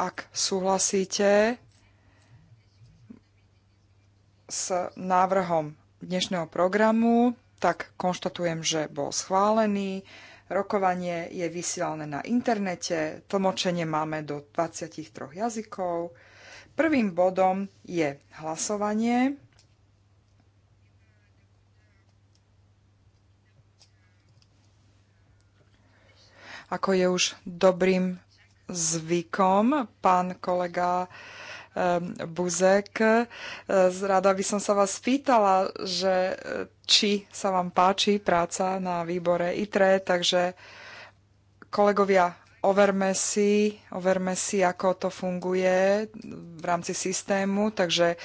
Ak súhlasíte s návrhom dnešného programu, tak konštatujem, že bol schválený. Rokovanie je vysielané na internete, tlmočenie máme do 23 jazykov. Prvým bodom je hlasovanie. Ako je už dobrým zvykom. Pán kolega Buzek, eh, rada by som sa vás spýtala, že eh, či sa vám páči práca na výbore ITRE, takže kolegovia, overme si, overme si, ako to funguje v rámci systému, takže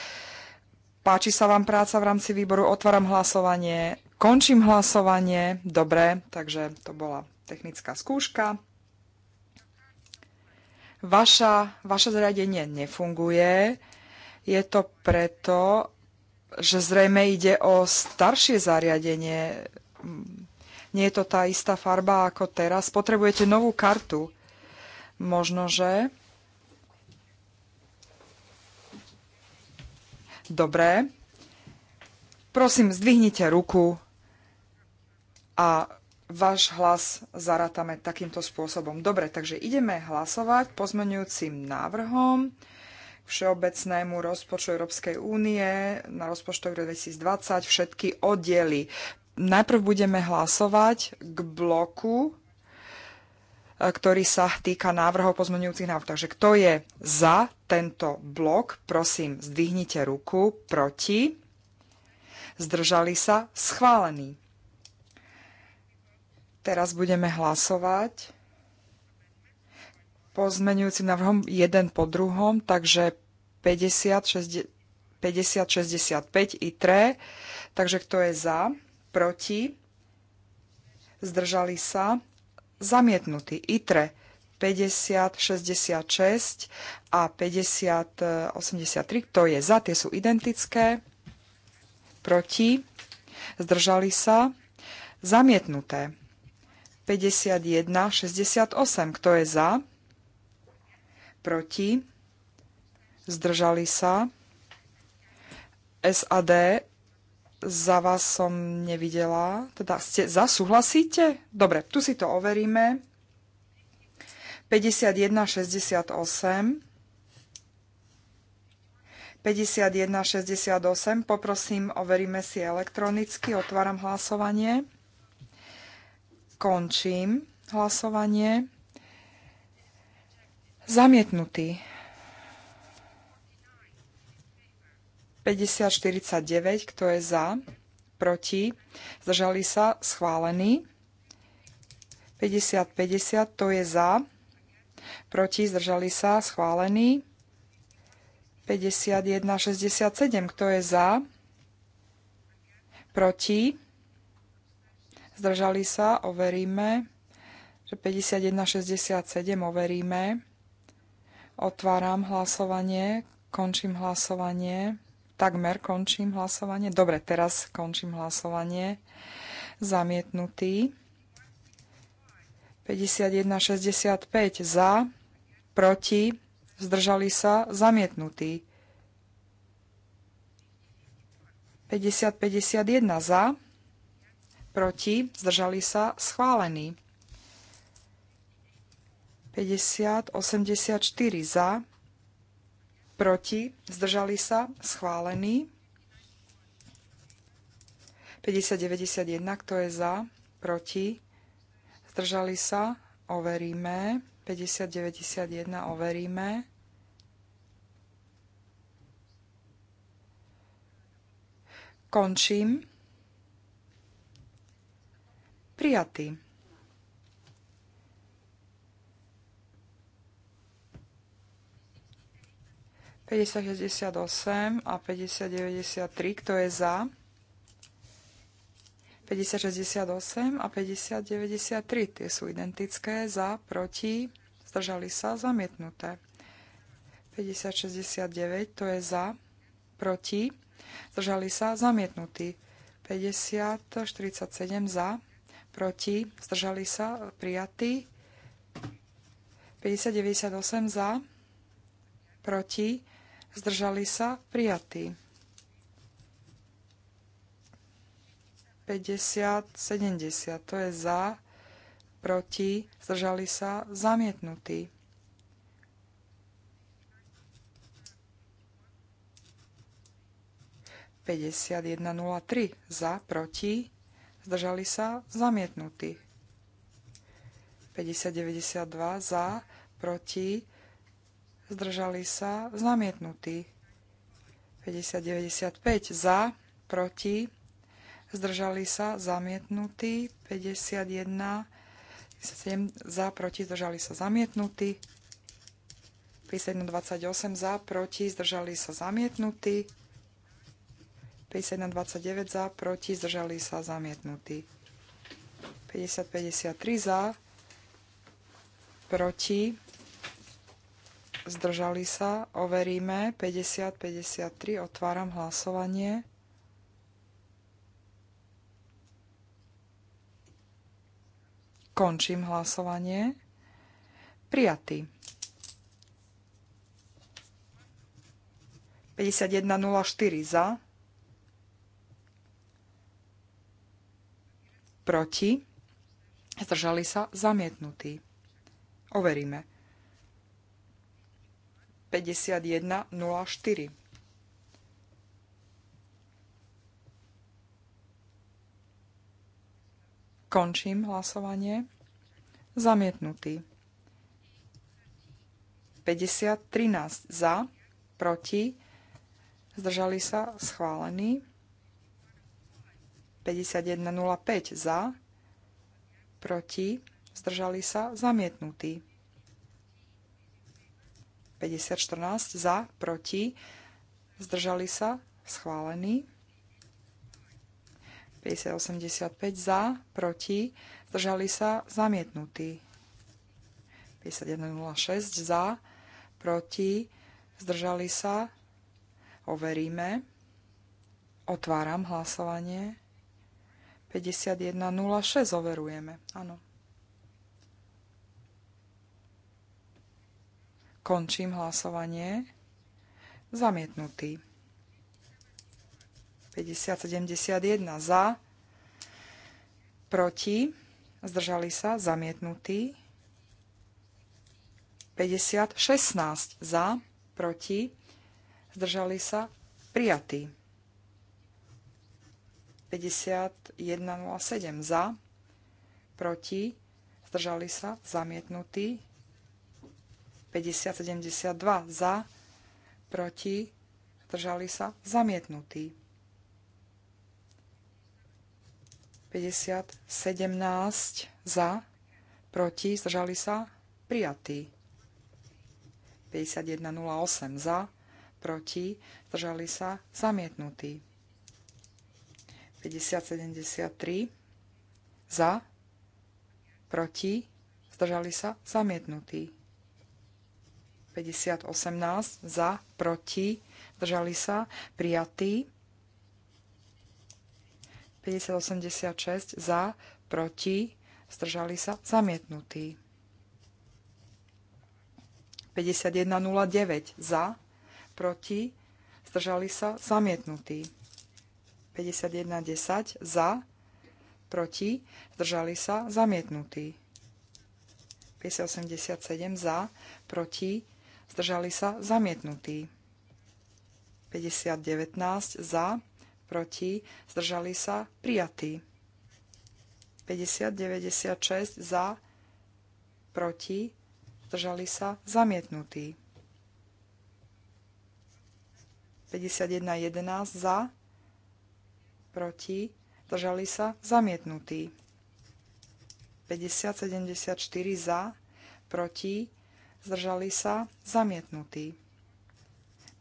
páči sa vám práca v rámci výboru, otváram hlasovanie, končím hlasovanie, dobre, takže to bola technická skúška vaša, vaše zariadenie nefunguje. Je to preto, že zrejme ide o staršie zariadenie. Nie je to tá istá farba ako teraz. Potrebujete novú kartu. Možno, že... Dobre. Prosím, zdvihnite ruku a váš hlas zarátame takýmto spôsobom. Dobre, takže ideme hlasovať pozmenujúcim návrhom k všeobecnému rozpočtu Európskej únie na rozpočtu 2020 všetky oddiely. Najprv budeme hlasovať k bloku, eh, ktorý sa týka návrhov pozmenujúcich návrhov. Takže kto je za tento blok, prosím, zdvihnite ruku proti. Zdržali sa? Schválený. Teraz budeme hlasovať pozmeňujúcim návrhom jeden po druhom, takže 50, 65 i 3. Takže kto je za, proti, zdržali sa, zamietnutý. ITRE 50, 66 a 50, 83. Kto je za, tie sú identické, proti, zdržali sa, zamietnuté. 51, 68. Kto je za? Proti? Zdržali sa? SAD za vás som nevidela. Teda ste za, súhlasíte? Dobre, tu si to overíme. 51, 68. 51, 68. Poprosím, overíme si elektronicky. Otváram hlasovanie. Končím hlasovanie. Zamietnutý. 5049, kto je za, proti, zdržali sa, schválený. 5050, to je za, proti, zdržali sa, schválený. 5167, kto je za, proti, zdržali sa, overíme, že 5167 overíme. Otváram hlasovanie, končím hlasovanie, takmer končím hlasovanie. Dobre, teraz končím hlasovanie. Zamietnutý. 5165 za, proti, zdržali sa, zamietnutý. 50-51 za, proti, zdržali sa, schválený. 50, 84 za, proti, zdržali sa, schválený. 50, 91, kto je za, proti, zdržali sa, overíme. 50, 91, overíme. Končím. Prijatý. ...5068 a 5093, kto je za? 5068 a 5093, tie sú identické, za, proti, zdržali sa, zamietnuté. 5069, to je za, proti, zdržali sa, zamietnutý. 5047 za, proti, zdržali sa, prijatý. 98 za, proti, zdržali sa, prijatý. 70 to je za, proti, zdržali sa, zamietnutý. 5103 za, proti, zdržali sa, zamietnutý. 92 za, proti, zdržali sa, zamietnutý. 5095 za, proti, zdržali sa, zamietnutý. 51 7 za, proti, zdržali sa, zamietnutý. 51-28 za, proti, zdržali sa, zamietnutý. 51-29 za, proti, zdržali sa zamietnutí. 50-53 za, proti, zdržali sa, overíme. 50-53, otváram hlasovanie. Končím hlasovanie. Prijatý. 51.04 za, proti, zdržali sa, zamietnutý. Overíme. 51.04 Končím hlasovanie. Zamietnutý. 50.13 za, proti, zdržali sa, schválený. 51.05 za, proti, zdržali sa, zamietnutý. 50.14 za, proti, zdržali sa, schválený. 50.85 za, proti, zdržali sa, zamietnutý. 51.06 za, proti, zdržali sa, overíme. Otváram hlasovanie. 51.06 overujeme. Áno. Končím hlasovanie. Zamietnutý. 5071 za. Proti. Zdržali sa. Zamietnutý. 5016 za. Proti. Zdržali sa. Prijatý. 5107 za, proti, zdržali sa, zamietnutý. 5072 za, proti, zdržali sa, zamietnutý. 5017 za, proti, zdržali sa, prijatý. 5108 za, proti, zdržali sa, zamietnutý. 5073 za, proti, zdržali sa, zamietnutý. 5018 za, proti, zdržali sa, prijatý. 5086 za, proti, zdržali sa, zamietnutý. 5109 za, proti, zdržali sa, zamietnutý. 51.10 za, proti, zdržali sa, zamietnutý. 587 za, proti, zdržali sa, zamietnutý. 5019 za, proti, zdržali sa, prijatý. 5096 za, proti, zdržali sa, zamietnutý. 5111 za, proti, zdržali sa, zamietnutý. 50-74 za, proti, zdržali sa, zamietnutý.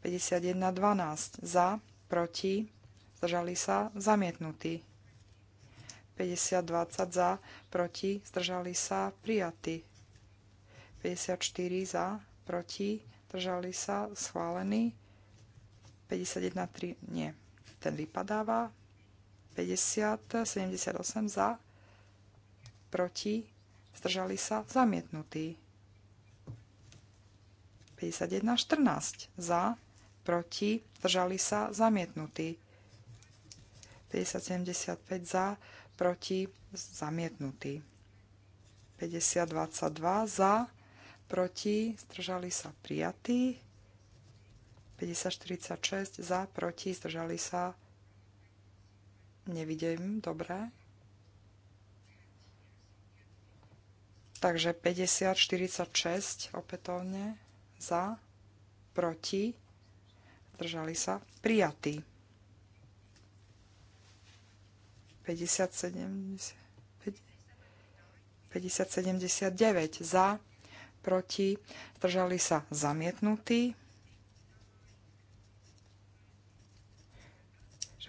51-12 za, proti, zdržali sa, zamietnutý. 50-20 za, proti, zdržali sa, prijatý. 54 za, proti, zdržali sa, schválený. 51-3, nie, ten vypadáva. 50, 78 za, proti, zdržali sa, zamietnutý. 51, 14 za, proti, zdržali sa, zamietnutý. 50, 75 za, proti, zamietnutý. 50, 22 za, proti, zdržali sa, prijatý. 50, 46 za, proti, zdržali sa, zamietnutý. Nevidím, dobre. Takže 50, 46 opätovne za, proti, zdržali sa, prijatí. 50, 50, 79 za, proti, držali sa, zamietnutí.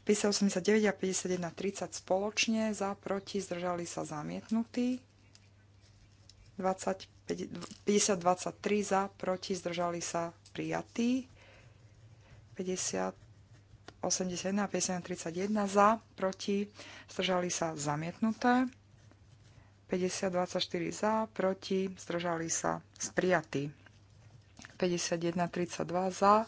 5089 a 5130 spoločne, za, proti, zdržali sa zamietnutí. 50, 23 za, proti, zdržali sa prijatí. 50, 81 a 51, 31 za, proti, zdržali sa zamietnuté. 50, 24 za, proti, zdržali sa prijatí. 51.32 za,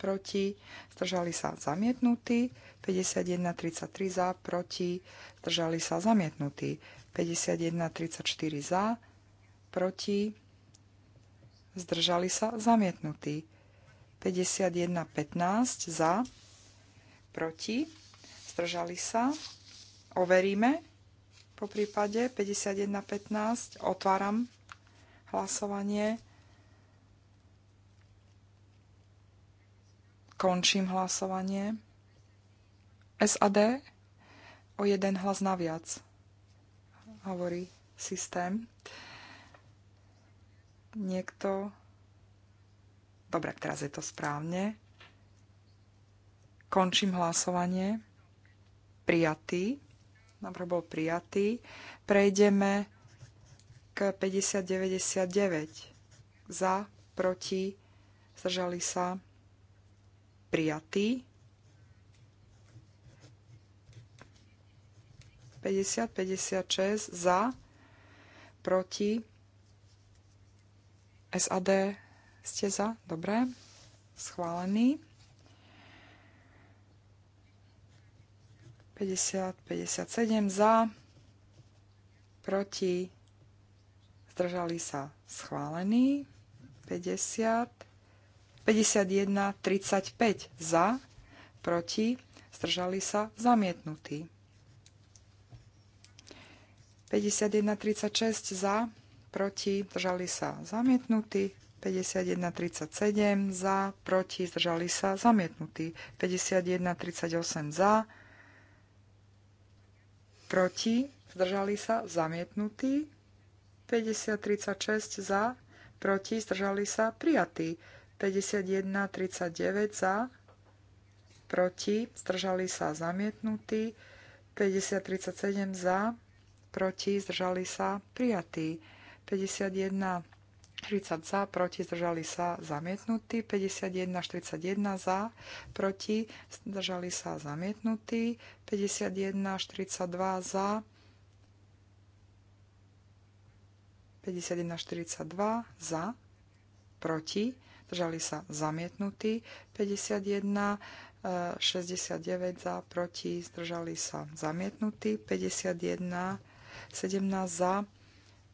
proti, zdržali sa zamietnutí, 51.33 za, proti, zdržali sa zamietnutí, 51.34 za, proti, zdržali sa zamietnutí, 51.15 za, proti, zdržali sa, overíme, po prípade 51.15 otváram hlasovanie, Končím hlasovanie. SAD o jeden hlas naviac, hovorí systém. Niekto... Dobre, teraz je to správne. Končím hlasovanie. Prijatý. Dobre, bol prijatý. Prejdeme k 5099. Za, proti, zdržali sa prijatý. 50, 56 za, proti. SAD ste za, dobre, schválený. 50, 57 za, proti, zdržali sa schválený. 50, 51-35 za, proti, zdržali sa, zamietnutí. 51-36 za, proti, zdržali sa, zamietnutí. 51-37 za, proti, zdržali sa, zamietnutí, 51-38 za, proti, zdržali sa, zamietnutí, 50-36 za, proti, zdržali sa, prijatí. 51-39 za, proti, zdržali sa zamietnutí, 50-37 za, proti, zdržali sa prijatí, 51 40 za, proti, zdržali sa zamietnutí, 51, 41 za, proti, zdržali sa zamietnutí, 51, 42 za, 51, 42 za, proti, zdržali sa zamietnutí, 51, 69 eh, za, proti, zdržali sa zamietnutí, 51, 17 za,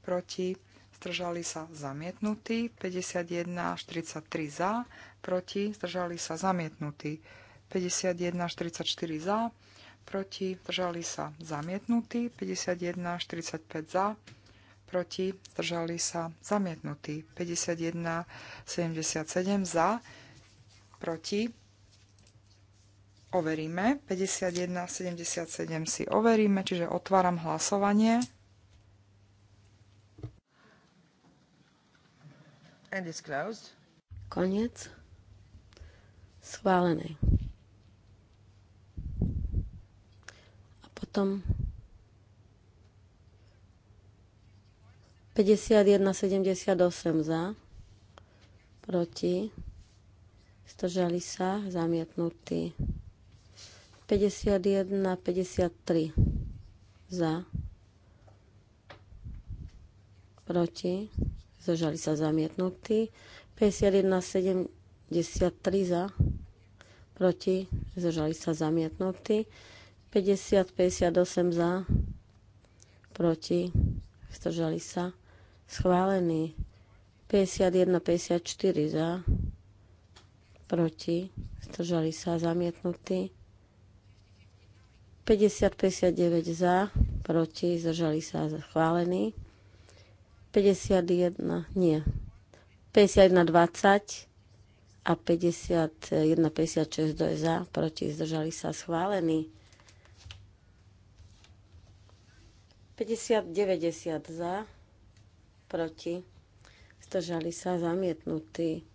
proti, zdržali sa zamietnutí, 51, 43 za, proti, zdržali sa zamietnutí, 51, 44 za, proti, zdržali sa zamietnutí, 51, 45 za, proti, zdržali sa, zamietnutý. 51, 77 za, proti, overíme. 51, 77 si overíme, čiže otváram hlasovanie. And it's closed. Koniec. Schválené. A potom 51,78 za, proti, stržali sa, zamietnutí. 51,53 za, proti, zdržali sa, zamietnutí. 51,73 za, proti, zdržali sa, zamietnutí. 50, 58 za, proti, zdržali sa, zamietnutí schválený. 51, 54 za, proti, zdržali sa, zamietnutí. 50, 59 za, proti, zdržali sa, schválený. 51, nie, 51, 20 a 51, 56 do je za, proti, zdržali sa, schválený. 50, 90 za, proti, zdržali sa zamietnutí.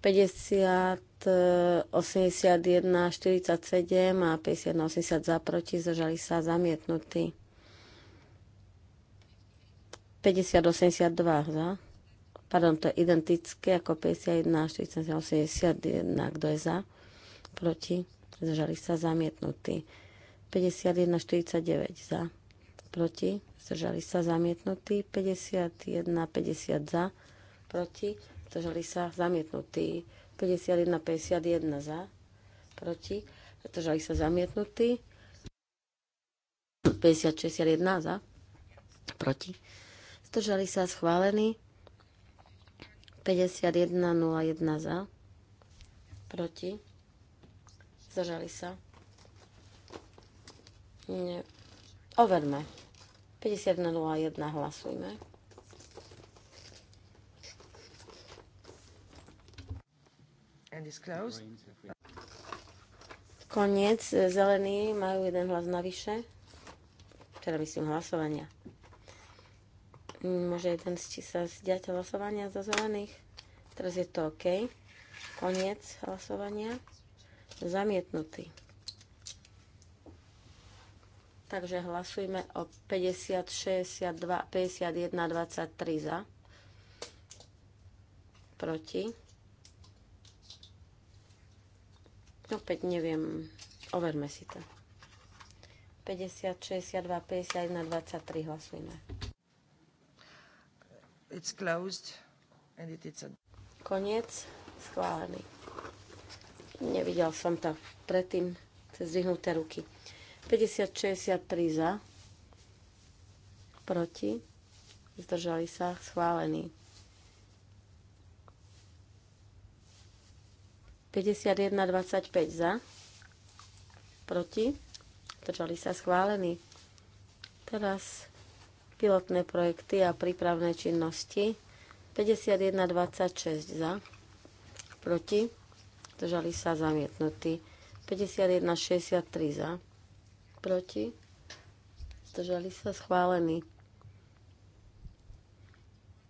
50, 81, 47 a 51, 80 za proti, zdržali sa zamietnutí. 50, 82 za. Pardon, to je identické ako 51, 47, 81. Kto je za? Proti? Zdržali sa zamietnutí. 51, 49 za. Proti? zdržali sa zamietnutí, 51, 50 za, proti, zdržali sa zamietnutí, 51, 51 za, proti, zdržali sa zamietnutí, 50, 61 za, proti, zdržali sa schválení, 51, 01 za, proti, zdržali sa. Nie. Overme. 51.01 hlasujme. Koniec. Zelení majú jeden hlas navyše. Teda myslím hlasovania. Môže jeden sa zdať hlasovania za zelených. Teraz je to OK. Koniec hlasovania. Zamietnutý. Takže hlasujme o 50, 62, 51, 23 za. Proti. Opäť neviem. Overme si to. 50, 62, 51, 23 hlasujme. It's closed and it is a... Koniec. Schválený. Nevidel som to predtým cez zdvihnuté ruky. 56-63 za, proti, zdržali sa, schválený. 25 za, proti, zdržali sa, schválený. Teraz pilotné projekty a prípravné činnosti. 51 26 za, proti, zdržali sa, zamietnutí. 63 za, proti, zdržali sa schválení.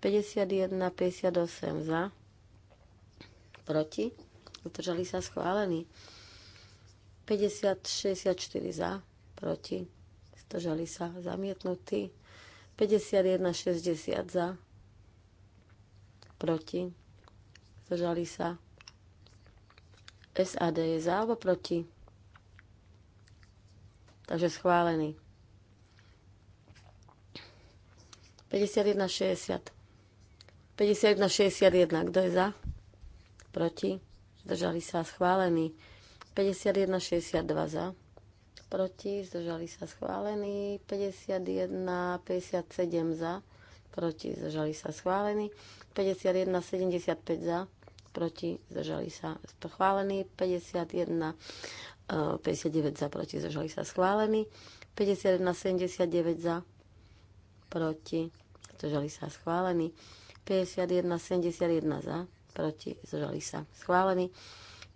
51, 58 za, proti, zdržali sa schválení. 50, 64 za, proti, zdržali sa zamietnutí. 51, 60 za, proti, zdržali sa. SAD je za alebo proti? Takže schválený. 51, 51,61. Kto je za? Proti? Zdržali sa schválení. 51,62 za. Proti? Zdržali sa schválení. 51,57 za. Proti? Zdržali sa schválení. 51,75 za. Proti? Zdržali sa schválení. 51, 59 za, proti, zdržali sa schválení. 51 na 79 za, proti, zdržali sa schválení. 51 71 za, proti, zdržali sa schválení.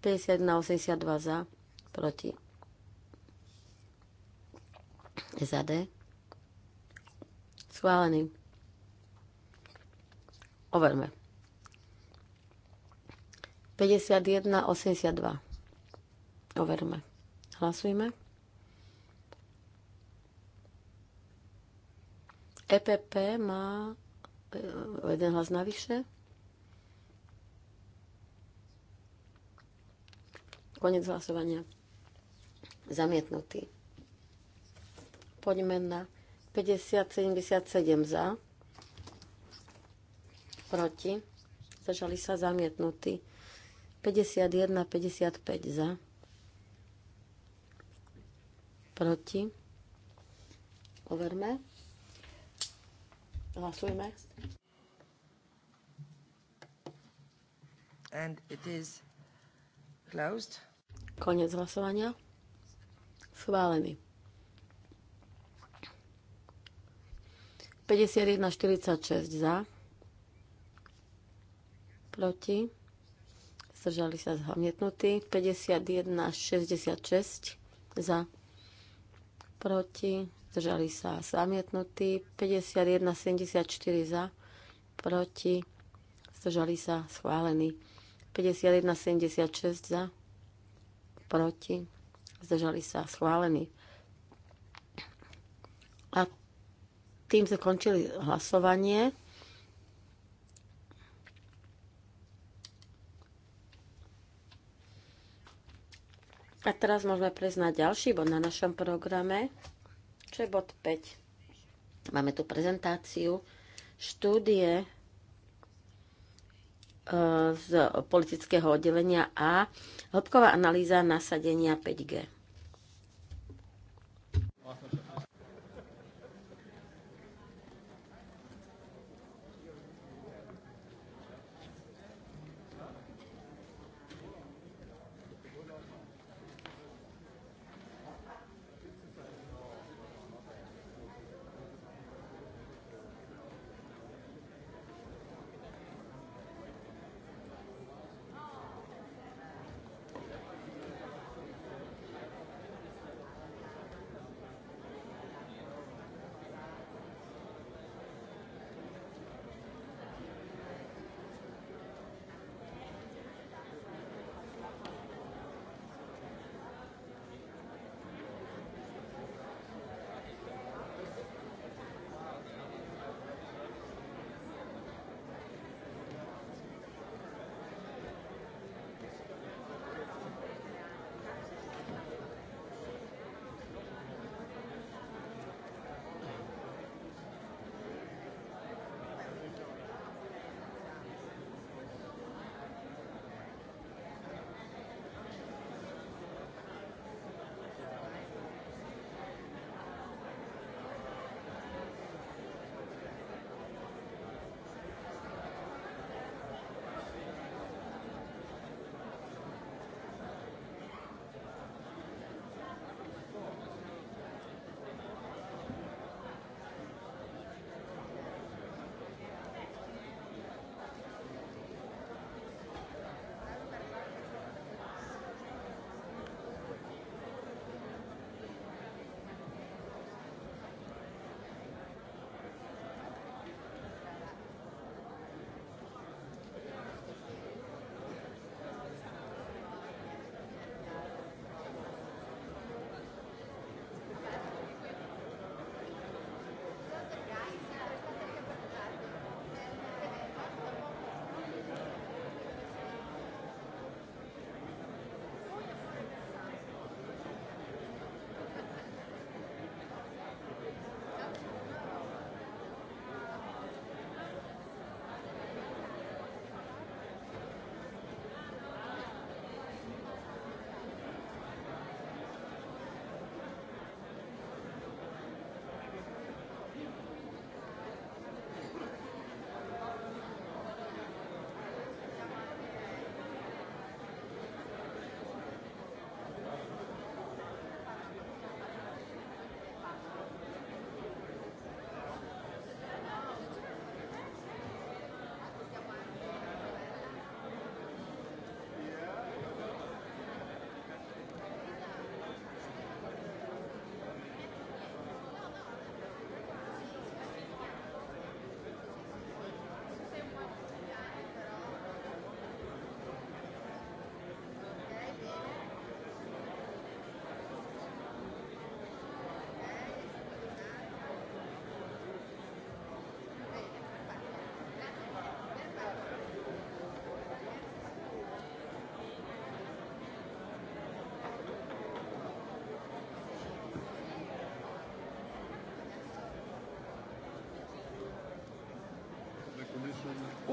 51 82 za, proti, za D. Schválený. Overme. 51, 82. Overme. Hlasujme. EPP má e, jeden hlas navyše. Konec hlasovania. Zamietnutý. Poďme na 50-77 za. Proti. Zažali sa zamietnutý. 51-55 za proti. Overme. Hlasujme. And it is closed. Konec hlasovania. Schválený. 51,46 za. Proti. Zdržali sa zamietnutí. 51,66 za proti, zdržali sa zamietnutí, 51, 74 za, proti, zdržali sa schválení, 51, 76 za, proti, zdržali sa schválení. A tým sa končili hlasovanie. A teraz môžeme prejsť na ďalší bod na našom programe, čo je bod 5. Máme tu prezentáciu štúdie e, z politického oddelenia a hĺbková analýza nasadenia 5G.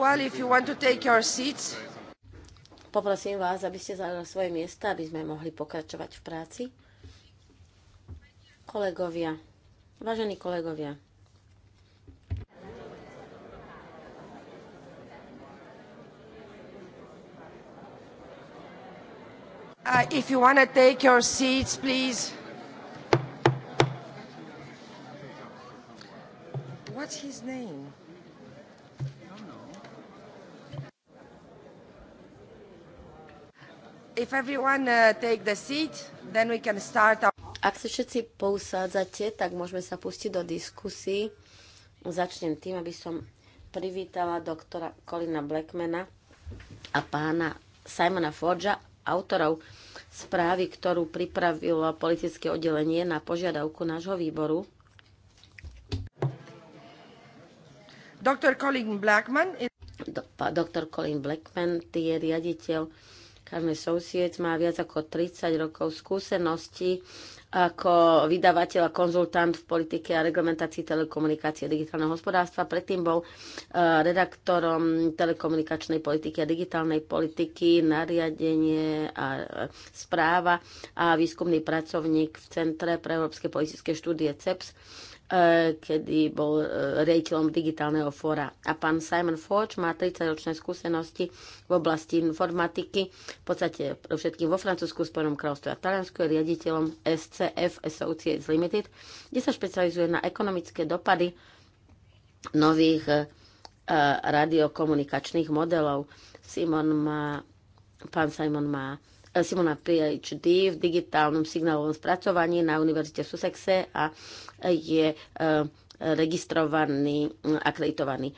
Well, if you want to take your seats. Poprosím vás, aby ste zaujali svoje miesta, aby sme mohli pokračovať v práci. Kolegovia, vážení kolegovia, Uh, if you want to take your seats, please. What's his name? If everyone uh, take the seat, then we can start our... Ak sa všetci pousádzate, tak môžeme sa pustiť do diskusí. Začnem tým, aby som privítala doktora Colina Blackmana a pána Simona Forgea, autorov správy, ktorú pripravilo politické oddelenie na požiadavku nášho výboru. Dr. Colin Blackman, Do, pa, Dr. Colin Blackman je riaditeľ Carmen Sousiec má viac ako 30 rokov skúsenosti ako vydavateľ a konzultant v politike a reglementácii telekomunikácie a digitálneho hospodárstva. Predtým bol eh, redaktorom telekomunikačnej politiky a digitálnej politiky, nariadenie a eh, správa a výskumný pracovník v Centre pre európske politické štúdie CEPS E, kedy bol e, rejiteľom digitálneho fóra. A pán Simon Forge má 30-ročné skúsenosti v oblasti informatiky, v podstate všetkým vo Francúzsku, Spojenom kráľovstve a Taliansku, je riaditeľom SCF Associates Limited, kde sa špecializuje na ekonomické dopady nových e, radiokomunikačných modelov. Simon má, pán Simon má Simona PhD v digitálnom signálovom spracovaní na Univerzite v Sussexe a je e, registrovaný, akreditovaný e,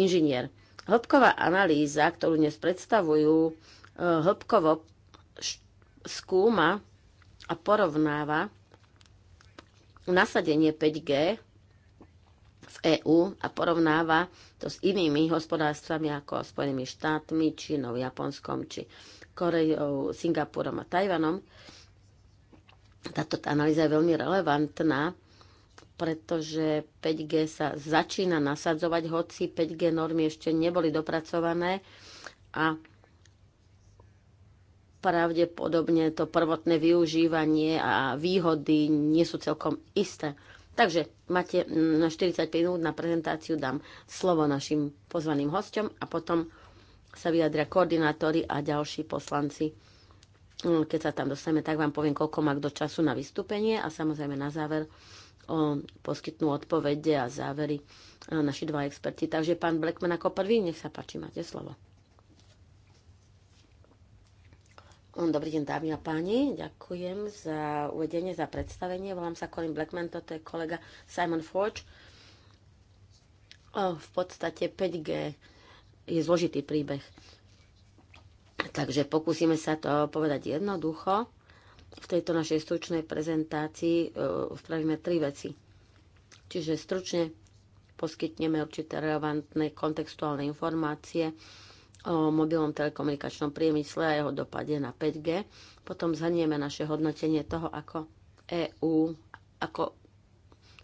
inžinier. Hĺbková analýza, ktorú dnes predstavujú, e, hĺbkovo skúma a porovnáva nasadenie 5G v EÚ a porovnáva to s inými hospodárstvami ako Spojenými štátmi, Čínou, Japonskom či Koreou, Singapurom a Tajvanom. Táto analýza je veľmi relevantná, pretože 5G sa začína nasadzovať, hoci 5G normy ešte neboli dopracované a pravdepodobne to prvotné využívanie a výhody nie sú celkom isté. Takže máte na 45 minút na prezentáciu, dám slovo našim pozvaným hosťom a potom sa vyjadria koordinátori a ďalší poslanci Mm, keď sa tam dostaneme, tak vám poviem, koľko má kto času na vystúpenie a samozrejme na záver o, poskytnú odpovede a závery a e, naši dva experti. Takže pán Blackman ako prvý, nech sa páči, máte slovo. Dobrý deň, dámy a páni. Ďakujem za uvedenie, za predstavenie. Volám sa Colin Blackman, toto je kolega Simon Forge. O, v podstate 5G je zložitý príbeh. Takže pokúsime sa to povedať jednoducho. V tejto našej stručnej prezentácii spravíme e, tri veci. Čiže stručne poskytneme určité relevantné kontextuálne informácie o mobilnom telekomunikačnom priemysle a jeho dopade na 5G. Potom zhrnieme naše hodnotenie toho, ako EÚ, ako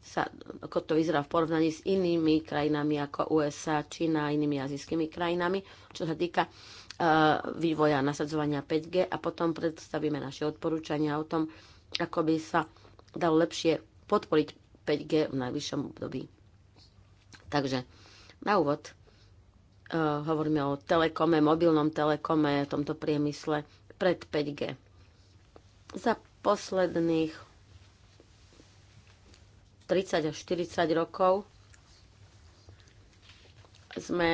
sa, ako to vyzerá v porovnaní s inými krajinami ako USA, Čína a inými azijskými krajinami, čo sa týka vývoja nasadzovania 5G a potom predstavíme naše odporúčania o tom, ako by sa dal lepšie podporiť 5G v najvyššom období. Takže na úvod uh, hovoríme o telekome, mobilnom telekome, v tomto priemysle pred 5G. Za posledných 30 až 40 rokov sme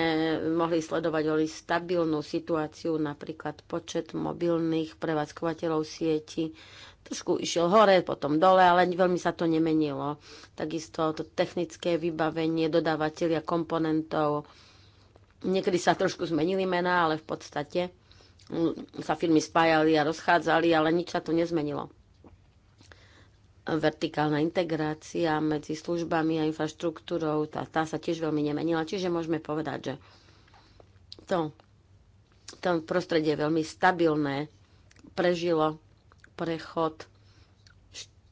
mohli sledovať veľmi stabilnú situáciu, napríklad počet mobilných prevádzkovateľov sieti. Trošku išiel hore, potom dole, ale veľmi sa to nemenilo. Takisto to technické vybavenie, dodávateľia komponentov. Niekedy sa trošku zmenili mená, ale v podstate sa firmy spájali a rozchádzali, ale nič sa tu nezmenilo vertikálna integrácia medzi službami a infraštruktúrou, tá, tá sa tiež veľmi nemenila. Čiže môžeme povedať, že to, to prostredie je veľmi stabilné, prežilo prechod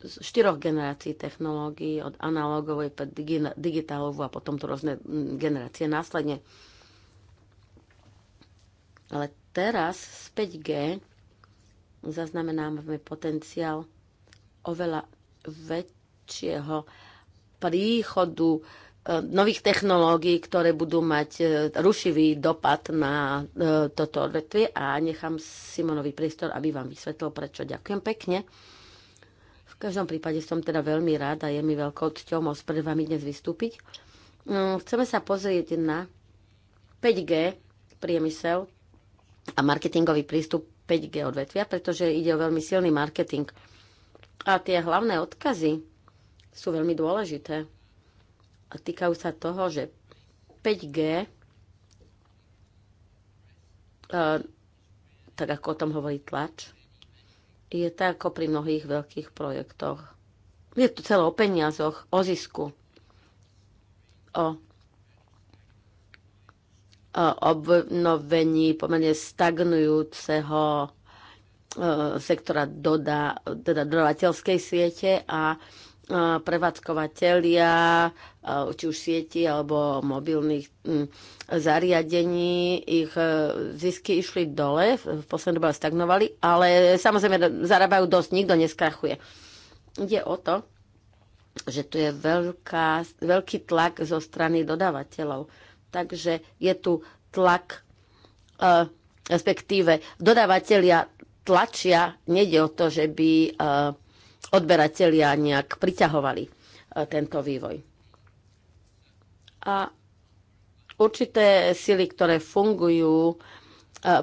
z štyroch generácií technológií, od analogovej po digitálovú a potom tu rôzne generácie následne. Ale teraz z 5G zaznamenávame potenciál oveľa väčšieho príchodu e, nových technológií, ktoré budú mať e, rušivý dopad na e, toto odvetvie a nechám Simonovi priestor, aby vám vysvetlil prečo. Ďakujem pekne. V každom prípade som teda veľmi rád a je mi veľkou cťou môcť pred vami dnes vystúpiť. No, chceme sa pozrieť na 5G priemysel a marketingový prístup 5G odvetvia, pretože ide o veľmi silný marketing a tie hlavné odkazy sú veľmi dôležité. A týkajú sa toho, že 5G, e, tak ako o tom hovorí tlač, je tak ako pri mnohých veľkých projektoch. Je tu celé o peniazoch, o zisku, o, o obnovení pomerne stagnujúceho E, sektora doda, teda dodavateľskej siete a e, prevádzkovateľia, e, či už sieti alebo mobilných zariadení, ich zisky išli dole, v poslednom dobe stagnovali, ale samozrejme zarábajú dosť, nikto neskrachuje. Ide o to, že tu je veľká, veľký tlak zo strany dodávateľov. Takže je tu tlak, respektíve dodávateľia tlačia. Nede o to, že by e, odberatelia nejak priťahovali e, tento vývoj. A určité sily, ktoré fungujú, e,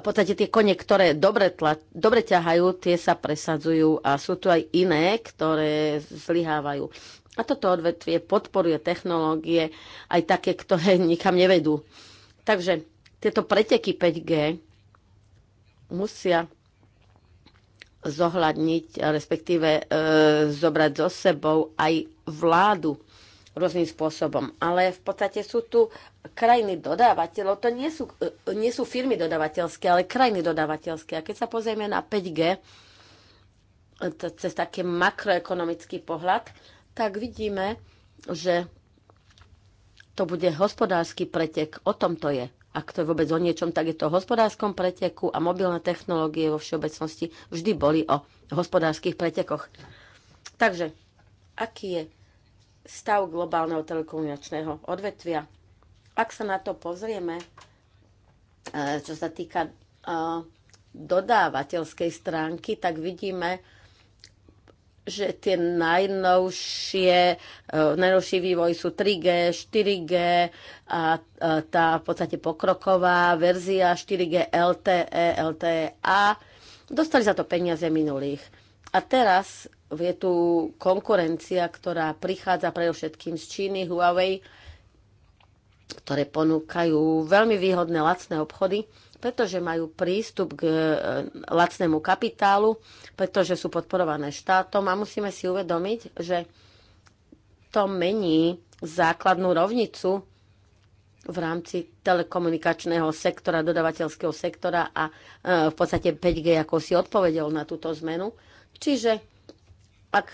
v podstate tie kone, ktoré dobre, tla, dobre ťahajú, tie sa presadzujú a sú tu aj iné, ktoré zlyhávajú. A toto odvetvie podporuje technológie aj také, ktoré nikam nevedú. Takže tieto preteky 5G musia zohľadniť, respektíve e, zobrať so sebou aj vládu rôznym spôsobom. Ale v podstate sú tu krajiny dodávateľov, to nie sú, e, nie sú firmy dodávateľské, ale krajiny dodávateľské. A keď sa pozrieme na 5G, e, to, cez taký makroekonomický pohľad, tak vidíme, že to bude hospodársky pretek. O tom to je ak to je vôbec o niečom, tak je to o hospodárskom preteku a mobilné technológie vo všeobecnosti vždy boli o hospodárskych pretekoch. Takže, aký je stav globálneho telekomunikačného odvetvia? Ak sa na to pozrieme, e, čo sa týka e, dodávateľskej stránky, tak vidíme, že tie najnovšie, e, najnovší vývoj sú 3G, 4G a tá v podstate pokroková verzia 4G LTE, LTE-A. Dostali za to peniaze minulých. A teraz je tu konkurencia, ktorá prichádza všetkým z Číny, Huawei, ktoré ponúkajú veľmi výhodné lacné obchody pretože majú prístup k e, lacnému kapitálu, pretože sú podporované štátom a musíme si uvedomiť, že to mení základnú rovnicu v rámci telekomunikačného sektora, dodavateľského sektora a e, v podstate 5G ako si odpovedel na túto zmenu. Čiže ak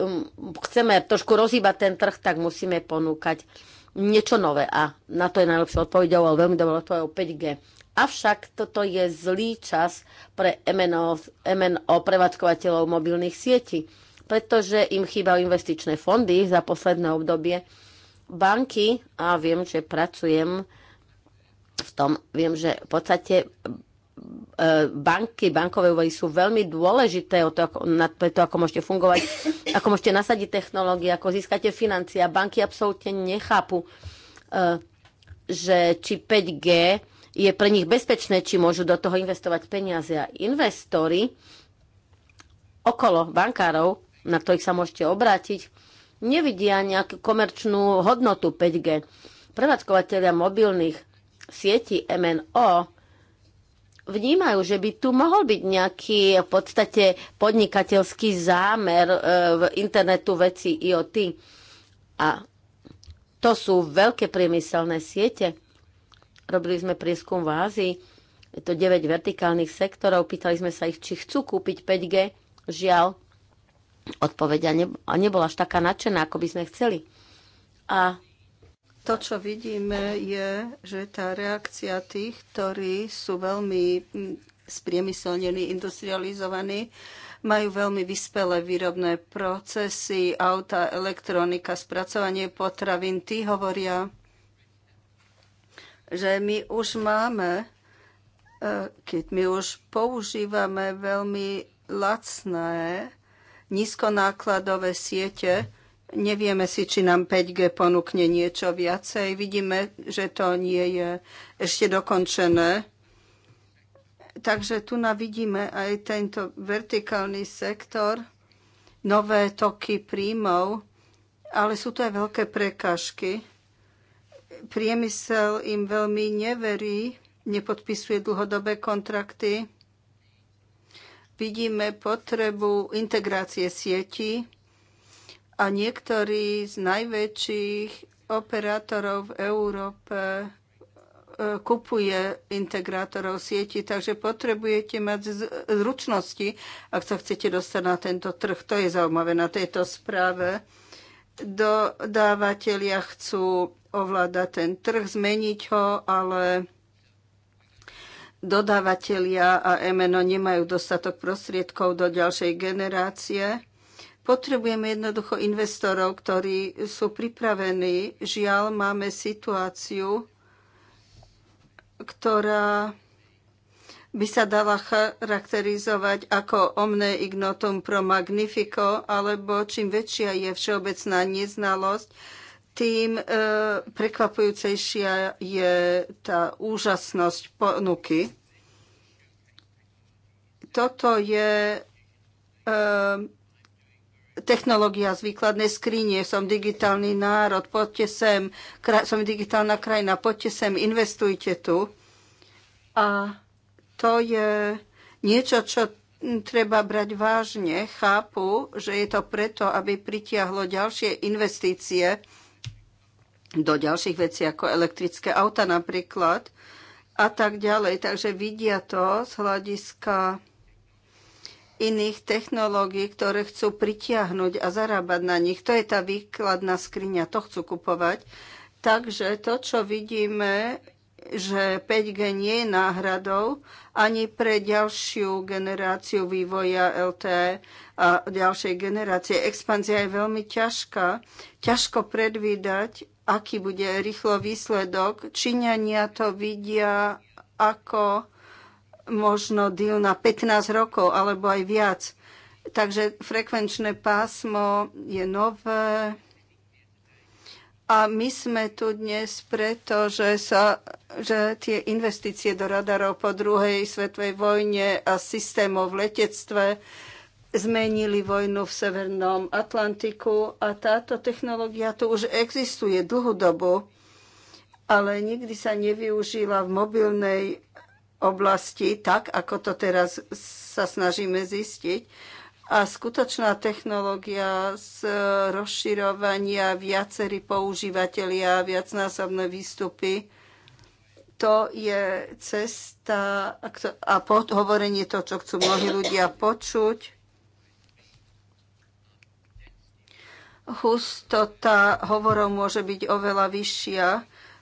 um, chceme trošku rozhýbať ten trh, tak musíme ponúkať niečo nové a na to je najlepšie odpovedou, ale veľmi dobre odpovedou 5G. Avšak toto je zlý čas pre MNO, MNO prevádzkovateľov mobilných sietí, pretože im chýbajú investičné fondy za posledné obdobie. Banky, a viem, že pracujem v tom, viem, že v podstate e, banky, bankové úvery sú veľmi dôležité o to, ako, na to, ako môžete fungovať, ako môžete nasadiť technológie, ako získate financie. A banky absolútne nechápu, e, že či 5G je pre nich bezpečné, či môžu do toho investovať peniaze. A investori okolo bankárov, na ktorých sa môžete obrátiť, nevidia nejakú komerčnú hodnotu 5G. Prevádzkovateľia mobilných sietí MNO vnímajú, že by tu mohol byť nejaký v podstate podnikateľský zámer e, v internetu veci IoT. A to sú veľké priemyselné siete. Robili sme prieskum v Ázii, je to 9 vertikálnych sektorov, pýtali sme sa ich, či chcú kúpiť 5G. Žiaľ, odpovedia ne, nebola až taká nadšená, ako by sme chceli. A to, čo vidíme, je, že tá reakcia tých, ktorí sú veľmi mm, spriemyselnení, industrializovaní, majú veľmi vyspelé výrobné procesy, auta, elektronika, spracovanie potravín. Tí hovoria, že my už máme, e, keď my už používame veľmi lacné, nízkonákladové siete, nevieme si, či nám 5G ponúkne niečo viacej. Vidíme, že to nie je ešte dokončené. Takže tu navidíme aj tento vertikálny sektor, nové toky príjmov, ale sú to aj veľké prekažky priemysel im veľmi neverí, nepodpisuje dlhodobé kontrakty. Vidíme potrebu integrácie sieti a niektorí z najväčších operátorov v Európe e, kupuje integrátorov sieti, takže potrebujete mať zručnosti, ak sa chcete dostať na tento trh. To je zaujímavé na tejto správe. Dodávateľia chcú ovláda ten trh, zmeniť ho, ale dodávateľia a MNO nemajú dostatok prostriedkov do ďalšej generácie. Potrebujeme jednoducho investorov, ktorí sú pripravení. Žiaľ, máme situáciu, ktorá by sa dala charakterizovať ako omne ignotum pro magnifico, alebo čím väčšia je všeobecná neznalosť, tým e, prekvapujúcejšia je tá úžasnosť ponuky. Toto je e, technológia z výkladnej skrine, som digitálny národ, poďte sem, kraj, som digitálna krajina, poďte sem, investujte tu. A to je niečo, čo treba brať vážne. Chápu, že je to preto, aby pritiahlo ďalšie investície do ďalších vecí ako elektrické auta napríklad a tak ďalej. Takže vidia to z hľadiska iných technológií, ktoré chcú pritiahnuť a zarábať na nich. To je tá výkladná skriňa, to chcú kupovať. Takže to, čo vidíme, že 5G nie je náhradou ani pre ďalšiu generáciu vývoja LTE a ďalšej generácie. Expanzia je veľmi ťažká, ťažko predvídať aký bude rýchlo výsledok. Číňania to vidia ako možno deal na 15 rokov alebo aj viac. Takže frekvenčné pásmo je nové. A my sme tu dnes preto, že, sa, že tie investície do radarov po druhej svetovej vojne a systémov v letectve zmenili vojnu v Severnom Atlantiku a táto technológia tu už existuje dlhú dobu, ale nikdy sa nevyužila v mobilnej oblasti tak, ako to teraz sa snažíme zistiť. A skutočná technológia z rozširovania viacerí používateľia, viacnásobné výstupy, to je cesta a, to, a hovorenie to, čo chcú mnohí ľudia počuť hustota hovorov môže byť oveľa vyššia.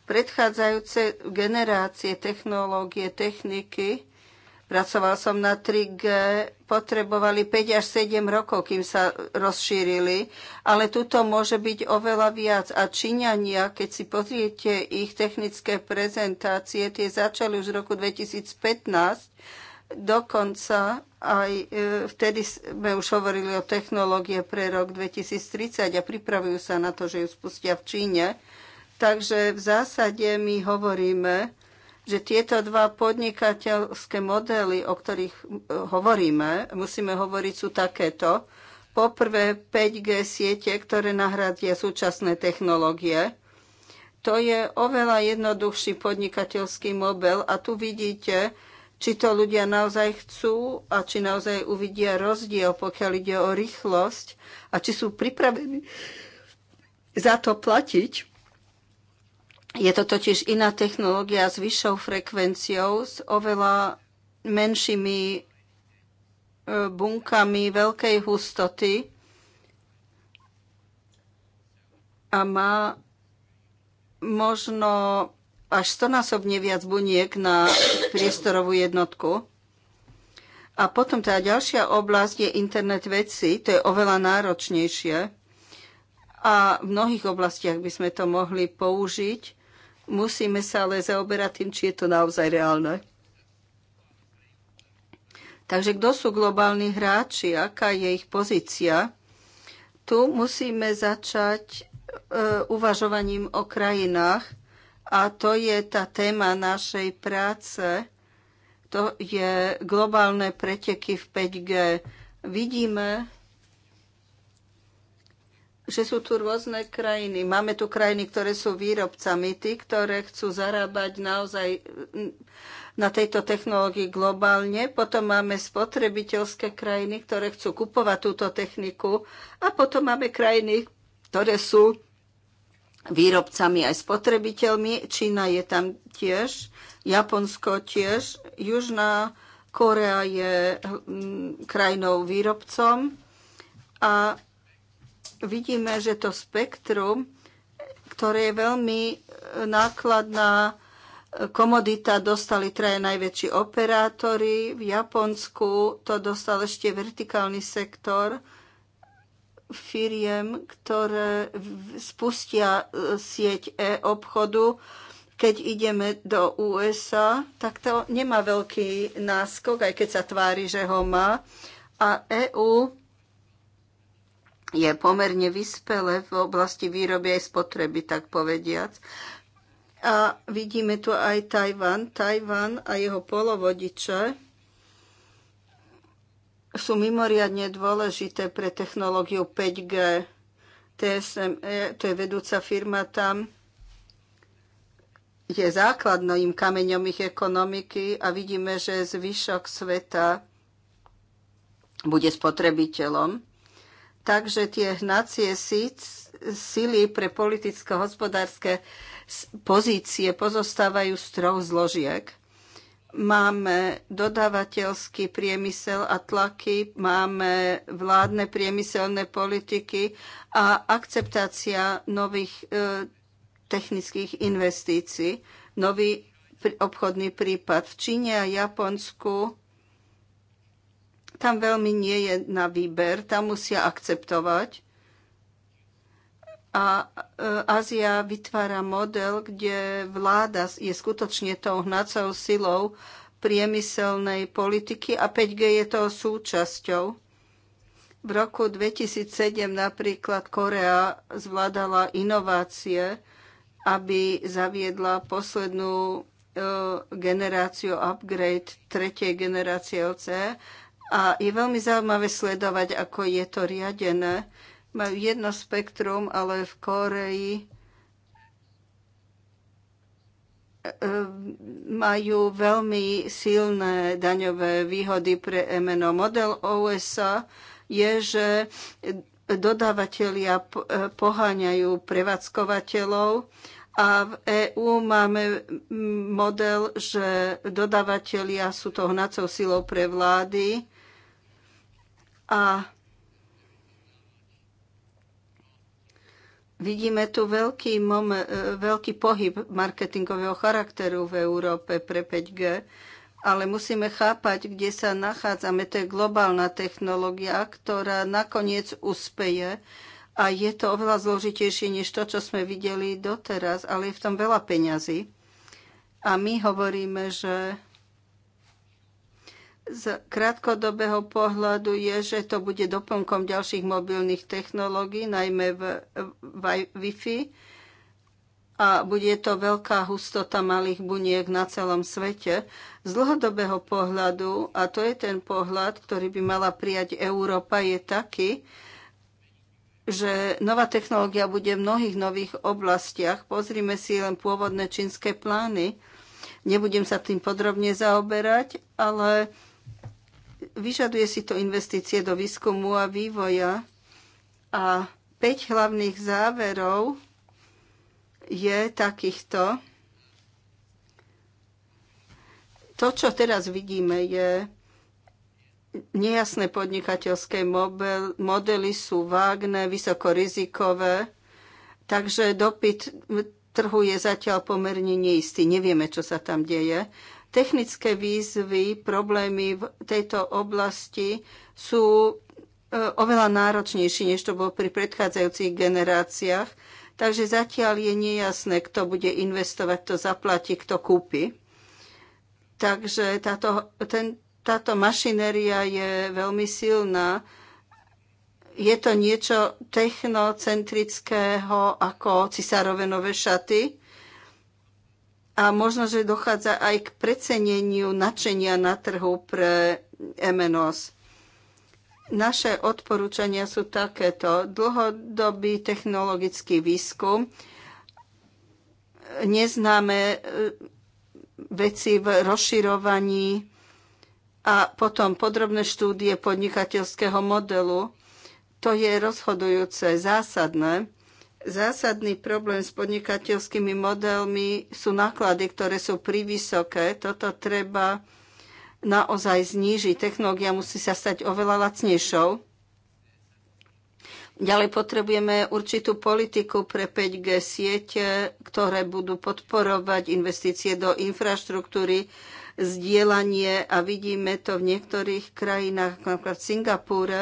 Predchádzajúce generácie technológie, techniky, pracoval som na 3G, potrebovali 5 až 7 rokov, kým sa rozšírili, ale tuto môže byť oveľa viac. A Číňania, keď si pozriete ich technické prezentácie, tie začali už v roku 2015, Dokonca aj e, vtedy sme už hovorili o technológie pre rok 2030 a pripravujú sa na to, že ju spustia v Číne. Takže v zásade my hovoríme, že tieto dva podnikateľské modely, o ktorých hovoríme, musíme hovoriť, sú takéto. Poprvé 5G siete, ktoré nahradia súčasné technológie. To je oveľa jednoduchší podnikateľský model a tu vidíte, či to ľudia naozaj chcú a či naozaj uvidia rozdiel, pokiaľ ide o rýchlosť a či sú pripravení za to platiť. Je to totiž iná technológia s vyššou frekvenciou, s oveľa menšími e, bunkami veľkej hustoty a má možno až stonásobne viac buniek na priestorovú jednotku. A potom tá ďalšia oblasť je internet veci, to je oveľa náročnejšie. A v mnohých oblastiach by sme to mohli použiť. Musíme sa ale zaoberať tým, či je to naozaj reálne. Takže kto sú globálni hráči, aká je ich pozícia? Tu musíme začať e, uvažovaním o krajinách, a to je tá téma našej práce. To je globálne preteky v 5G. Vidíme, že sú tu rôzne krajiny. Máme tu krajiny, ktoré sú výrobcami, tí, ktoré chcú zarábať naozaj na tejto technológii globálne. Potom máme spotrebiteľské krajiny, ktoré chcú kupovať túto techniku. A potom máme krajiny, ktoré sú výrobcami aj spotrebiteľmi. Čína je tam tiež, Japonsko tiež, Južná Korea je hm, krajinou výrobcom a vidíme, že to spektrum, ktoré je veľmi e, nákladná e, komodita, dostali traje najväčší operátori. V Japonsku to dostal ešte vertikálny sektor, firiem, ktoré spustia e, sieť e-obchodu, keď ideme do USA, tak to nemá veľký náskok, aj keď sa tvári, že ho má. A EU je pomerne vyspele v oblasti výroby aj spotreby, tak povediac. A vidíme tu aj Tajvan. Tajvan a jeho polovodiče sú mimoriadne dôležité pre technológiu 5G. TSME, to je vedúca firma tam, je základným kameňom ich ekonomiky a vidíme, že zvyšok sveta bude spotrebiteľom. Takže tie hnacie síly pre politicko-hospodárske pozície pozostávajú z troch zložiek. Máme dodávateľský priemysel a tlaky, máme vládne priemyselné politiky a akceptácia nových e, technických investícií. Nový obchodný prípad v Číne a Japonsku tam veľmi nie je na výber, tam musia akceptovať a e, Ázia vytvára model, kde vláda je skutočne tou hnacou silou priemyselnej politiky a 5G je toho súčasťou. V roku 2007 napríklad Korea zvládala inovácie, aby zaviedla poslednú e, generáciu upgrade tretej generácie OC a je veľmi zaujímavé sledovať, ako je to riadené majú jedno spektrum, ale v Koreji eh, majú veľmi silné daňové výhody pre MNO. Model USA je, že dodávateľia poháňajú prevádzkovateľov a v EÚ máme mm, model, že dodávateľia sú to hnacou silou pre vlády a Vidíme tu veľký, moment, veľký pohyb marketingového charakteru v Európe pre 5G, ale musíme chápať, kde sa nachádzame. To je globálna technológia, ktorá nakoniec uspeje a je to oveľa zložitejšie než to, čo sme videli doteraz, ale je v tom veľa peňazí. A my hovoríme, že z krátkodobého pohľadu je, že to bude doplnkom ďalších mobilných technológií, najmä v, v Wi-Fi a bude to veľká hustota malých buniek na celom svete. Z dlhodobého pohľadu, a to je ten pohľad, ktorý by mala prijať Európa, je taký, že nová technológia bude v mnohých nových oblastiach. Pozrime si len pôvodné čínske plány. Nebudem sa tým podrobne zaoberať, ale vyžaduje si to investície do výskumu a vývoja. A 5 hlavných záverov je takýchto. To, čo teraz vidíme, je nejasné podnikateľské modely sú vágne, vysokorizikové, takže dopyt trhu je zatiaľ pomerne neistý. Nevieme, čo sa tam deje. Technické výzvy, problémy v tejto oblasti sú e, oveľa náročnejší, než to bolo pri predchádzajúcich generáciách. Takže zatiaľ je nejasné, kto bude investovať, kto zaplatí, kto kúpi. Takže táto, ten, táto mašinéria je veľmi silná. Je to niečo technocentrického ako cisárove nové šaty, a možno, že dochádza aj k preceneniu nadšenia na trhu pre MNOS. Naše odporúčania sú takéto. Dlhodobý technologický výskum, neznáme e, veci v rozširovaní a potom podrobné štúdie podnikateľského modelu. To je rozhodujúce, zásadné. Zásadný problém s podnikateľskými modelmi sú náklady, ktoré sú privysoké. Toto treba naozaj znížiť. Technológia musí sa stať oveľa lacnejšou. Ďalej potrebujeme určitú politiku pre 5G siete, ktoré budú podporovať investície do infraštruktúry, zdieľanie a vidíme to v niektorých krajinách, napríklad v Singapúre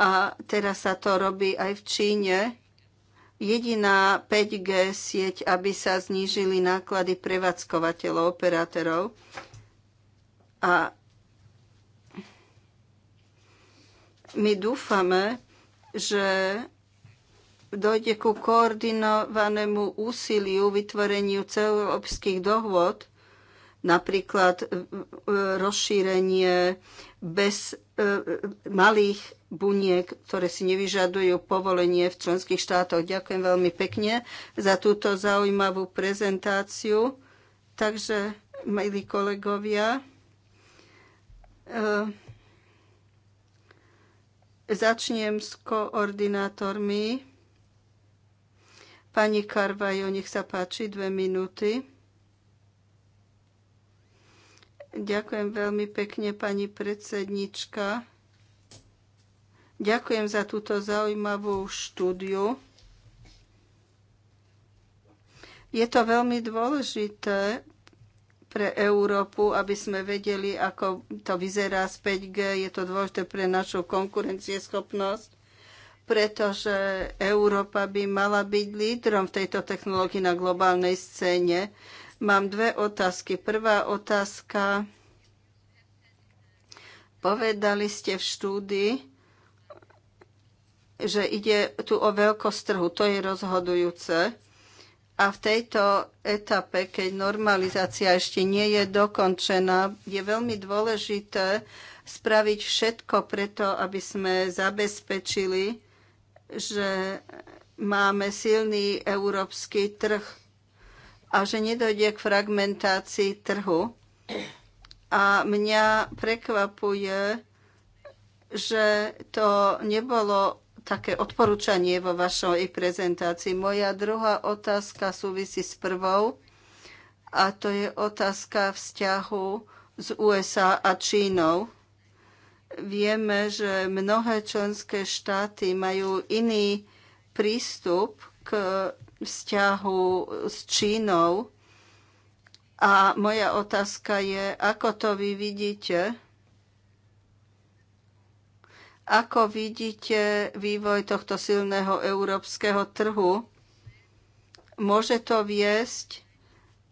a teraz sa to robí aj v Číne jediná 5G sieť, aby sa znížili náklady prevádzkovateľov, operátorov. A my dúfame, že dojde ku koordinovanému úsiliu vytvoreniu celoeurópskych dohôd, napríklad e, e, rozšírenie bez e, malých buniek, ktoré si nevyžadujú povolenie v členských štátoch. Ďakujem veľmi pekne za túto zaujímavú prezentáciu. Takže, milí kolegovia, eh, začnem s koordinátormi. Pani Karvajo, nech sa páči, dve minúty. Ďakujem veľmi pekne, pani predsednička. Ďakujem za túto zaujímavú štúdiu. Je to veľmi dôležité pre Európu, aby sme vedeli, ako to vyzerá z 5G. Je to dôležité pre našu konkurencieschopnosť, pretože Európa by mala byť lídrom v tejto technológii na globálnej scéne. Mám dve otázky. Prvá otázka. Povedali ste v štúdii, že ide tu o veľkosť trhu. To je rozhodujúce. A v tejto etape, keď normalizácia ešte nie je dokončená, je veľmi dôležité spraviť všetko preto, aby sme zabezpečili, že máme silný európsky trh a že nedojde k fragmentácii trhu. A mňa prekvapuje, že to nebolo také odporúčanie vo vašej prezentácii. Moja druhá otázka súvisí s prvou a to je otázka vzťahu s USA a Čínou. Vieme, že mnohé členské štáty majú iný prístup k vzťahu s Čínou. A moja otázka je, ako to vy vidíte? Ako vidíte vývoj tohto silného európskeho trhu? Môže to viesť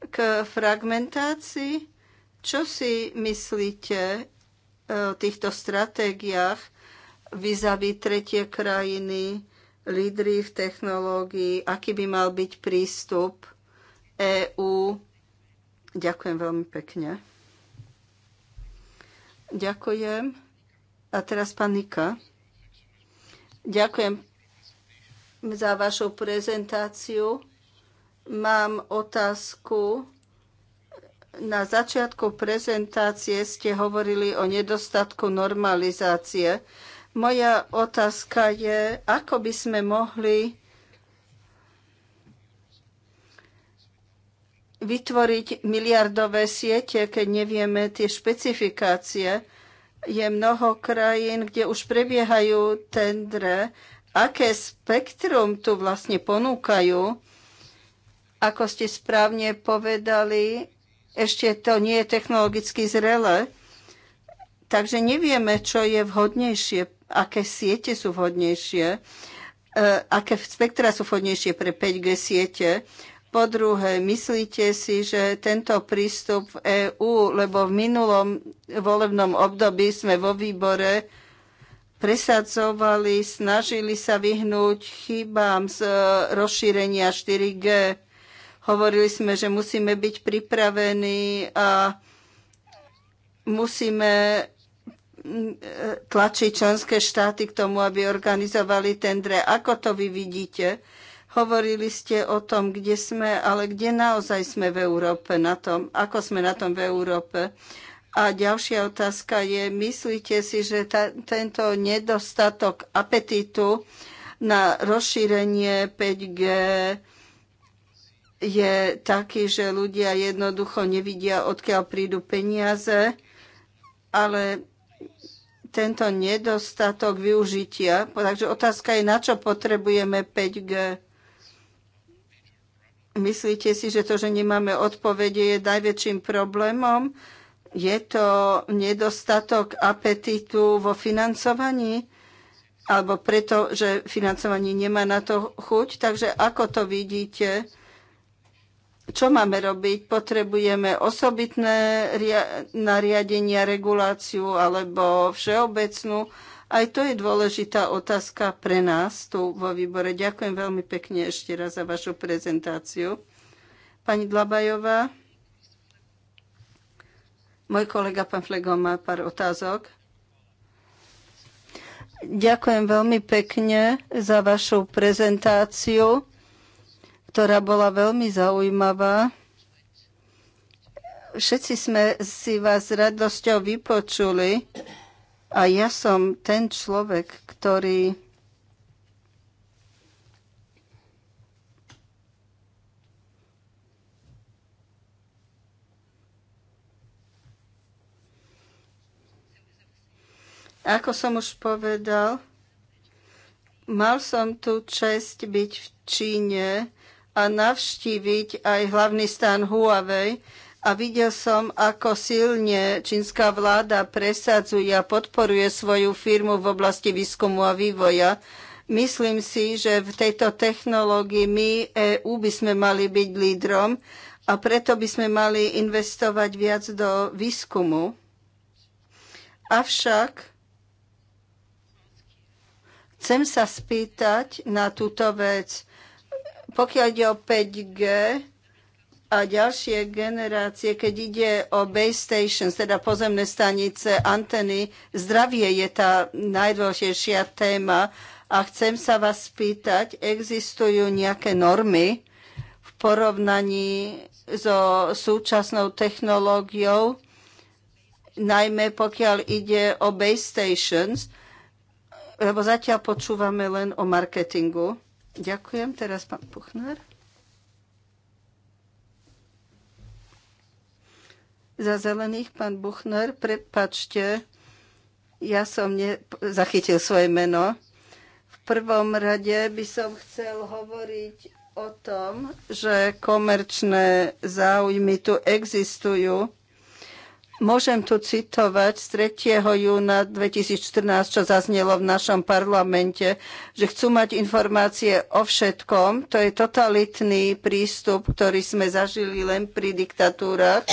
k fragmentácii? Čo si myslíte e, o týchto stratégiách vyzaví tretie krajiny, lídry v technológii? Aký by mal byť prístup EÚ? Ďakujem veľmi pekne. Ďakujem. A teraz pán Ďakujem za vašu prezentáciu. Mám otázku. Na začiatku prezentácie ste hovorili o nedostatku normalizácie. Moja otázka je, ako by sme mohli vytvoriť miliardové siete, keď nevieme tie špecifikácie je mnoho krajín, kde už prebiehajú tendre. Aké spektrum tu vlastne ponúkajú? Ako ste správne povedali, ešte to nie je technologicky zrele, takže nevieme, čo je vhodnejšie, aké siete sú vhodnejšie, e, aké spektra sú vhodnejšie pre 5G siete. Po druhé, myslíte si, že tento prístup v EÚ, lebo v minulom volebnom období sme vo výbore presadzovali, snažili sa vyhnúť chybám z e, rozšírenia 4G. Hovorili sme, že musíme byť pripravení a musíme e, tlačiť členské štáty k tomu, aby organizovali tendre. Ako to vy vidíte? Hovorili ste o tom, kde sme, ale kde naozaj sme v Európe na tom, ako sme na tom v Európe. A ďalšia otázka je, myslíte si, že ta, tento nedostatok apetitu na rozšírenie 5G je taký, že ľudia jednoducho nevidia, odkiaľ prídu peniaze, ale tento nedostatok využitia. Takže otázka je, na čo potrebujeme 5G. Myslíte si, že to, že nemáme odpovede, je najväčším problémom? Je to nedostatok apetitu vo financovaní? Alebo preto, že financovanie nemá na to chuť? Takže ako to vidíte? Čo máme robiť? Potrebujeme osobitné nariadenia, reguláciu alebo všeobecnú? Aj to je dôležitá otázka pre nás tu vo výbore. Ďakujem veľmi pekne ešte raz za vašu prezentáciu. Pani Dlabajová, môj kolega pán Flego má pár otázok. Ďakujem veľmi pekne za vašu prezentáciu, ktorá bola veľmi zaujímavá. Všetci sme si vás s radosťou vypočuli. A ja som ten človek, ktorý Ako som už povedal, mal som tu čest byť v Číne a navštíviť aj hlavný stan Huawei, a videl som, ako silne čínska vláda presadzuje a podporuje svoju firmu v oblasti výskumu a vývoja. Myslím si, že v tejto technológii my, EU, by sme mali byť lídrom a preto by sme mali investovať viac do výskumu. Avšak chcem sa spýtať na túto vec. Pokiaľ ide o 5G, a ďalšie generácie, keď ide o base stations, teda pozemné stanice, anteny, zdravie je tá najdôležitejšia téma a chcem sa vás spýtať, existujú nejaké normy v porovnaní so súčasnou technológiou, najmä pokiaľ ide o base stations, lebo zatiaľ počúvame len o marketingu. Ďakujem, teraz pán Puchner. Za zelených, pán Buchner, prepačte, ja som ne, zachytil svoje meno. V prvom rade by som chcel hovoriť o tom, že komerčné záujmy tu existujú. Môžem tu citovať z 3. júna 2014, čo zaznelo v našom parlamente, že chcú mať informácie o všetkom. To je totalitný prístup, ktorý sme zažili len pri diktatúrach.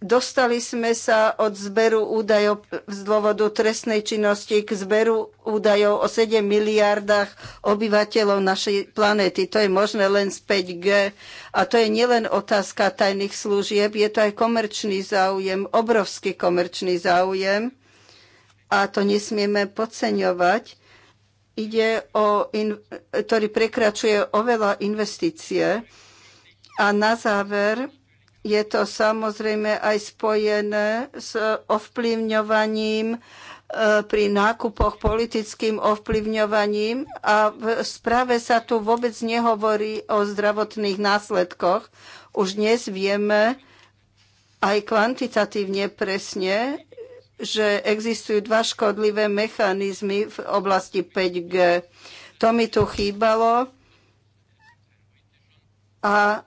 Dostali sme sa od zberu údajov z dôvodu trestnej činnosti k zberu údajov o 7 miliardách obyvateľov našej planéty. To je možné len z 5G. A to je nielen otázka tajných služieb, je to aj komerčný záujem, obrovský komerčný záujem. A to nesmieme podceňovať. Ide o, in, ktorý prekračuje oveľa investície. A na záver, je to samozrejme aj spojené s ovplyvňovaním e, pri nákupoch politickým ovplyvňovaním a v správe sa tu vôbec nehovorí o zdravotných následkoch. Už dnes vieme aj kvantitatívne presne, že existujú dva škodlivé mechanizmy v oblasti 5G. To mi tu chýbalo a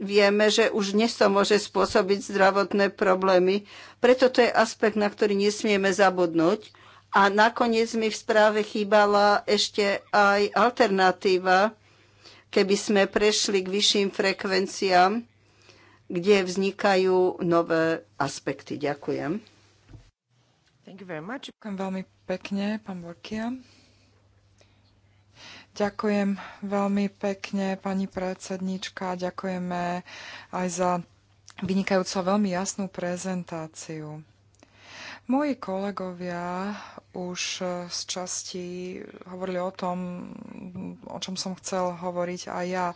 vieme, že už dnes to môže spôsobiť zdravotné problémy. Preto to je aspekt, na ktorý nesmieme zabudnúť. A nakoniec mi v správe chýbala ešte aj alternatíva, keby sme prešli k vyšším frekvenciám, kde vznikajú nové aspekty. Ďakujem. Ďakujem veľmi pekne, pán Borkia. Ďakujem veľmi pekne, pani predsednička. Ďakujeme aj za vynikajúco veľmi jasnú prezentáciu. Moji kolegovia už z časti hovorili o tom, o čom som chcel hovoriť aj ja.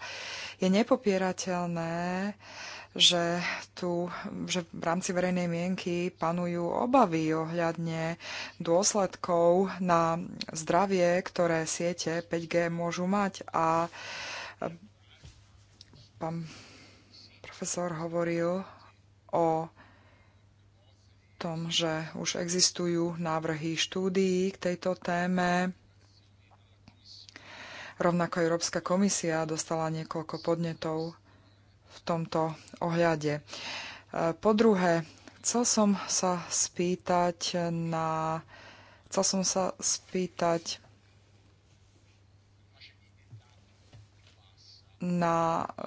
Je nepopierateľné, že, tu, že v rámci verejnej mienky panujú obavy ohľadne dôsledkov na zdravie, ktoré siete 5G môžu mať. A e, pán profesor hovoril o tom, že už existujú návrhy štúdií k tejto téme. Rovnako Európska komisia dostala niekoľko podnetov v tomto ohľade. E, po druhé, chcel som sa spýtať na... Chcel som sa spýtať na, e,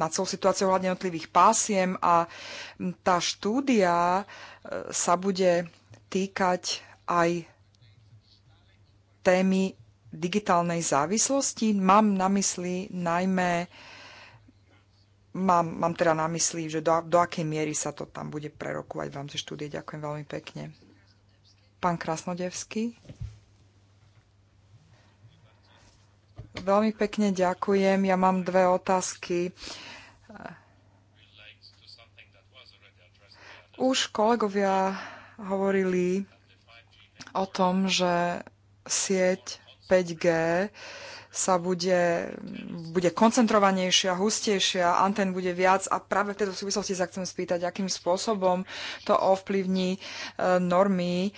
na celú situáciu ohľadne jednotlivých pásiem a tá štúdia e, sa bude týkať aj témy digitálnej závislosti. Mám na mysli najmä mám, mám teda na mysli, že do, do akej miery sa to tam bude prerokovať v rámci štúdie. Ďakujem veľmi pekne. Pán Krasnodevský. Veľmi pekne ďakujem. Ja mám dve otázky. Už kolegovia hovorili o tom, že sieť 5G sa bude, bude koncentrovanejšia, hustejšia, antén bude viac a práve v tejto súvislosti sa chcem spýtať, akým spôsobom to ovplyvní e, normy e,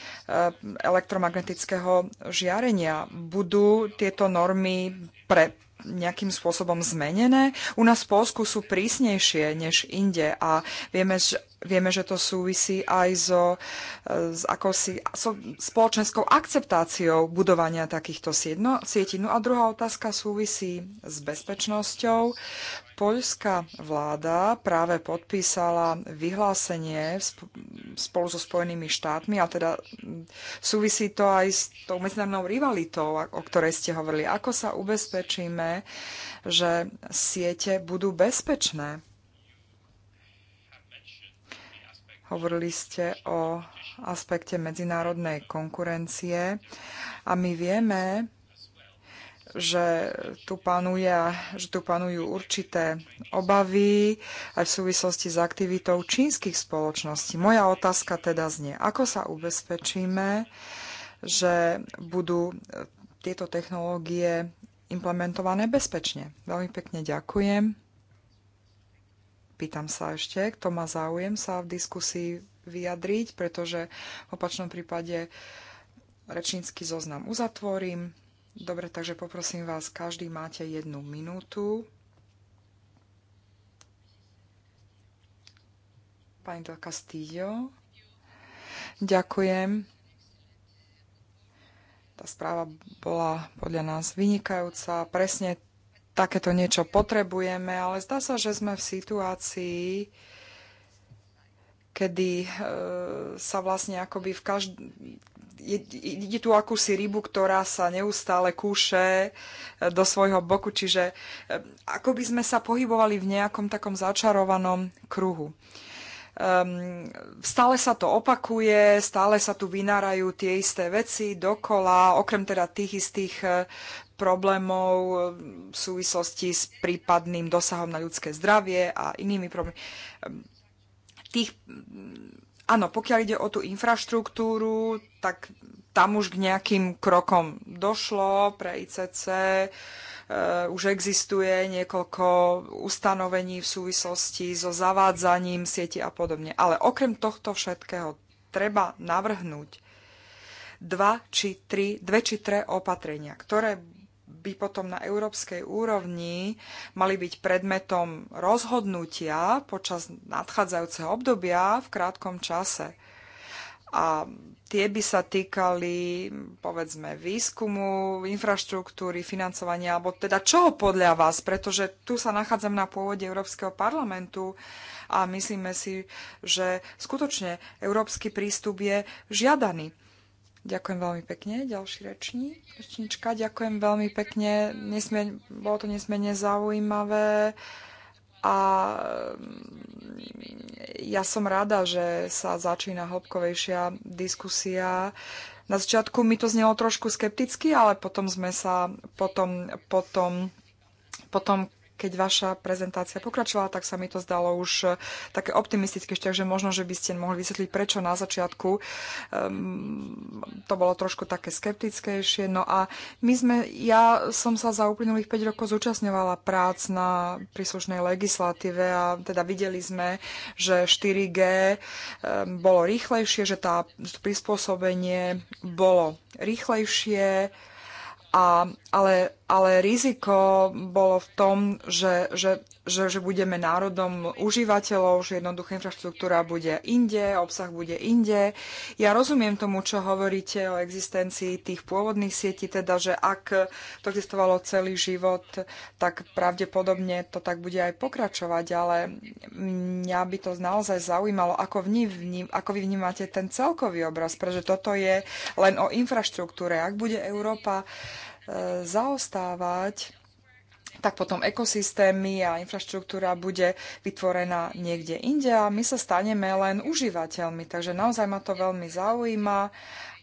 elektromagnetického žiarenia. Budú tieto normy pre nejakým spôsobom zmenené. U nás v Polsku sú prísnejšie než inde a vieme, že. Vieme, že to súvisí aj so, e, s akosi, so spoločenskou akceptáciou budovania takýchto sietí. No a druhá otázka súvisí s bezpečnosťou. Poľská vláda práve podpísala vyhlásenie spolu so Spojenými štátmi, a teda súvisí to aj s tou medzinárodnou rivalitou, o ktorej ste hovorili. Ako sa ubezpečíme, že siete budú bezpečné? Hovorili ste o aspekte medzinárodnej konkurencie a my vieme, že tu, panuje, že tu panujú určité obavy aj v súvislosti s aktivitou čínskych spoločností. Moja otázka teda znie, ako sa ubezpečíme, že budú tieto technológie implementované bezpečne. Veľmi pekne ďakujem. Pýtam sa ešte, kto má záujem sa v diskusii vyjadriť, pretože v opačnom prípade rečnícky zoznam uzatvorím. Dobre, takže poprosím vás, každý máte jednu minútu. Pani del Castillo. Ďakujem. Tá správa bola podľa nás vynikajúca. Presne takéto niečo potrebujeme, ale zdá sa, že sme v situácii, kedy e, sa vlastne akoby v každom... Ide tu akúsi rybu, ktorá sa neustále kúše e, do svojho boku, čiže e, ako by sme sa pohybovali v nejakom takom začarovanom kruhu. Um, stále sa to opakuje, stále sa tu vynárajú tie isté veci dokola, okrem teda tých istých e, problémov e, v súvislosti s prípadným dosahom na ľudské zdravie a inými problémy. Ehm, tých, mm, áno, pokiaľ ide o tú infraštruktúru, tak tam už k nejakým krokom došlo pre ICC. Uh, e, už existuje niekoľko ustanovení v súvislosti so zavádzaním sieti a podobne. Ale okrem tohto všetkého treba navrhnúť dva či tri, dve či tre opatrenia, ktoré by potom na európskej úrovni mali byť predmetom rozhodnutia počas nadchádzajúceho obdobia v krátkom čase. A tie by sa týkali, povedzme, výskumu, infraštruktúry, financovania, alebo teda čoho podľa vás, pretože tu sa nachádzam na pôvode Európskeho parlamentu a myslíme si, že skutočne európsky prístup je žiadaný. Ďakujem veľmi pekne. Ďalší rečník, rečníčka. Ďakujem veľmi pekne. nesmier, bolo to nesmierne zaujímavé. A mm, ja som rada, že sa začína hĺbkovejšia diskusia. Na začiatku mi to znelo trošku skepticky, ale potom sme sa, potom, potom, potom keď vaša prezentácia pokračovala, tak sa mi to zdalo už eh, také optimistické, takže možno, že by ste mohli vysvetliť, prečo na začiatku um, to bolo trošku také skeptickejšie. No a my sme, ja som sa za uplynulých 5 rokov zúčastňovala prác na príslušnej legislatíve a teda videli sme, že 4G um, ehm, bolo rýchlejšie, že tá prispôsobenie bolo rýchlejšie, a, ale ale riziko bolo v tom, že, že, že, že budeme národom užívateľov, že jednoduchá infraštruktúra bude inde, obsah bude inde. Ja rozumiem tomu, čo hovoríte o existencii tých pôvodných sietí, teda, že ak to existovalo celý život, tak pravdepodobne to tak bude aj pokračovať, ale mňa by to naozaj zaujímalo, ako, vní, vní, ako vy vnímate ten celkový obraz, pretože toto je len o infraštruktúre. Ak bude Európa zaostávať, tak potom ekosystémy a infraštruktúra bude vytvorená niekde inde a my sa staneme len užívateľmi. Takže naozaj ma to veľmi zaujíma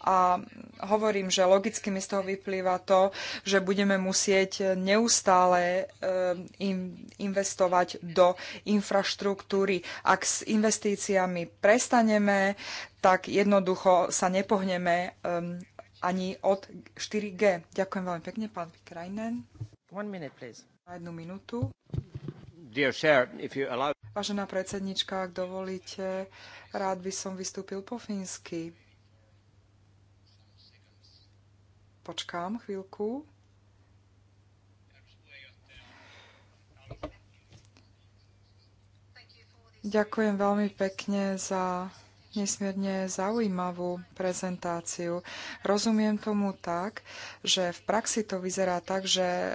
a hovorím, že logicky mi z toho vyplýva to, že budeme musieť neustále eh, investovať do infraštruktúry. Ak s investíciami prestaneme, tak jednoducho sa nepohneme eh, ani od 4G. Ďakujem veľmi pekne, pán Vikrajnen. One minute, please. Na jednu minútu. Dear Chair, if you allow... Vážená predsednička, ak dovolíte, rád by som vystúpil po fínsky. Počkám chvíľku. Ďakujem veľmi pekne za nesmierne zaujímavú prezentáciu. Rozumiem tomu tak, že v praxi to vyzerá tak, že e,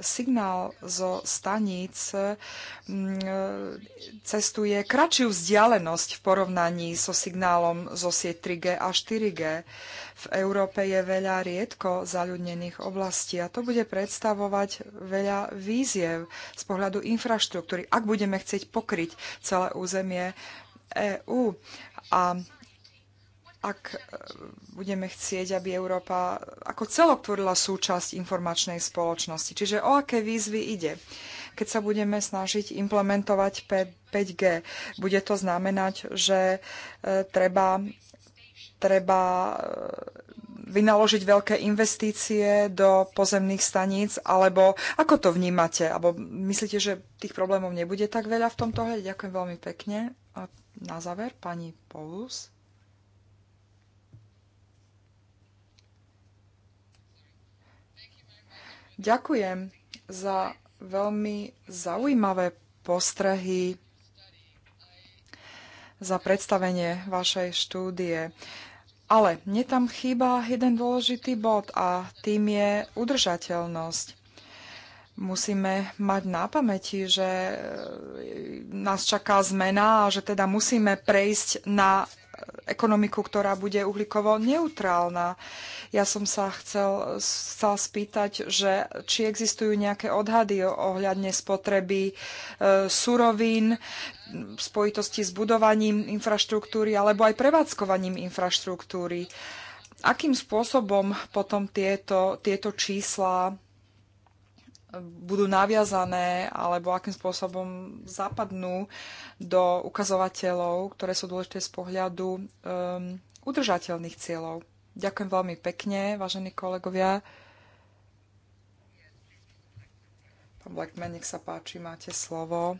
signál zo staníc e, mm, e, cestuje kratšiu vzdialenosť v porovnaní so signálom zo sieť 3G a 4G. V Európe je veľa riedko zaľudnených oblastí a to bude predstavovať veľa víziev z pohľadu infraštruktúry, ak budeme chcieť pokryť celé územie EÚ. A ak e, budeme chcieť, aby Európa ako celok tvorila súčasť informačnej spoločnosti. Čiže o aké výzvy ide? Keď sa budeme snažiť implementovať 5G, bude to znamenať, že e, treba, treba e, vynaložiť veľké investície do pozemných staníc, alebo ako to vnímate? Alebo myslíte, že tých problémov nebude tak veľa v tomto hľade? Ďakujem veľmi pekne. Na záver pani Polus. Ďakujem za veľmi zaujímavé postrehy za predstavenie vašej štúdie. Ale mne tam chýba jeden dôležitý bod a tým je udržateľnosť musíme mať na pamäti, že e, nás čaká zmena a že teda musíme prejsť na ekonomiku, ktorá bude uhlíkovo neutrálna. Ja som sa chcel, chcel spýtať, že či existujú nejaké odhady ohľadne spotreby e, surovín v spojitosti s budovaním infraštruktúry alebo aj prevádzkovaním infraštruktúry. Akým spôsobom potom tieto, tieto čísla budú naviazané alebo akým spôsobom zapadnú do ukazovateľov, ktoré sú dôležité z pohľadu um, udržateľných cieľov. Ďakujem veľmi pekne, vážení kolegovia. Pán Blackman, nech sa páči, máte slovo.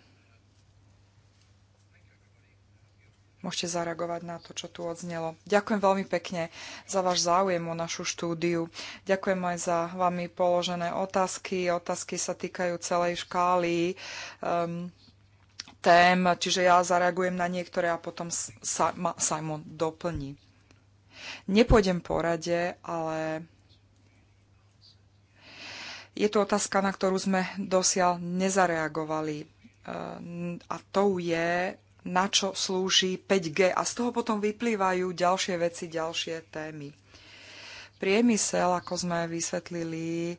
môžete zareagovať na to, čo tu odznelo. Ďakujem veľmi pekne za váš záujem o našu štúdiu. Ďakujem aj za vami položené otázky. Otázky sa týkajú celej škály um, tém, čiže ja zareagujem na niektoré a potom sa, ma, Simon doplní. Nepôjdem po rade, ale je tu otázka, na ktorú sme dosiaľ nezareagovali. Ehm, a tou je, na čo slúži 5G a z toho potom vyplývajú ďalšie veci, ďalšie témy. Priemysel, ako sme vysvetlili,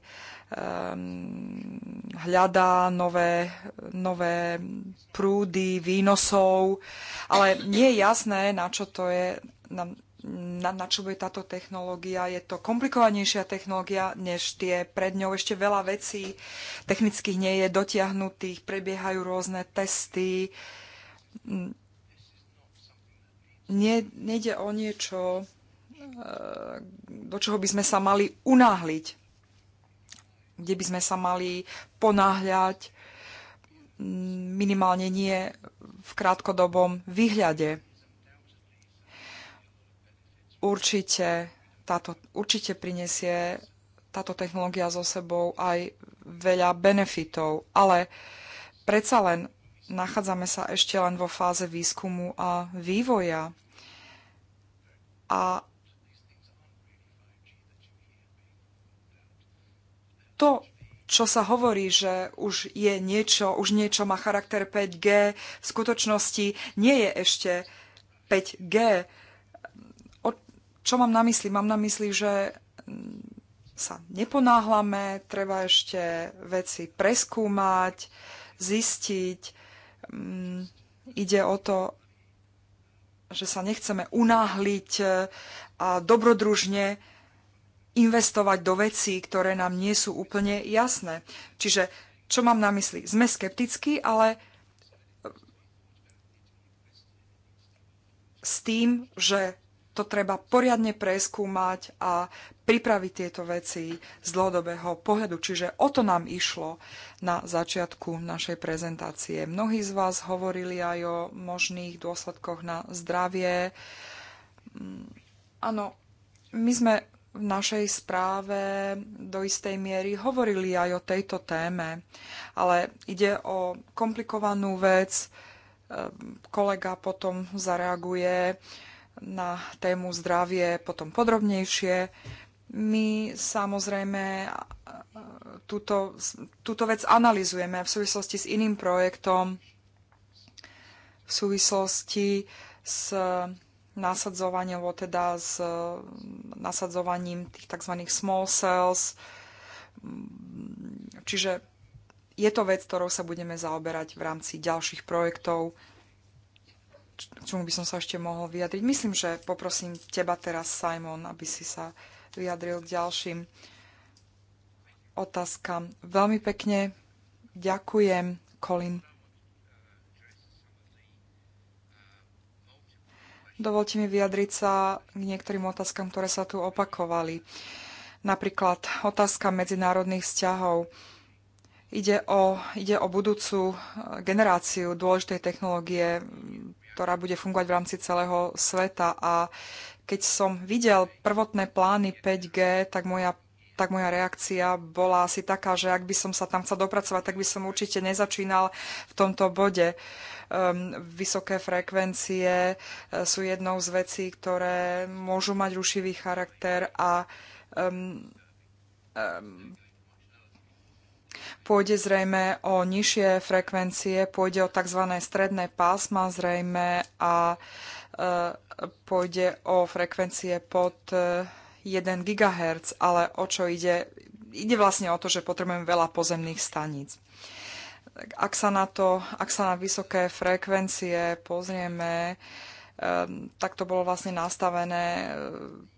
ehm, hľadá nové, nové prúdy výnosov, ale nie je jasné, na čo to je, na, na, na čo bude táto technológia. Je to komplikovanejšia technológia, než tie pred ňou. Ešte veľa vecí technických nie je dotiahnutých, prebiehajú rôzne testy. Uh, Mm. nie, nejde o niečo, e, do čoho by sme sa mali unáhliť, kde by sme sa mali ponáhľať, mm, minimálne nie v krátkodobom výhľade. Určite, táto, určite prinesie táto technológia so sebou aj veľa benefitov, ale predsa len nachádzame sa ešte len vo fáze výskumu a vývoja. A to, čo sa hovorí, že už je niečo, už niečo má charakter 5G, v skutočnosti nie je ešte 5G. O, čo mám na mysli? Mám na mysli, že sa neponáhlame, treba ešte veci preskúmať, zistiť, Mm, ide o to, že sa nechceme unáhliť e, a dobrodružne investovať do vecí, ktoré nám nie sú úplne jasné. Čiže čo mám na mysli? Sme skeptickí, ale e, s tým, že to treba poriadne preskúmať a pripraviť tieto veci z dlhodobého pohľadu. Čiže o to nám išlo na začiatku našej prezentácie. Mnohí z vás hovorili aj o možných dôsledkoch na zdravie. Mm, áno, my sme v našej správe do istej miery hovorili aj o tejto téme, ale ide o komplikovanú vec. Ehm, kolega potom zareaguje na tému zdravie potom podrobnejšie. My samozrejme túto, túto vec analizujeme v súvislosti s iným projektom, v súvislosti s nasadzovaním, alebo teda s nasadzovaním tých tzv. small cells. Čiže je to vec, ktorou sa budeme zaoberať v rámci ďalších projektov, k čomu by som sa ešte mohol vyjadriť. Myslím, že poprosím teba teraz, Simon, aby si sa vyjadril k ďalším otázkam. Veľmi pekne ďakujem, Colin. Dovolte mi vyjadriť sa k niektorým otázkam, ktoré sa tu opakovali. Napríklad otázka medzinárodných vzťahov. Ide o, ide o budúcu generáciu dôležitej technológie ktorá bude fungovať v rámci celého sveta. A keď som videl prvotné plány 5G, tak moja tak moja reakcia bola asi taká, že ak by som sa tam chcel dopracovať, tak by som určite nezačínal v tomto bode. Um, vysoké frekvencie e, sú jednou z vecí, ktoré môžu mať rušivý charakter a um, um, Pôjde zrejme o nižšie frekvencie, pôjde o tzv. stredné pásma zrejme a e, pôjde o frekvencie pod 1 e, GHz, ale o čo ide? Ide vlastne o to, že potrebujeme veľa pozemných staníc ak sa na to, ak sa na vysoké frekvencie pozrieme, e, tak to bolo vlastne nastavené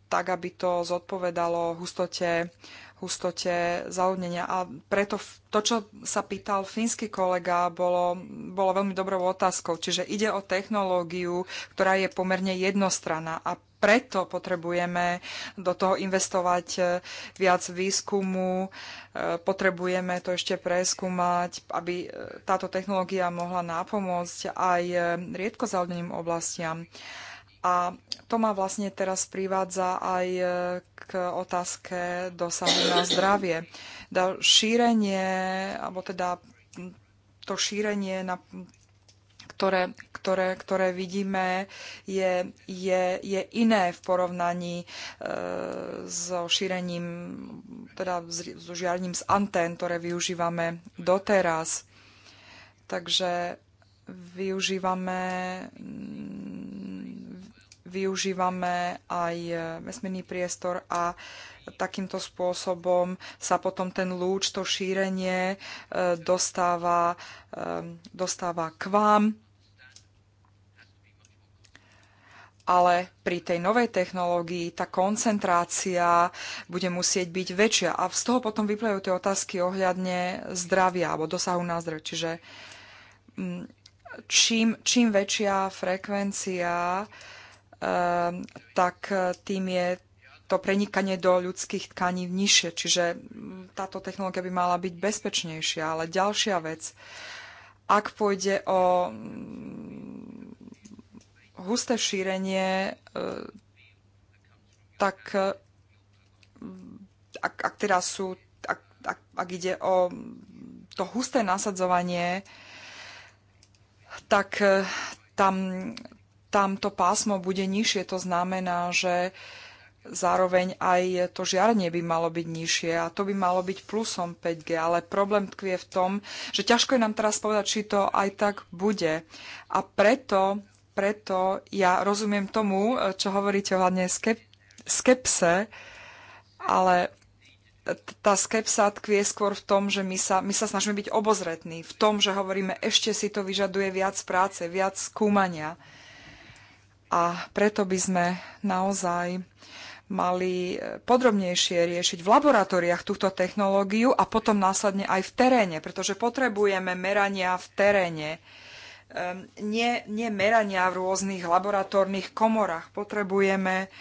tak, aby to zodpovedalo hustote hustote zaludnenia. A preto to, čo sa pýtal fínsky kolega, bolo, bolo veľmi dobrou otázkou. Čiže ide o technológiu, ktorá je pomerne jednostranná a preto potrebujeme do toho investovať e, viac výskumu, e, potrebujeme to ešte preskúmať, aby e, táto technológia mohla napomôcť aj riedko oblastiam. A to ma vlastne teraz privádza aj e, k otázke dosahu na zdravie. Da šírenie, alebo teda to šírenie, na, ktoré, ktoré, ktoré vidíme, je, je, je iné v porovnaní e, so šírením, teda so žiarním z antén, ktoré využívame doteraz. Takže využívame využívame aj e, vesmírny priestor a takýmto spôsobom sa potom ten lúč, to šírenie e, dostáva, e, dostáva k vám. ale pri tej novej technológii tá koncentrácia bude musieť byť väčšia. A z toho potom vyplajú tie otázky ohľadne zdravia alebo dosahu na zdravie. Čiže mm, čím, čím väčšia frekvencia, Ehm, tak e, tým je to prenikanie do ľudských tkaní nižšie. Čiže táto technológia by mala byť bezpečnejšia. Ale ďalšia vec, ak pôjde o husté šírenie, e, tak e, ak, ak teda sú, ak, ak, ak ide o to husté nasadzovanie, tak tam tamto pásmo bude nižšie. To znamená, že zároveň aj to žiarenie by malo byť nižšie a to by malo byť plusom 5G, ale problém tkvie v tom, že ťažko je nám teraz povedať, či to aj tak bude. A preto, preto ja rozumiem tomu, čo hovoríte hlavne skep- skepse, ale tá skepsa tkvie skôr v tom, že my sa, my sa snažíme byť obozretní, v tom, že hovoríme, ešte si to vyžaduje viac práce, viac skúmania a preto by sme naozaj mali podrobnejšie riešiť v laboratóriách túto technológiu a potom následne aj v teréne, pretože potrebujeme merania v teréne. Ehm, nie, nie merania v rôznych laboratórnych komorách. Potrebujeme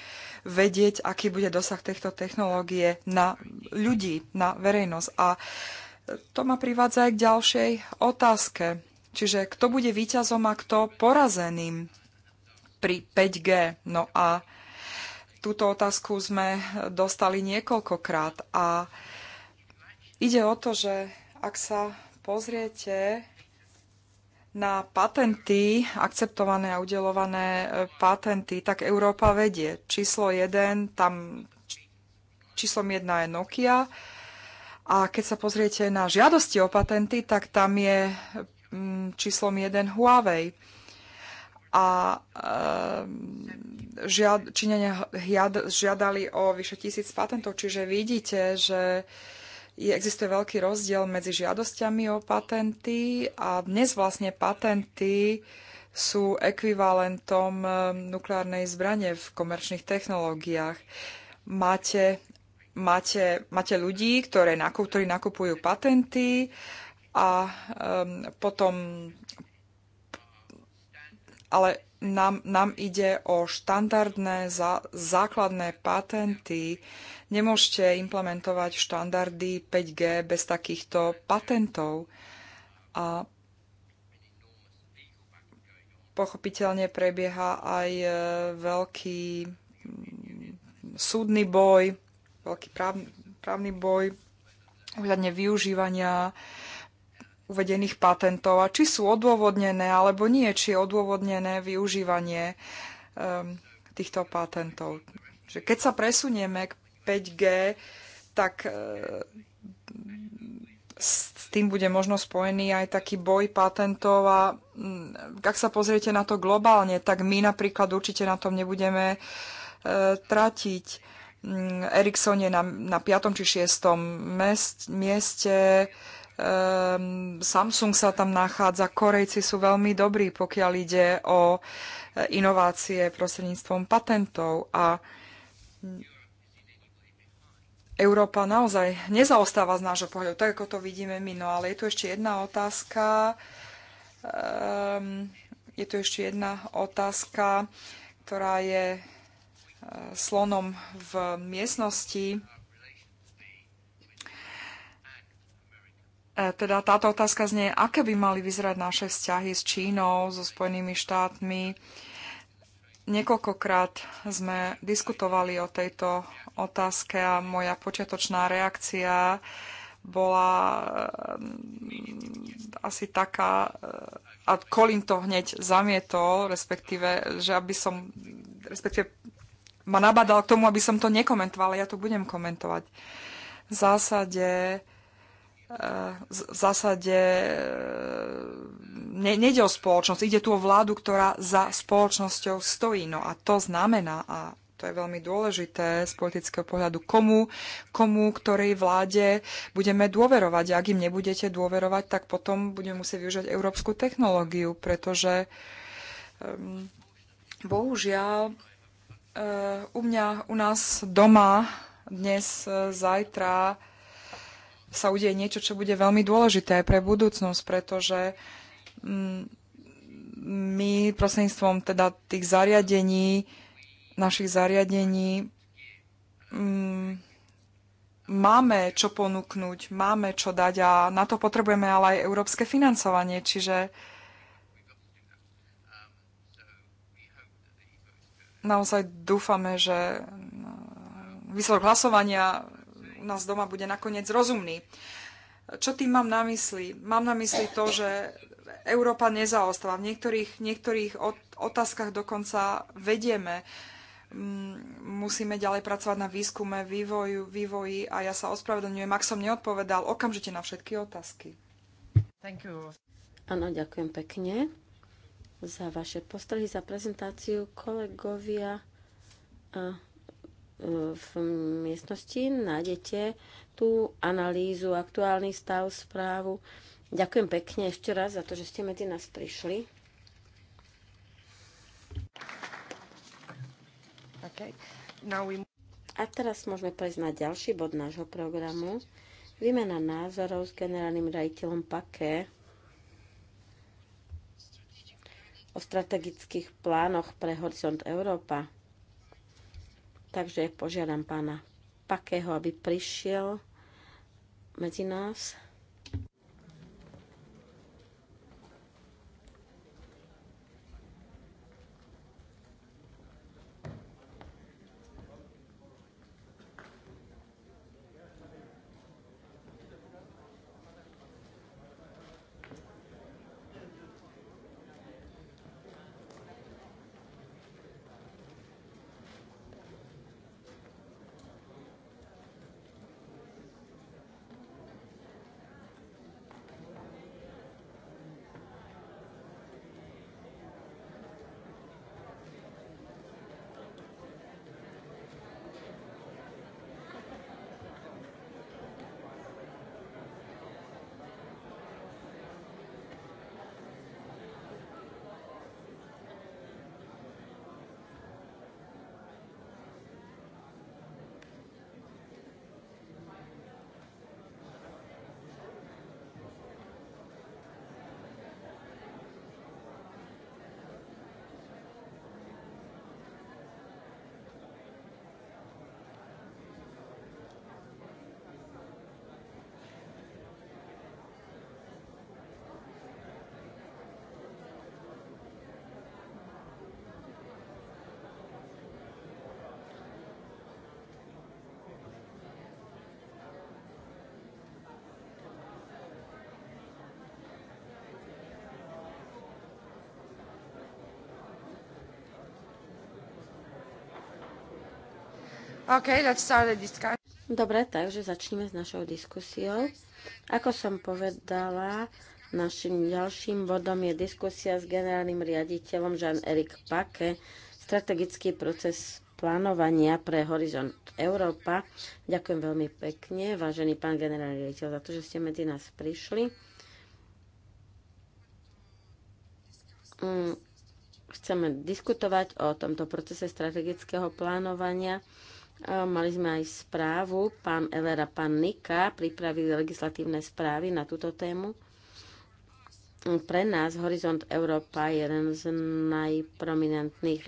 vedieť, aký bude dosah tejto technológie na ľudí, na verejnosť. A to ma privádza aj k ďalšej otázke. Čiže kto bude víťazom a kto porazeným pri 5G. No a túto otázku sme dostali niekoľkokrát a ide o to, že ak sa pozriete na patenty, akceptované a udelované e, patenty, tak Európa vedie. Číslo 1, tam číslom 1 je Nokia. A keď sa pozriete na žiadosti o patenty, tak tam je mm, číslom 1 Huawei a ehm, žiad, Číňania hiad, žiadali o vyše tisíc patentov, čiže vidíte, že je, existuje veľký rozdiel medzi žiadosťami o patenty a dnes vlastne patenty sú ekvivalentom ehm, nukleárnej zbrane v komerčných technológiách. Máte, máte, máte ľudí, ktoré, ktorí nakupujú patenty a um, potom ale nám, nám ide o štandardné za, základné patenty. Nemôžete implementovať štandardy 5G bez takýchto patentov. A pochopiteľne prebieha aj e, veľký mm, súdny boj, veľký právny, právny boj ohľadne využívania uvedených patentov a či sú odôvodnené alebo nie, či je odôvodnené využívanie um, týchto patentov. Že keď sa presunieme k 5G, tak e, s tým bude možno spojený aj taký boj patentov a mm, ak sa pozriete na to globálne, tak my napríklad určite na tom nebudeme e, tratiť. Mm, Ericsson je na, na 5. či 6. mieste, Ehm, Samsung sa tam nachádza, Korejci sú veľmi dobrí, pokiaľ ide o e, inovácie prostredníctvom patentov a Európa naozaj nezaostáva z nášho pohľadu, tak ako to vidíme my. No ale je tu ešte jedna otázka. Um, je tu ešte jedna otázka, ktorá je e, slonom v miestnosti. E, teda táto otázka znie, aké by mali vyzerať naše vzťahy s Čínou, so Spojenými štátmi. Niekoľkokrát sme diskutovali o tejto otázke a moja počiatočná reakcia bola e, asi taká, e, a Colin to hneď zamietol, respektíve, že aby som, respektíve ma nabadal k tomu, aby som to nekomentovala, ja to budem komentovať. V zásade v zásade e, ne, nejde o spoločnosť, ide tu o vládu, ktorá za spoločnosťou stojí. No a to znamená, a to je veľmi dôležité z politického pohľadu, komu, komu, ktorej vláde budeme dôverovať. Ak im nebudete dôverovať, tak potom budeme musieť využiť európsku technológiu, pretože um, bohužiaľ uh, u mňa, u nás doma dnes, uh, zajtra sa udeje niečo, čo bude veľmi dôležité aj pre budúcnosť, pretože mm, my prostredníctvom teda tých zariadení, našich zariadení mm, máme čo ponúknuť, máme čo dať a na to potrebujeme ale aj európske financovanie, čiže naozaj dúfame, že mm, výsledok hlasovania nás doma bude nakoniec rozumný. Čo tým mám na mysli? Mám na mysli to, že Európa nezaostáva. V niektorých, niektorých otázkach dokonca vedieme. Mm, musíme ďalej pracovať na výskume, vývoju, vývoji a ja sa ospravedlňujem, ak som neodpovedal okamžite na všetky otázky. Áno, ďakujem pekne za vaše postrehy, za prezentáciu kolegovia. Uh v miestnosti nájdete tú analýzu, aktuálny stav, správu. Ďakujem pekne ešte raz za to, že ste medzi nás prišli. Okay. We... A teraz môžeme prejsť na ďalší bod nášho programu. Výmena názorov s generálnym raditeľom PAKE o strategických plánoch pre Horizont Európa Takže požiadam pána Pakého, aby prišiel medzi nás. Okay, let's start the discussion. Dobre, takže začneme s našou diskusiou. Ako som povedala, našim ďalším bodom je diskusia s generálnym riaditeľom jean éric Paquet, strategický proces plánovania pre Horizont Európa. Ďakujem veľmi pekne, vážený pán generálny riaditeľ, za to, že ste medzi nás prišli. Mm, chceme diskutovať o tomto procese strategického plánovania Mali sme aj správu, pán Elera, pán Nika pripravili legislatívne správy na túto tému. Pre nás Horizont Európa je jeden z najprominentných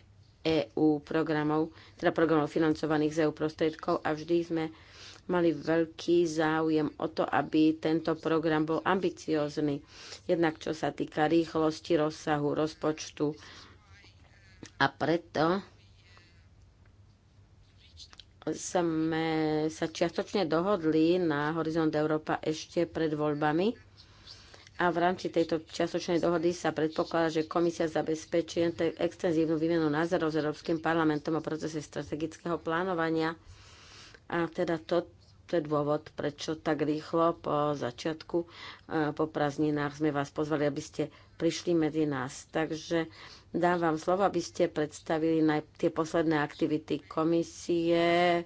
EU programov, teda programov financovaných z EU prostriedkov a vždy sme mali veľký záujem o to, aby tento program bol ambiciózny. Jednak čo sa týka rýchlosti, rozsahu, rozpočtu. A preto sme sa čiastočne dohodli na Horizont Európa ešte pred voľbami a v rámci tejto čiastočnej dohody sa predpokladá, že komisia zabezpečí extenzívnu výmenu názorov s Európskym parlamentom o procese strategického plánovania. A teda to, to je dôvod, prečo tak rýchlo po začiatku, eh, po prázdninách sme vás pozvali, aby ste prišli medzi nás. Takže Dám vám slovo, aby ste predstavili tie posledné aktivity komisie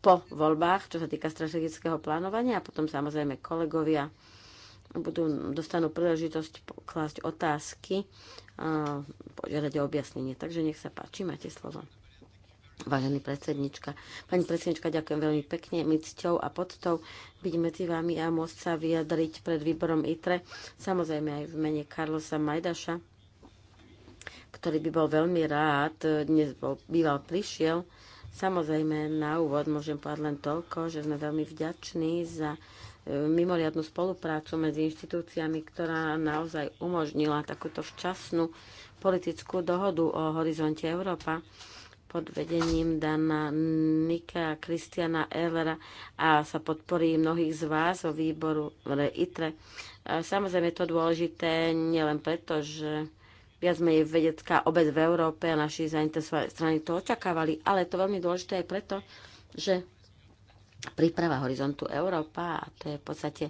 po voľbách, čo sa týka strategického plánovania a potom samozrejme kolegovia budú, dostanú príležitosť klásť otázky a požiadať o objasnenie. Takže nech sa páči, máte slovo. Vážený predsednička, pani predsednička, ďakujem veľmi pekne, my cťou a podtou byť medzi vami a môcť sa vyjadriť pred výborom ITRE, samozrejme aj v mene Karlosa Majdaša, ktorý by bol veľmi rád, e, dnes bol, býval prišiel. Samozrejme, na úvod môžem povedať len toľko, že sme veľmi vďační za e, mimoriadnú spoluprácu medzi inštitúciami, ktorá naozaj umožnila takúto včasnú politickú dohodu o horizonte Európa pod vedením Dana Nika a Kristiana Ehlera a sa podporí mnohých z vás o výboru ITRE. Samozrejme je to dôležité nielen preto, že viac menej vedecká obec v Európe a naši zainteresované strany to očakávali, ale je to veľmi dôležité aj preto, že príprava Horizontu Európa, a to je v podstate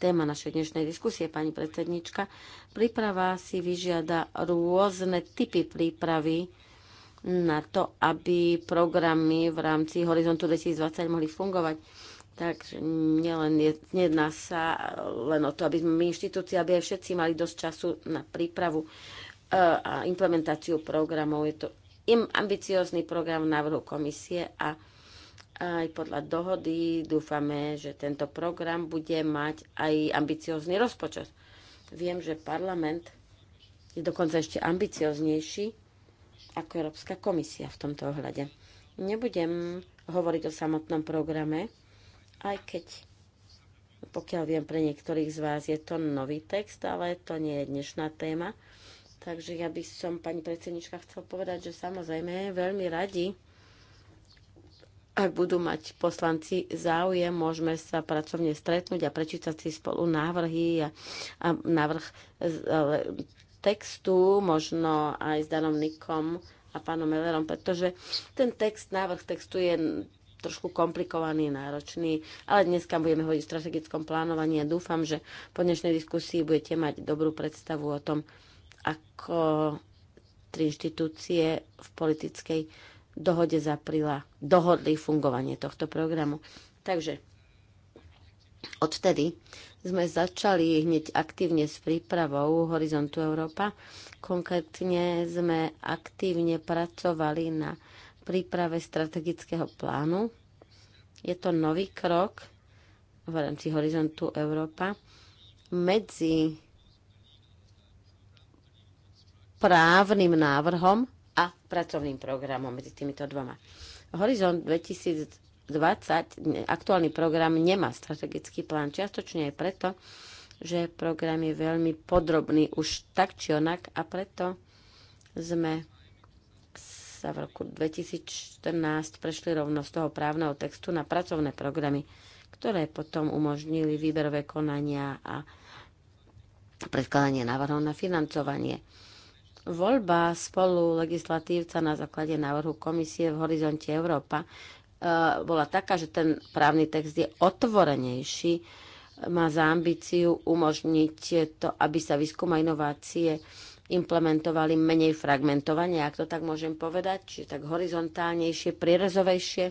téma našej dnešnej diskusie, pani predsednička, príprava si vyžiada rôzne typy prípravy na to, aby programy v rámci Horizontu 2020 mohli fungovať. Takže nielen je, nedná sa len o to, aby sme my inštitúcie, aby aj všetci mali dosť času na prípravu a implementáciu programov. Je to ambiciózny program návrhu komisie a aj podľa dohody dúfame, že tento program bude mať aj ambiciózny rozpočet. Viem, že parlament je dokonca ešte ambicioznejší ako Európska komisia v tomto ohľade. Nebudem hovoriť o samotnom programe, aj keď, pokiaľ viem, pre niektorých z vás je to nový text, ale to nie je dnešná téma. Takže ja by som, pani predsednička, chcel povedať, že samozrejme veľmi radi, ak budú mať poslanci záujem, môžeme sa pracovne stretnúť a prečítať si spolu návrhy a, a návrh textu, možno aj s Danom Nikom a pánom Mellerom, pretože ten text, návrh textu je trošku komplikovaný, náročný, ale dneska budeme hovoriť o strategickom plánovaní a dúfam, že po dnešnej diskusii budete mať dobrú predstavu o tom, ako tri inštitúcie v politickej dohode z apríla dohodli fungovanie tohto programu. Takže odtedy sme začali hneď aktívne s prípravou Horizontu Európa. Konkrétne sme aktívne pracovali na príprave strategického plánu. Je to nový krok v rámci Horizontu Európa medzi právnym návrhom a pracovným programom medzi týmito dvoma. Horizont 2020, aktuálny program, nemá strategický plán. Čiastočne aj preto, že program je veľmi podrobný už tak či onak a preto sme sa v roku 2014 prešli rovno z toho právneho textu na pracovné programy, ktoré potom umožnili výberové konania a predkladanie návrhov na financovanie. Voľba spolu legislatívca na základe návrhu komisie v Horizonte Európa e, bola taká, že ten právny text je otvorenejší, má za ambíciu umožniť to, aby sa výskum a inovácie implementovali menej fragmentovane, ak to tak môžem povedať, či tak horizontálnejšie, prierezovejšie.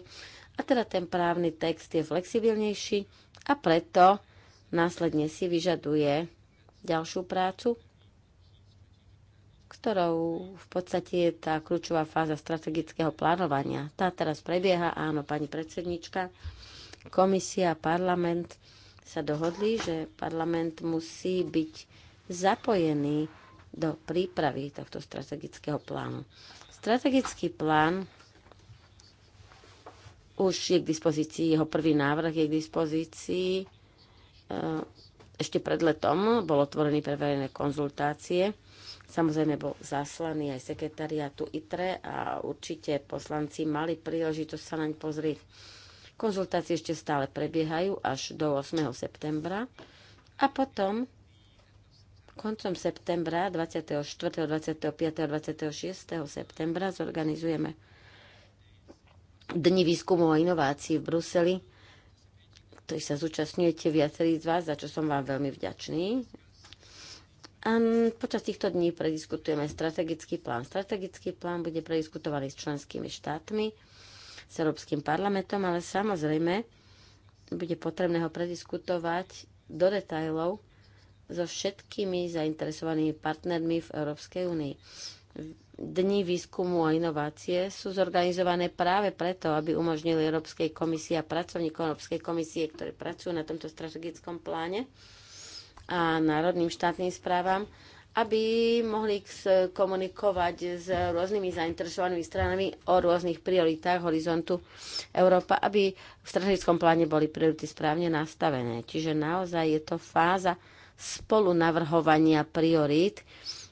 A teda ten právny text je flexibilnejší a preto následne si vyžaduje ďalšiu prácu ktorou v podstate je tá kľúčová fáza strategického plánovania. Tá teraz prebieha, áno, pani predsednička, komisia a parlament sa dohodli, že parlament musí byť zapojený do prípravy tohto strategického plánu. Strategický plán už je k dispozícii, jeho prvý návrh je k dispozícii eh, ešte pred letom, bol otvorený pre verejné konzultácie Samozrejme bol zaslaný aj sekretariatu ITRE a určite poslanci mali príležitosť sa naň pozrieť. Konzultácie ešte stále prebiehajú až do 8. septembra a potom koncom septembra 24., 25., 26. septembra zorganizujeme Dni výskumu a inovácií v Bruseli, ktorých sa zúčastňujete viacerí z vás, za čo som vám veľmi vďačný. Um, počas týchto dní prediskutujeme strategický plán. Strategický plán bude prediskutovaný s členskými štátmi, s Európskym parlamentom, ale samozrejme bude potrebné ho prediskutovať do detajlov so všetkými zainteresovanými partnermi v Európskej únii. Dni výskumu a inovácie sú zorganizované práve preto, aby umožnili Európskej komisii a pracovníkov Európskej komisie, ktorí pracujú na tomto strategickom pláne, a národným štátnym správam, aby mohli komunikovať s rôznymi zainteresovanými stranami o rôznych prioritách horizontu Európa, aby v strategickom pláne boli priority správne nastavené. Čiže naozaj je to fáza spolunavrhovania priorít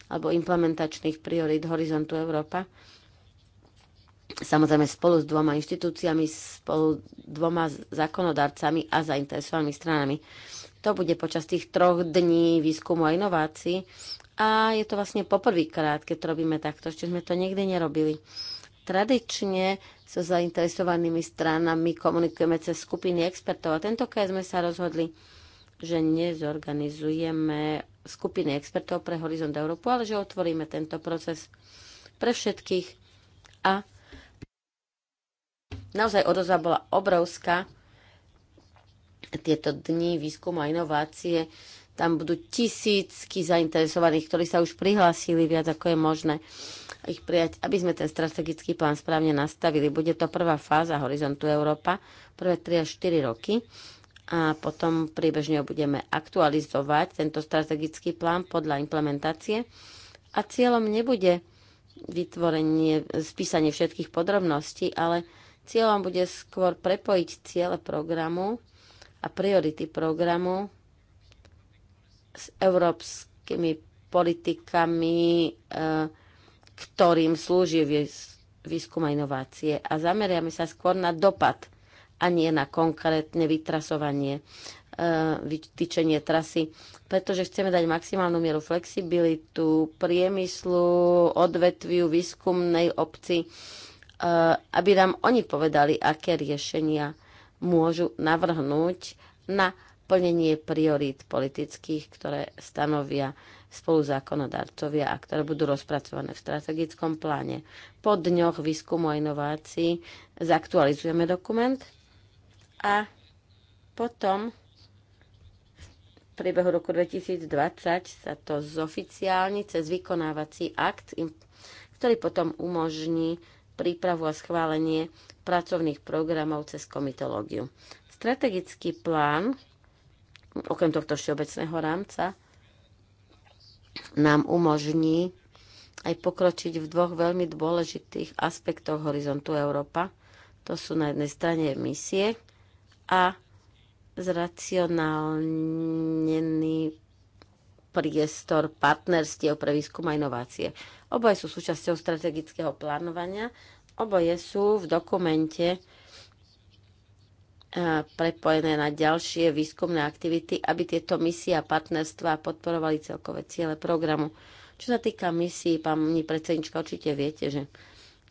alebo implementačných priorít horizontu Európa. Samozrejme spolu s dvoma inštitúciami, spolu dvoma zákonodarcami a zainteresovanými stranami. To bude počas tých troch dní výskumu a inovácií. A je to vlastne poprvýkrát, keď to robíme takto, ešte sme to nikdy nerobili. Tradične so zainteresovanými stranami komunikujeme cez skupiny expertov a tentokrát sme sa rozhodli, že nezorganizujeme skupiny expertov pre Horizont Európu, ale že otvoríme tento proces pre všetkých a naozaj odozva bola obrovská tieto dni výskumu a inovácie. Tam budú tisícky zainteresovaných, ktorí sa už prihlásili viac ako je možné ich prijať, aby sme ten strategický plán správne nastavili. Bude to prvá fáza Horizontu Európa, prvé 3 až 4 roky a potom priebežne budeme aktualizovať tento strategický plán podľa implementácie a cieľom nebude vytvorenie, spísanie všetkých podrobností, ale cieľom bude skôr prepojiť ciele programu a priority programu s európskymi politikami, e, ktorým slúži výskum a inovácie. A zameriame sa skôr na dopad a nie na konkrétne vytrasovanie, e, vytýčenie trasy, pretože chceme dať maximálnu mieru flexibilitu priemyslu, odvetviu, výskumnej obci, e, aby nám oni povedali, aké riešenia môžu navrhnúť na plnenie priorít politických, ktoré stanovia spoluzákonodarcovia a ktoré budú rozpracované v strategickom pláne. Po dňoch výskumu a inovácií zaktualizujeme dokument a potom v priebehu roku 2020 sa to zoficiálni cez vykonávací akt, ktorý potom umožní prípravu a schválenie pracovných programov cez komitológiu. Strategický plán, okrem tohto všeobecného rámca, nám umožní aj pokročiť v dvoch veľmi dôležitých aspektoch horizontu Európa. To sú na jednej strane misie a zracionálnený priestor partnerstiev pre výskum a inovácie. Oboje sú súčasťou strategického plánovania Oboje sú v dokumente e, prepojené na ďalšie výskumné aktivity, aby tieto misie a partnerstva podporovali celkové ciele programu. Čo sa týka misií, pani predsednička, určite viete, že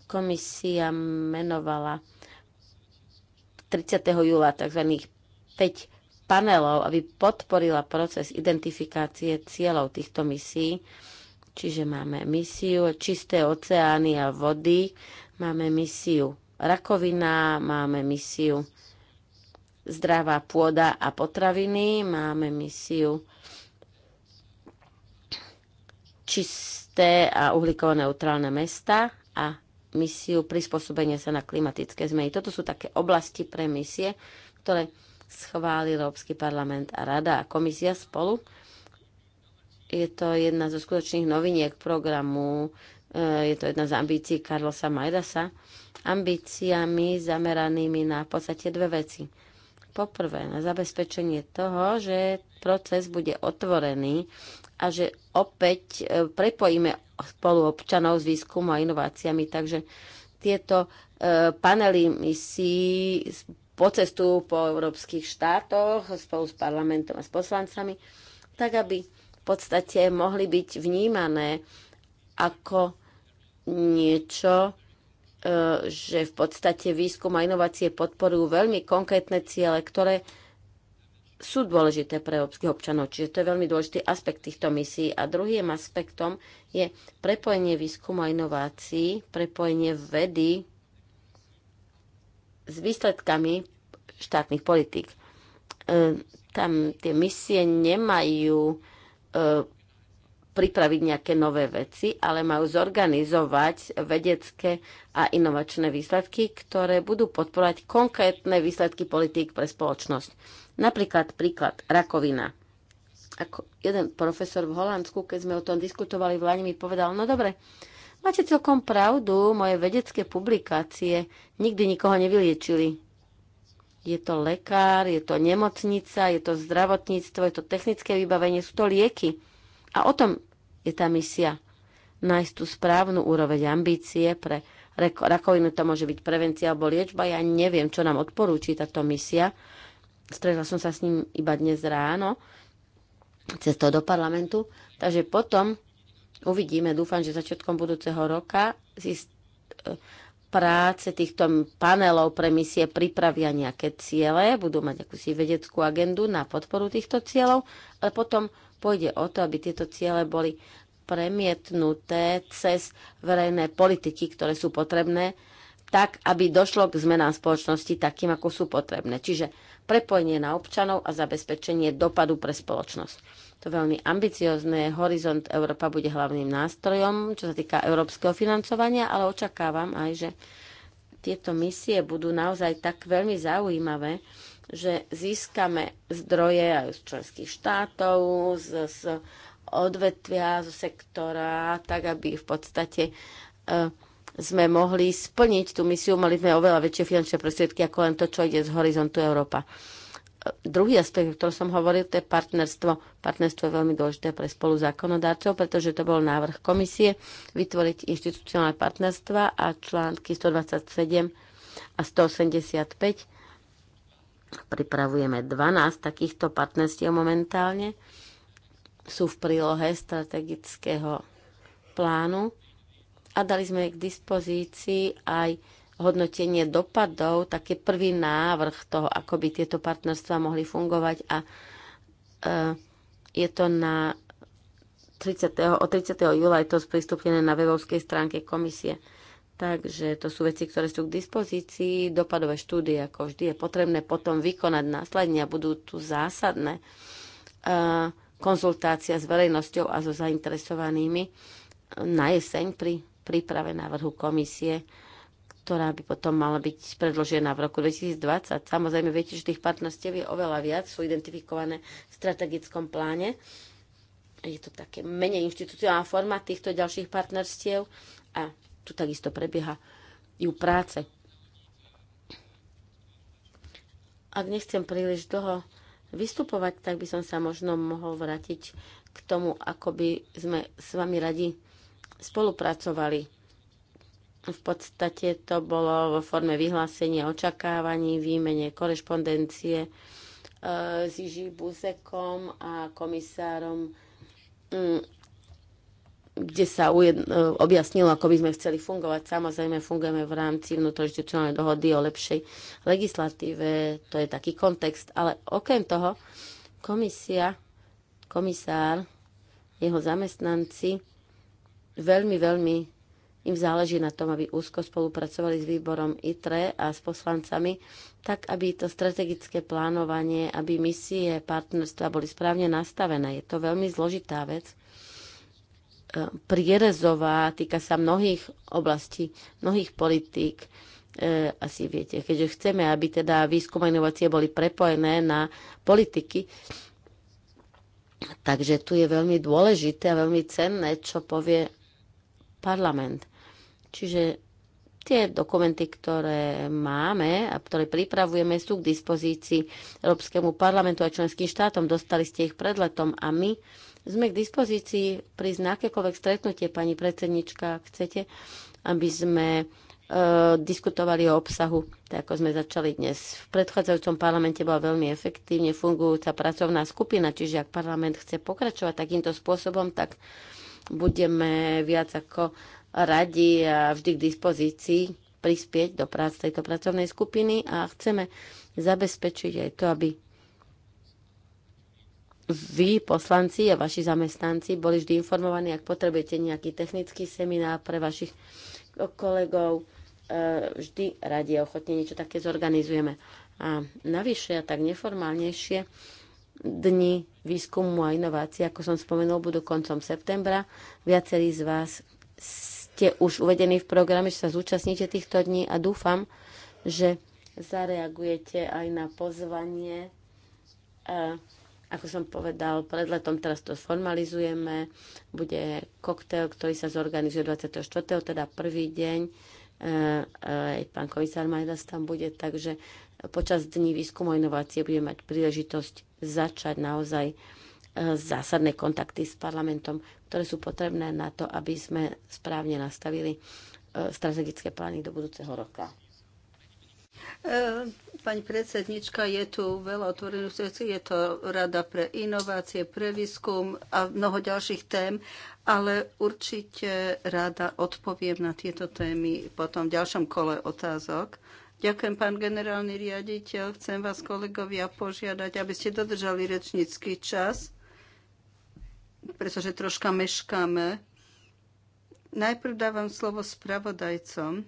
komisia menovala 30. júla tzv. 5 panelov, aby podporila proces identifikácie cieľov týchto misií. Čiže máme misiu čisté oceány a vody, Máme misiu rakovina, máme misiu zdravá pôda a potraviny, máme misiu čisté a uhlíkovo neutrálne mesta a misiu prispôsobenia sa na klimatické zmeny. Toto sú také oblasti pre misie, ktoré schváli Európsky parlament a Rada a komisia spolu. Je to jedna zo skutočných noviniek programu Eh, je to jedna z ambícií Karlosa Majdasa, ambíciami zameranými na v podstate dve veci. Poprvé, na zabezpečenie toho, že proces bude otvorený a že opäť eh, prepojíme spolu občanov s výskumom a inováciami. Takže tieto eh, panely po cestu po európskych štátoch spolu s parlamentom a s poslancami, tak aby v podstate mohli byť vnímané ako niečo, e, že v podstate výskum a inovácie podporujú veľmi konkrétne ciele, ktoré sú dôležité pre európskych občanov. Čiže to je veľmi dôležitý aspekt týchto misií. A druhým aspektom je prepojenie výskumu a inovácií, prepojenie vedy s výsledkami štátnych politík. E, tam tie misie nemajú e, pripraviť nejaké nové veci, ale majú zorganizovať vedecké a inovačné výsledky, ktoré budú podporovať konkrétne výsledky politík pre spoločnosť. Napríklad príklad rakovina. Ako jeden profesor v Holandsku, keď sme o tom diskutovali v Lani, mi povedal, no dobre, máte celkom pravdu, moje vedecké publikácie nikdy nikoho nevyliečili. Je to lekár, je to nemocnica, je to zdravotníctvo, je to technické vybavenie, sú to lieky a o tom je tá misia. Nájsť tú správnu úroveň ambície pre rakovinu, to môže byť prevencia alebo liečba. Ja neviem, čo nám odporúči táto misia. Stretla som sa s ním iba dnes ráno cestou do parlamentu. Takže potom uvidíme, dúfam, že začiatkom budúceho roka si práce týchto panelov pre misie pripravia nejaké ciele, budú mať akúsi vedeckú agendu na podporu týchto cieľov, ale potom Pôjde o to, aby tieto ciele boli premietnuté cez verejné politiky, ktoré sú potrebné, tak, aby došlo k zmenám spoločnosti takým, ako sú potrebné. Čiže prepojenie na občanov a zabezpečenie dopadu pre spoločnosť. To veľmi ambiciozne. Horizont Európa bude hlavným nástrojom, čo sa týka európskeho financovania, ale očakávam aj, že tieto misie budú naozaj tak veľmi zaujímavé, že získame zdroje aj z členských štátov, z, z odvetvia, zo sektora, tak aby v podstate e, sme mohli splniť tú misiu. Mali sme oveľa väčšie finančné prostriedky ako len to, čo ide z horizontu Európa. E, druhý aspekt, o ktorom som hovoril, to je partnerstvo. Partnerstvo je veľmi dôležité pre spolu zákonodárcov, pretože to bol návrh komisie vytvoriť inštitucionálne partnerstva a články 127 a 185 Pripravujeme 12 takýchto partnerstiev momentálne. Sú v prílohe strategického plánu a dali sme k dispozícii aj hodnotenie dopadov, taký prvý návrh toho, ako by tieto partnerstva mohli fungovať a e, je to na 30. o 30. júla je to sprístupnené na webovskej stránke komisie. Takže to sú veci, ktoré sú k dispozícii. Dopadové štúdie, ako vždy, je potrebné potom vykonať následne a budú tu zásadné e, konzultácia s verejnosťou a so zainteresovanými e, na jeseň pri príprave návrhu komisie, ktorá by potom mala byť predložená v roku 2020. Samozrejme, viete, že tých partnerstiev je oveľa viac, sú identifikované v strategickom pláne. Je to také menej inštitúciálna forma týchto ďalších partnerstiev a tu takisto prebieha ju práce. Ak nechcem príliš dlho vystupovať, tak by som sa možno mohol vrátiť k tomu, ako by sme s vami radi spolupracovali. V podstate to bolo vo forme vyhlásenia očakávaní, výmene korešpondencie e, s Iži Buzekom a komisárom mm, kde sa ujedno, e, objasnilo, ako by sme chceli fungovať. Samozrejme, fungujeme v rámci vnútroinstitucionálnej dohody o lepšej legislatíve, to je taký kontext, ale okrem toho komisia, komisár, jeho zamestnanci veľmi, veľmi im záleží na tom, aby úzko spolupracovali s výborom ITRE a s poslancami, tak aby to strategické plánovanie, aby misie partnerstva boli správne nastavené. Je to veľmi zložitá vec prierezová, týka sa mnohých oblastí, mnohých politík. E, asi viete, keďže chceme, aby teda výskum a inovácie boli prepojené na politiky, takže tu je veľmi dôležité a veľmi cenné, čo povie parlament. Čiže tie dokumenty, ktoré máme a ktoré pripravujeme, sú k dispozícii Európskemu parlamentu a členským štátom. Dostali ste ich pred letom a my sme k dispozícii pri akékoľvek stretnutie, pani predsednička, ak chcete, aby sme e, diskutovali o obsahu, tak ako sme začali dnes. V predchádzajúcom parlamente bola veľmi efektívne fungujúca pracovná skupina, čiže ak parlament chce pokračovať takýmto spôsobom, tak budeme viac ako radi a vždy k dispozícii prispieť do prác tejto pracovnej skupiny a chceme zabezpečiť aj to, aby vy, poslanci a vaši zamestnanci, boli vždy informovaní, ak potrebujete nejaký technický seminár pre vašich kolegov, e, vždy radi a ochotne niečo také zorganizujeme. A navyše a tak neformálnejšie dni výskumu a inovácií, ako som spomenul, budú koncom septembra. Viacerí z vás ste už uvedení v programe, že sa zúčastníte týchto dní a dúfam, že zareagujete aj na pozvanie e, ako som povedal, pred letom teraz to formalizujeme. Bude koktail, ktorý sa zorganizuje 24. teda prvý deň. E, e, aj pán komisár Majdas tam bude, takže počas dní výskumu inovácie bude mať príležitosť začať naozaj e, zásadné kontakty s parlamentom, ktoré sú potrebné na to, aby sme správne nastavili strategické plány do budúceho roka. Pani predsednička, je tu veľa otvorených vecí, je to rada pre inovácie, pre výskum a mnoho ďalších tém, ale určite rada odpoviem na tieto témy potom v ďalšom kole otázok. Ďakujem, pán generálny riaditeľ. Chcem vás, kolegovia, požiadať, aby ste dodržali rečnícky čas, pretože troška meškáme. Najprv dávam slovo spravodajcom.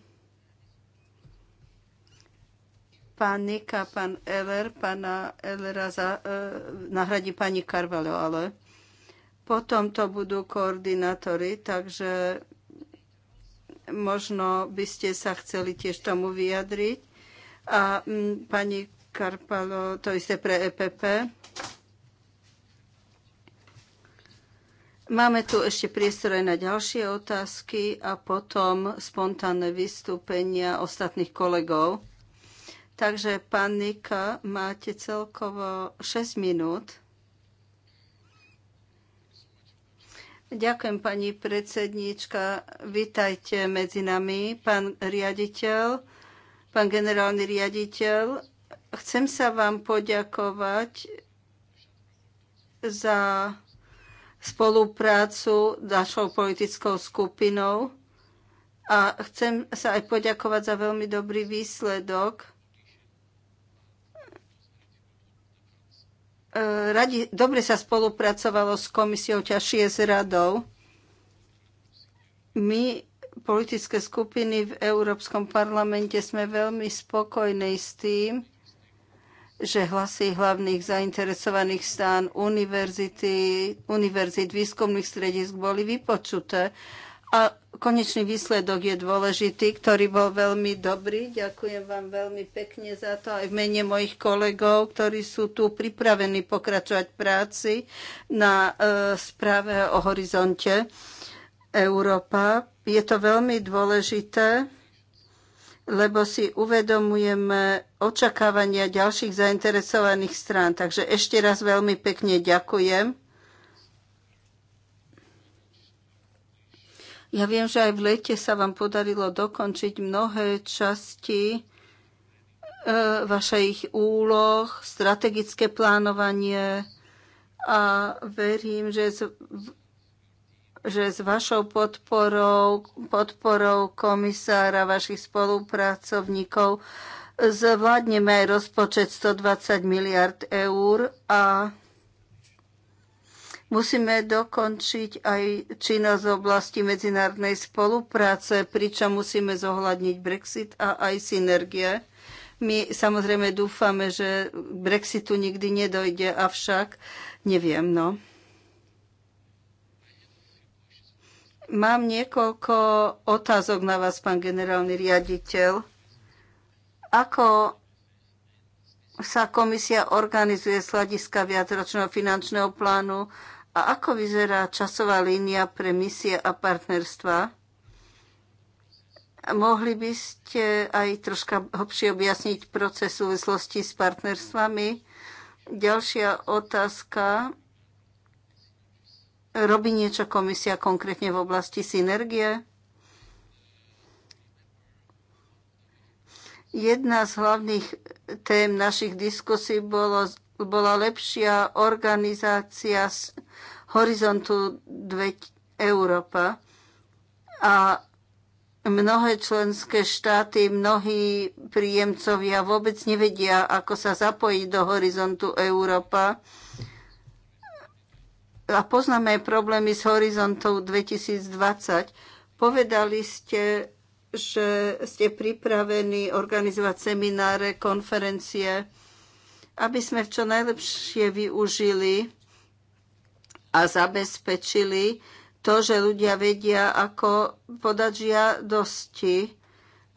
pán Nika, pán Eller, pána Ellera za, e, nahradí pani Carvalho, ale potom to budú koordinátori, takže možno by ste sa chceli tiež tomu vyjadriť. A m, mm, pani Karpalo, to isté pre EPP. Máme tu ešte priestor aj na ďalšie otázky a potom spontánne vystúpenia ostatných kolegov. Takže, pán Nika, máte celkovo 6 minút. Ďakujem, pani predsednička. Vítajte medzi nami, pán riaditeľ, pán generálny riaditeľ. Chcem sa vám poďakovať za spoluprácu našou politickou skupinou a chcem sa aj poďakovať za veľmi dobrý výsledok Eh, radi, dobre sa spolupracovalo s komisiou, ťažšie s radou. My, politické skupiny v Európskom parlamente, sme veľmi spokojní s tým, že hlasy hlavných zainteresovaných stán univerzity, univerzit výskumných stredisk boli vypočuté a konečný výsledok je dôležitý, ktorý bol veľmi dobrý. Ďakujem vám veľmi pekne za to aj v mene mojich kolegov, ktorí sú tu pripravení pokračovať práci na e, správe o horizonte Európa. Je to veľmi dôležité, lebo si uvedomujeme očakávania ďalších zainteresovaných strán. Takže ešte raz veľmi pekne ďakujem. Ja viem, že aj v lete sa vám podarilo dokončiť mnohé časti e, vašich úloh, strategické plánovanie a verím, že s, že s vašou podporou, podporou komisára, vašich spolupracovníkov zvládneme aj rozpočet 120 miliard eur a Musíme dokončiť aj činnosť v oblasti medzinárodnej spolupráce, pričom musíme zohľadniť Brexit a aj synergie. My samozrejme dúfame, že Brexitu nikdy nedojde, avšak neviem, no. Mám niekoľko otázok na vás, pán generálny riaditeľ. Ako sa komisia organizuje z hľadiska viacročného finančného plánu a ako vyzerá časová línia pre misie a partnerstva? Mohli by ste aj troška hlbšie objasniť proces súvislosti s partnerstvami? Ďalšia otázka. Robí niečo komisia konkrétne v oblasti synergie? Jedna z hlavných tém našich diskusí bolo bola lepšia organizácia z horizontu 2 Európa. A mnohé členské štáty, mnohí príjemcovia vôbec nevedia, ako sa zapojiť do horizontu Európa. A poznáme aj problémy s horizontou 2020. Povedali ste, že ste pripravení organizovať semináre, konferencie, aby sme čo najlepšie využili a zabezpečili to, že ľudia vedia, ako podať žiadosti,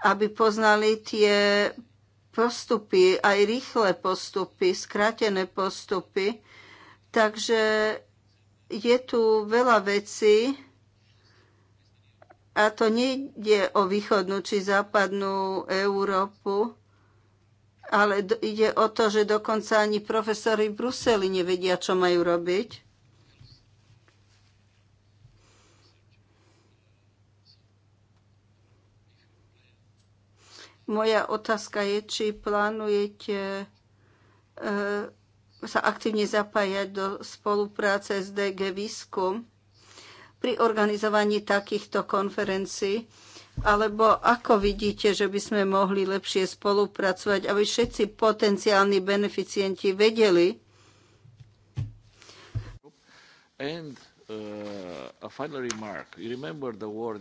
aby poznali tie postupy, aj rýchle postupy, skrátené postupy. Takže je tu veľa vecí a to nie ide o východnú či západnú Európu, ale ide o to, že dokonca ani profesori v Bruseli nevedia, čo majú robiť. Moja otázka je, či plánujete e, sa aktívne zapájať do spolupráce s DG Výskum pri organizovaní takýchto konferencií alebo ako vidíte, že by sme mohli lepšie spolupracovať, aby všetci potenciálni beneficienti vedeli? And, uh, word...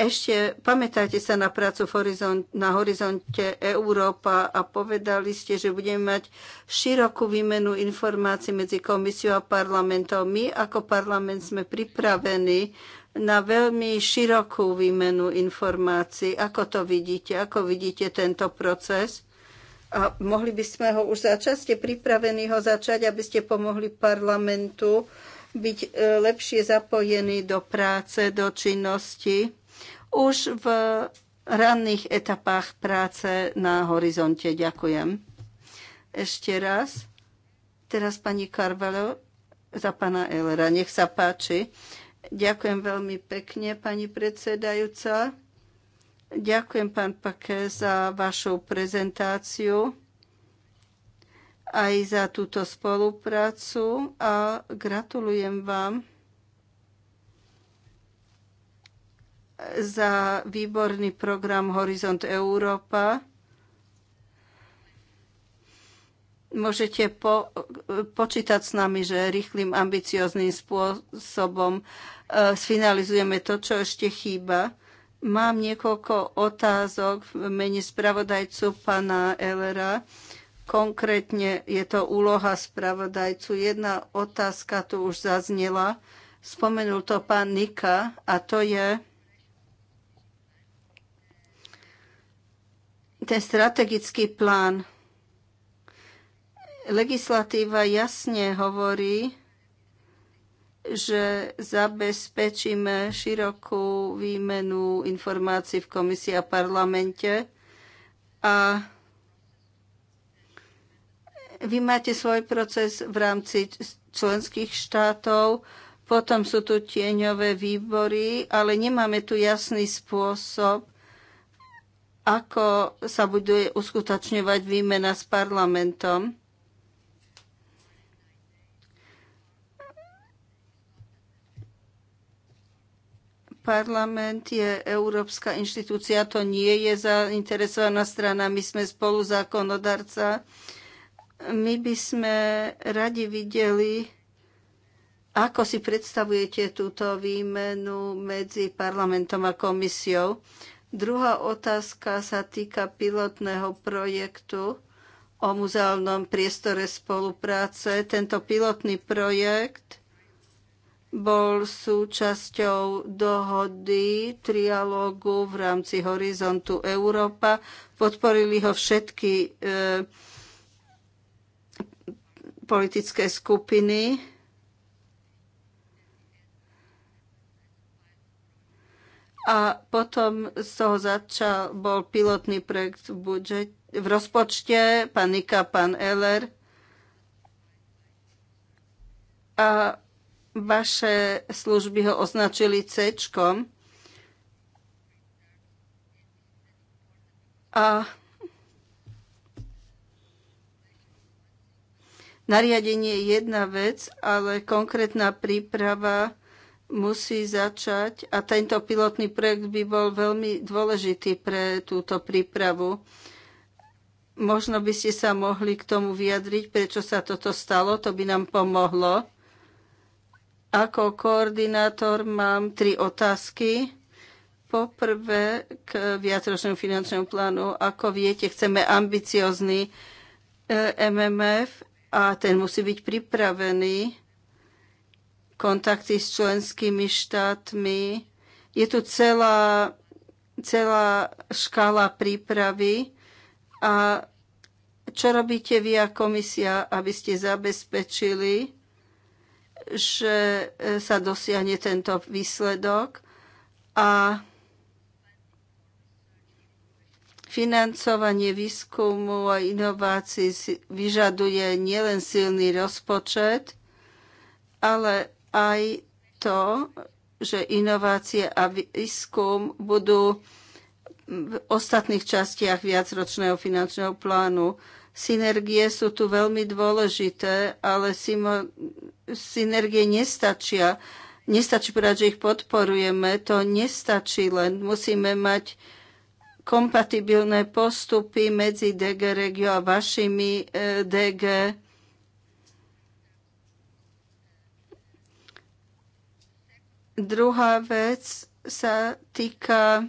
Ešte pamätáte sa na prácu horizont, na horizonte Európa a povedali ste, že budeme mať širokú výmenu informácií medzi komisiou a parlamentom. My ako parlament sme pripravení na veľmi širokú výmenu informácií. Ako to vidíte? Ako vidíte tento proces? A mohli by sme ho už začať? Ste pripravení ho začať, aby ste pomohli parlamentu byť e, lepšie zapojený do práce, do činnosti už v ranných etapách práce na horizonte. Ďakujem. Ešte raz. Teraz pani Karvelo za pana Elera. Nech sa páči. Ďakujem veľmi pekne, pani predsedajúca. Ďakujem, pán Pake, za vašu prezentáciu aj za túto spoluprácu a gratulujem vám za výborný program Horizont Európa. môžete po, počítať s nami, že rýchlým, ambiciozným spôsobom Eh, sfinalizujeme to, čo ešte chýba. Mám niekoľko otázok v mene spravodajcu pana Elera. Konkrétne je to úloha spravodajcu. Jedna otázka tu už zaznela. Spomenul to pán Nika a to je ten strategický plán. Legislatíva jasne hovorí, že zabezpečíme širokú výmenu informácií v komisii a parlamente a vy máte svoj proces v rámci členských štátov, potom sú tu tieňové výbory, ale nemáme tu jasný spôsob, ako sa bude uskutočňovať výmena s parlamentom. Parlament je európska inštitúcia, to nie je zainteresovaná strana, my sme spolu zákonodarca. My by sme radi videli, ako si predstavujete túto výmenu medzi parlamentom a komisiou. Druhá otázka sa týka pilotného projektu o muzeálnom priestore spolupráce. Tento pilotný projekt bol súčasťou dohody trialógu v rámci Horizontu Európa. Podporili ho všetky e, politické skupiny. A potom z toho začal, bol pilotný projekt v, budžet, v rozpočte, pán Nika, pán Eller. A Vaše služby ho označili C. A nariadenie je jedna vec, ale konkrétna príprava musí začať a tento pilotný projekt by bol veľmi dôležitý pre túto prípravu. Možno by ste sa mohli k tomu vyjadriť, prečo sa toto stalo, to by nám pomohlo. Ako koordinátor mám tri otázky. Poprvé k viacročnému finančnému plánu. Ako viete, chceme ambiciozný e, MMF a ten musí byť pripravený. Kontakty s členskými štátmi. Je tu celá, celá škála prípravy a čo robíte vy a komisia, aby ste zabezpečili, že e, sa dosiahne tento výsledok a financovanie výskumu a inovácií vyžaduje nielen silný rozpočet, ale aj to, že inovácie a výskum budú v ostatných častiach viacročného finančného plánu. Synergie sú tu veľmi dôležité, ale synergie nestačia. Nestačí povedať, že ich podporujeme, to nestačí len. Musíme mať kompatibilné postupy medzi DG Regio a vašimi e, DG. Druhá vec sa týka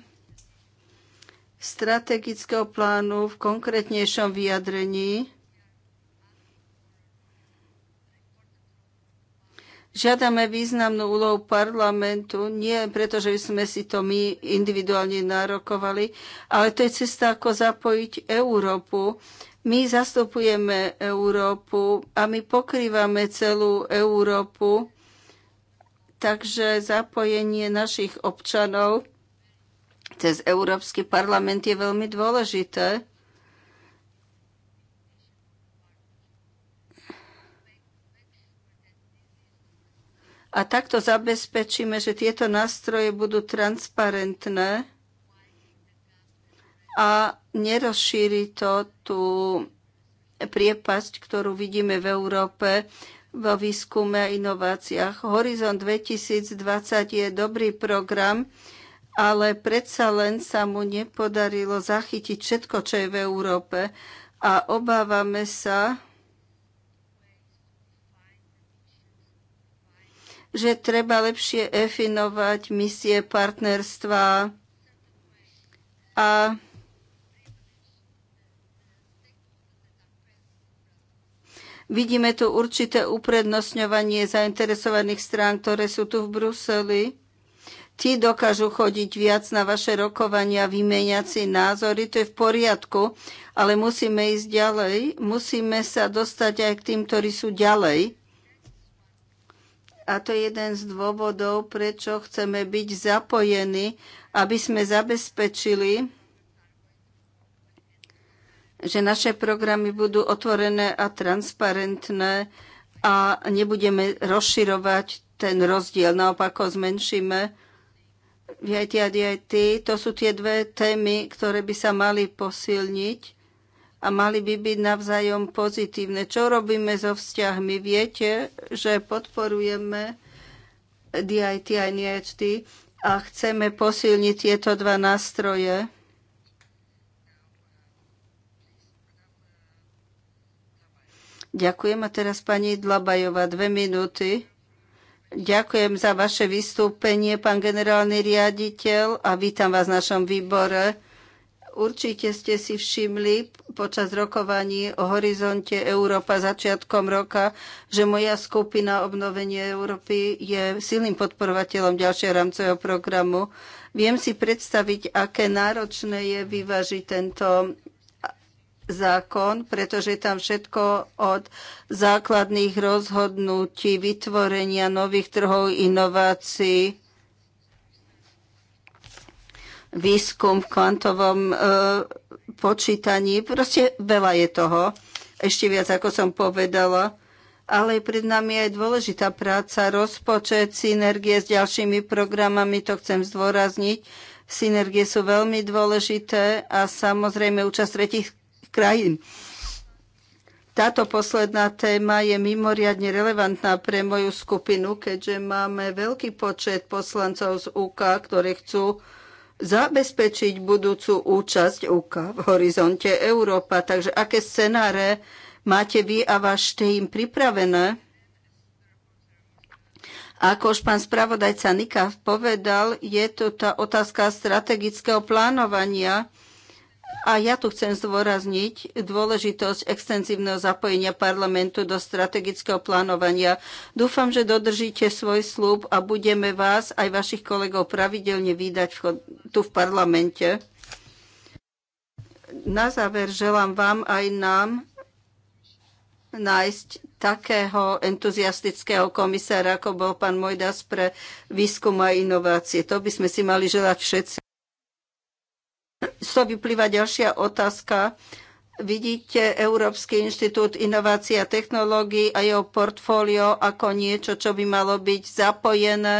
strategického plánu v konkrétnejšom vyjadrení. Žiadame významnú úlohu parlamentu, nie preto, že sme si to my individuálne nárokovali, ale to je cesta, ako zapojiť Európu. My zastupujeme Európu a my pokrývame celú Európu, takže zapojenie našich občanov cez Európsky parlament je veľmi dôležité. A takto zabezpečíme, že tieto nástroje budú transparentné a nerozšíri to tú priepasť, ktorú vidíme v Európe vo výskume a inováciách. Horizont 2020 je dobrý program, ale predsa len sa mu nepodarilo zachytiť všetko, čo je v Európe a obávame sa, že treba lepšie definovať misie partnerstva a Vidíme tu určité uprednostňovanie zainteresovaných strán, ktoré sú tu v Bruseli Tí dokážu chodiť viac na vaše rokovania, vymeniať si názory, to je v poriadku, ale musíme ísť ďalej, musíme sa dostať aj k tým, ktorí sú ďalej. A to je jeden z dôvodov, prečo chceme byť zapojení, aby sme zabezpečili, že naše programy budú otvorené a transparentné a nebudeme rozširovať ten rozdiel, naopak ho zmenšíme Viete, DIT, to sú tie dve témy, ktoré by sa mali posilniť a mali by byť navzájom pozitívne. Čo robíme so vzťahmi? Viete, že podporujeme DIT a NIHT a chceme posilniť tieto dva nástroje. Ďakujem a teraz pani Dlabajová, dve minúty. Ďakujem za vaše vystúpenie, pán generálny riaditeľ, a vítam vás v našom výbore. Určite ste si všimli počas rokovaní o horizonte Európa začiatkom roka, že moja skupina Obnovenie Európy je silným podporovateľom ďalšieho rámcového programu. Viem si predstaviť, aké náročné je vyvážiť tento zákon, pretože je tam všetko od základných rozhodnutí, vytvorenia nových trhov, inovácií, výskum v kvantovom e, počítaní. Proste veľa je toho, ešte viac ako som povedala. Ale pred nami je dôležitá práca, rozpočet, synergie s ďalšími programami, to chcem zdôrazniť. Synergie sú veľmi dôležité a samozrejme účasť tretich krajín. Táto posledná téma je mimoriadne relevantná pre moju skupinu, keďže máme veľký počet poslancov z UK, ktorí chcú zabezpečiť budúcu účasť UK v horizonte Európa. Takže aké scenáre máte vy a váš tým pripravené? Ako už pán spravodajca Nika povedal, je to tá otázka strategického plánovania. A ja tu chcem zdôrazniť dôležitosť extenzívneho zapojenia parlamentu do strategického plánovania. Dúfam, že dodržíte svoj slúb a budeme vás aj vašich kolegov pravidelne vydať tu v parlamente. Na záver želám vám aj nám nájsť takého entuziastického komisára, ako bol pán Mojdas pre výskum a inovácie. To by sme si mali želať všetci. Z toho vyplýva ďalšia otázka. Vidíte Európsky inštitút inovácií a technológií a jeho portfólio ako niečo, čo by malo byť zapojené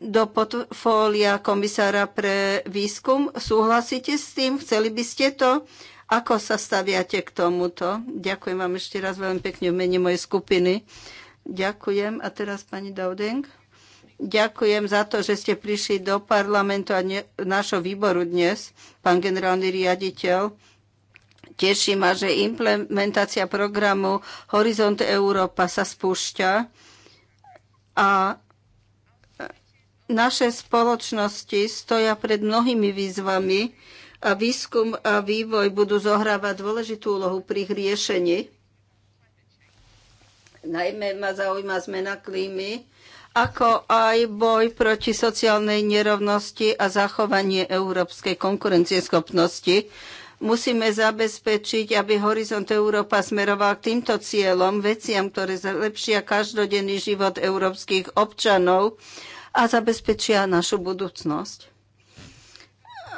do portfólia komisára pre výskum. Súhlasíte s tým? Chceli by ste to? Ako sa staviate k tomuto? Ďakujem vám ešte raz veľmi pekne v mene mojej skupiny. Ďakujem. A teraz pani Daudeng. Ďakujem za to, že ste prišli do parlamentu a ne, našho výboru dnes, pán generálny riaditeľ. Teší ma, že implementácia programu Horizont Európa sa spúšťa a naše spoločnosti stoja pred mnohými výzvami a výskum a vývoj budú zohrávať dôležitú úlohu pri ich riešení. Najmä ma zaujíma zmena klímy, ako aj boj proti sociálnej nerovnosti a zachovanie európskej konkurencieschopnosti. Musíme zabezpečiť, aby Horizont Európa smeroval k týmto cieľom, veciam, ktoré zlepšia každodenný život európskych občanov a zabezpečia našu budúcnosť.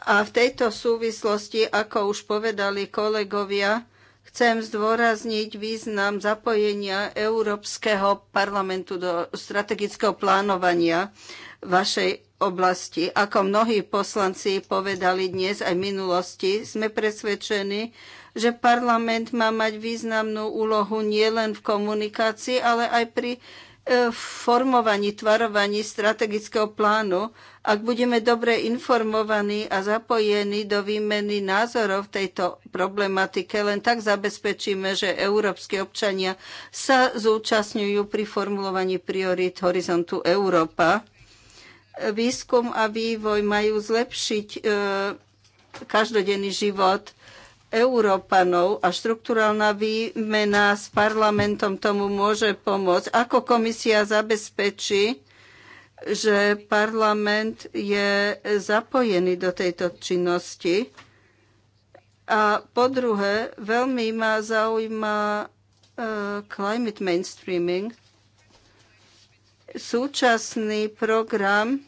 A v tejto súvislosti, ako už povedali kolegovia, Chcem zdôrazniť význam zapojenia Európskeho parlamentu do strategického plánovania vašej oblasti. Ako mnohí poslanci povedali dnes aj v minulosti, sme presvedčení, že parlament má mať významnú úlohu nielen v komunikácii, ale aj pri v formovaní, tvarovaní strategického plánu, ak budeme dobre informovaní a zapojení do výmeny názorov tejto problematike, len tak zabezpečíme, že európske občania sa zúčastňujú pri formulovaní priorít horizontu Európa. Výskum a vývoj majú zlepšiť e, každodenný život Európanov a štrukturálna výmena s parlamentom tomu môže pomôcť. Ako komisia zabezpečí, že parlament je zapojený do tejto činnosti? A po druhé, veľmi ma zaujíma eh, climate mainstreaming. Súčasný program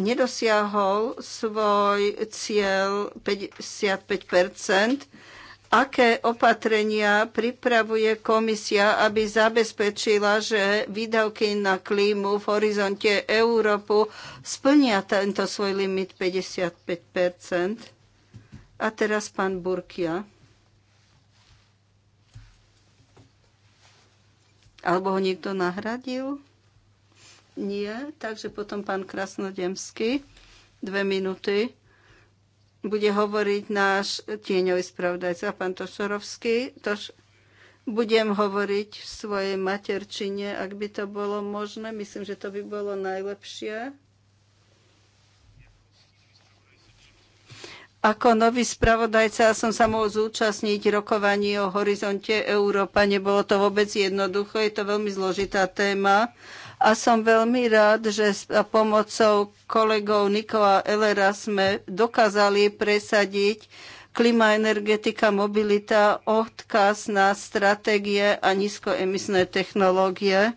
nedosiahol svoj cieľ 55 Aké opatrenia pripravuje komisia, aby zabezpečila, že výdavky na klímu v horizonte Európu splnia tento svoj limit 55 A teraz pán Burkia. Alebo ho niekto nahradil? Nie, takže potom pán Krasnodemský, dve minúty, bude hovoriť náš tieňový spravodajca, pán Tošorovský. Tož budem hovoriť v svojej materčine, ak by to bolo možné. Myslím, že to by bolo najlepšie. Ako nový spravodajca som sa mohol zúčastniť rokovaní o horizonte Európa. Nebolo to vôbec jednoducho, je to veľmi zložitá téma a som veľmi rád, že s pomocou kolegov Nikola Elera sme dokázali presadiť klima, energetika, mobilita, odkaz na stratégie a nízkoemisné technológie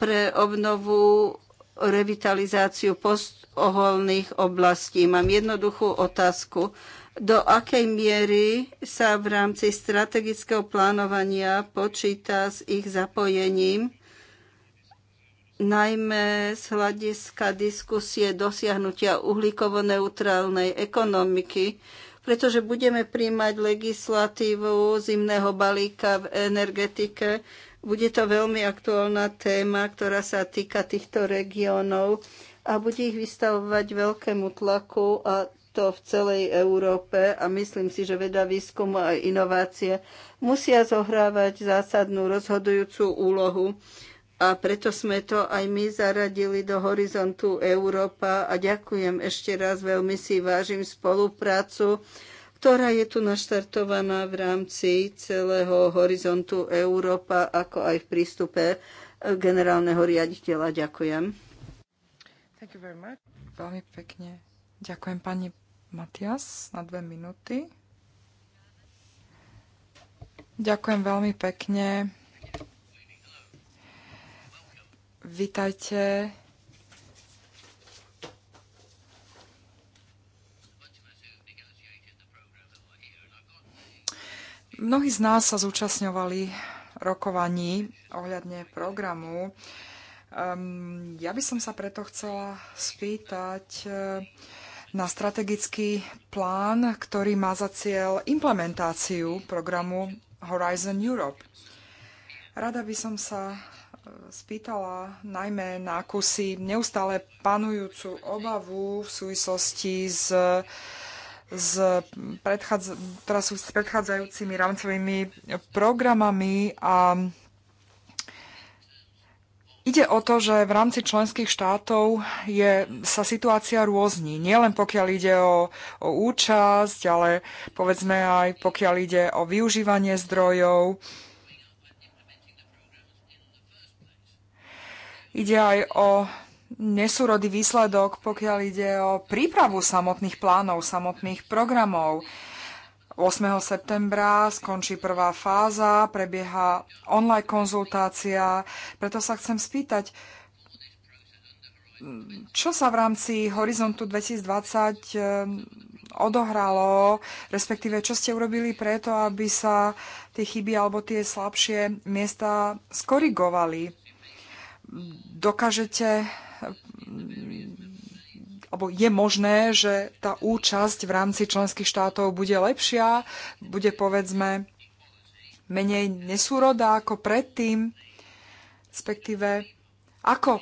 pre obnovu revitalizáciu postoholných oblastí. Mám jednoduchú otázku. Do akej miery sa v rámci strategického plánovania počíta s ich zapojením najmä z hľadiska diskusie dosiahnutia uhlíkovo-neutrálnej ekonomiky, pretože budeme príjmať legislatívu zimného balíka v energetike. Bude to veľmi aktuálna téma, ktorá sa týka týchto regiónov a bude ich vystavovať veľkému tlaku a to v celej Európe a myslím si, že veda, výskum a inovácie musia zohrávať zásadnú rozhodujúcu úlohu a preto sme to aj my zaradili do horizontu Európa a ďakujem ešte raz, veľmi si vážim spoluprácu, ktorá je tu naštartovaná v rámci celého horizontu Európa, ako aj v prístupe eh, generálneho riaditeľa. Ďakujem. Thank you very much. Veľmi pekne. Ďakujem pani Matias na dve minúty. Ďakujem veľmi pekne. Vitajte. Mnohí z nás sa zúčastňovali rokovaní ohľadne programu. Ehm, ja by som sa preto chcela spýtať eh, na strategický plán, ktorý má za cieľ implementáciu programu Horizon Europe. Rada by som sa spýtala najmä na akúsi neustále panujúcu obavu v súvislosti s s, predchádza, teda sú s predchádzajúcimi rámcovými programami a ide o to, že v rámci členských štátov je, sa situácia rôzni. Nielen pokiaľ ide o, o účasť, ale povedzme aj pokiaľ ide o využívanie zdrojov. Ide aj o nesúrodý výsledok, pokiaľ ide o prípravu samotných plánov, samotných programov. 8. septembra skončí prvá fáza, prebieha online konzultácia, preto sa chcem spýtať, čo sa v rámci Horizontu 2020 eh, odohralo, respektíve čo ste urobili preto, aby sa tie chyby alebo tie slabšie miesta skorigovali? dokážete alebo je možné, že tá účasť v rámci členských štátov bude lepšia, bude povedzme menej nesúroda ako predtým, respektíve ako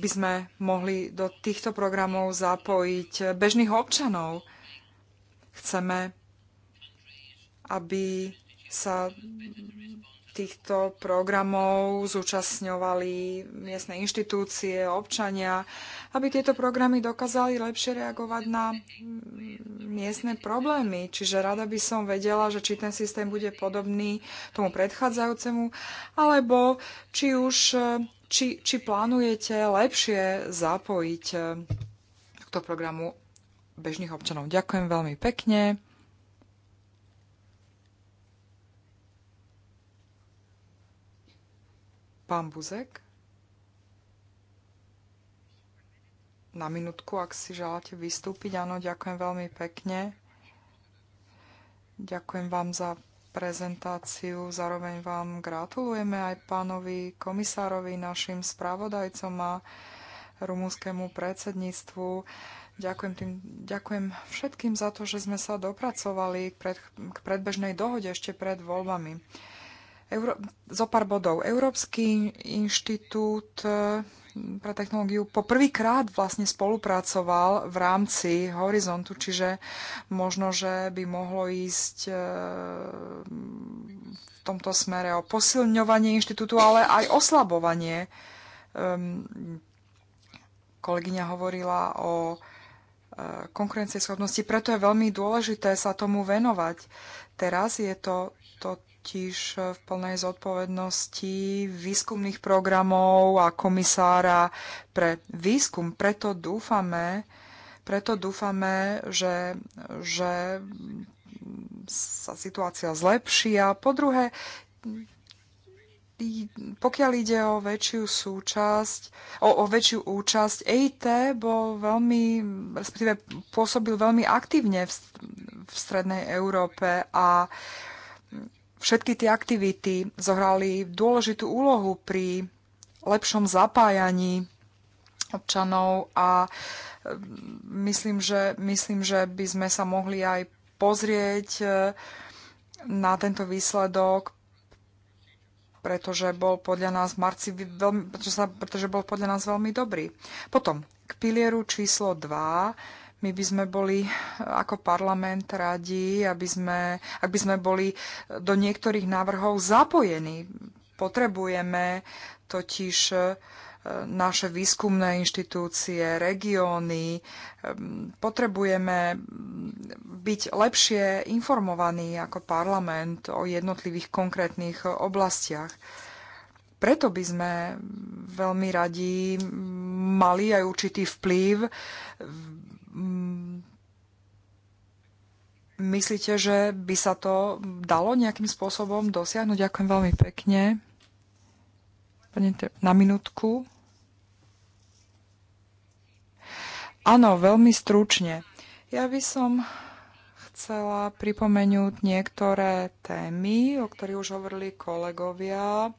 by sme mohli do týchto programov zapojiť bežných občanov. Chceme, aby sa týchto programov zúčastňovali miestne inštitúcie, občania, aby tieto programy dokázali lepšie reagovať na miestne problémy. Čiže rada by som vedela, že či ten systém bude podobný tomu predchádzajúcemu, alebo či už či, či plánujete lepšie zapojiť tohto programu bežných občanov. Ďakujem veľmi pekne. Pán Buzek? Na minútku, ak si želáte vystúpiť. Áno, ďakujem veľmi pekne. Ďakujem vám za prezentáciu. Zároveň vám gratulujeme aj pánovi komisárovi, našim spravodajcom a rumúnskému predsedníctvu. Ďakujem, tým, ďakujem všetkým za to, že sme sa dopracovali k, pred, k predbežnej dohode ešte pred voľbami. Euró- zo pár bodov. Európsky inštitút e, pre technológiu poprvýkrát vlastne spolupracoval v rámci Horizontu, čiže možno, že by mohlo ísť e, v tomto smere o posilňovanie inštitútu, ale aj oslabovanie. Ehm, kolegyňa hovorila o e, konkurencieschopnosti, preto je veľmi dôležité sa tomu venovať. Teraz je to, to tiež v plnej zodpovednosti výskumných programov a komisára pre výskum. Preto dúfame, preto dúfame že, že sa situácia zlepší. A po druhé, pokiaľ ide o väčšiu súčasť, o, o väčšiu účasť, EIT bol veľmi, respektíve pôsobil veľmi aktívne v, v strednej Európe a uh, všetky tie aktivity zohrali dôležitú úlohu pri lepšom zapájaní občanov a mm, myslím, že, myslím, že by sme sa mohli aj pozrieť e, na tento výsledok, pretože bol podľa nás marci veľmi, pretože, sa, pretože bol podľa nás veľmi dobrý. Potom k pilieru číslo 2 my by sme boli eh, ako parlament radi, aby sme, ak by sme boli eh, do niektorých návrhov zapojení. Potrebujeme totiž eh, naše výskumné inštitúcie, regióny. Ehm, potrebujeme mm, byť lepšie informovaní ako parlament o jednotlivých konkrétnych oblastiach preto by sme mm, veľmi radi mm, mali aj určitý vplyv. Mm, myslíte, že by sa to dalo nejakým spôsobom dosiahnuť? Ďakujem veľmi pekne. Na minútku. Áno, veľmi stručne. Ja by som chcela pripomenúť niektoré témy, o ktorých už hovorili kolegovia.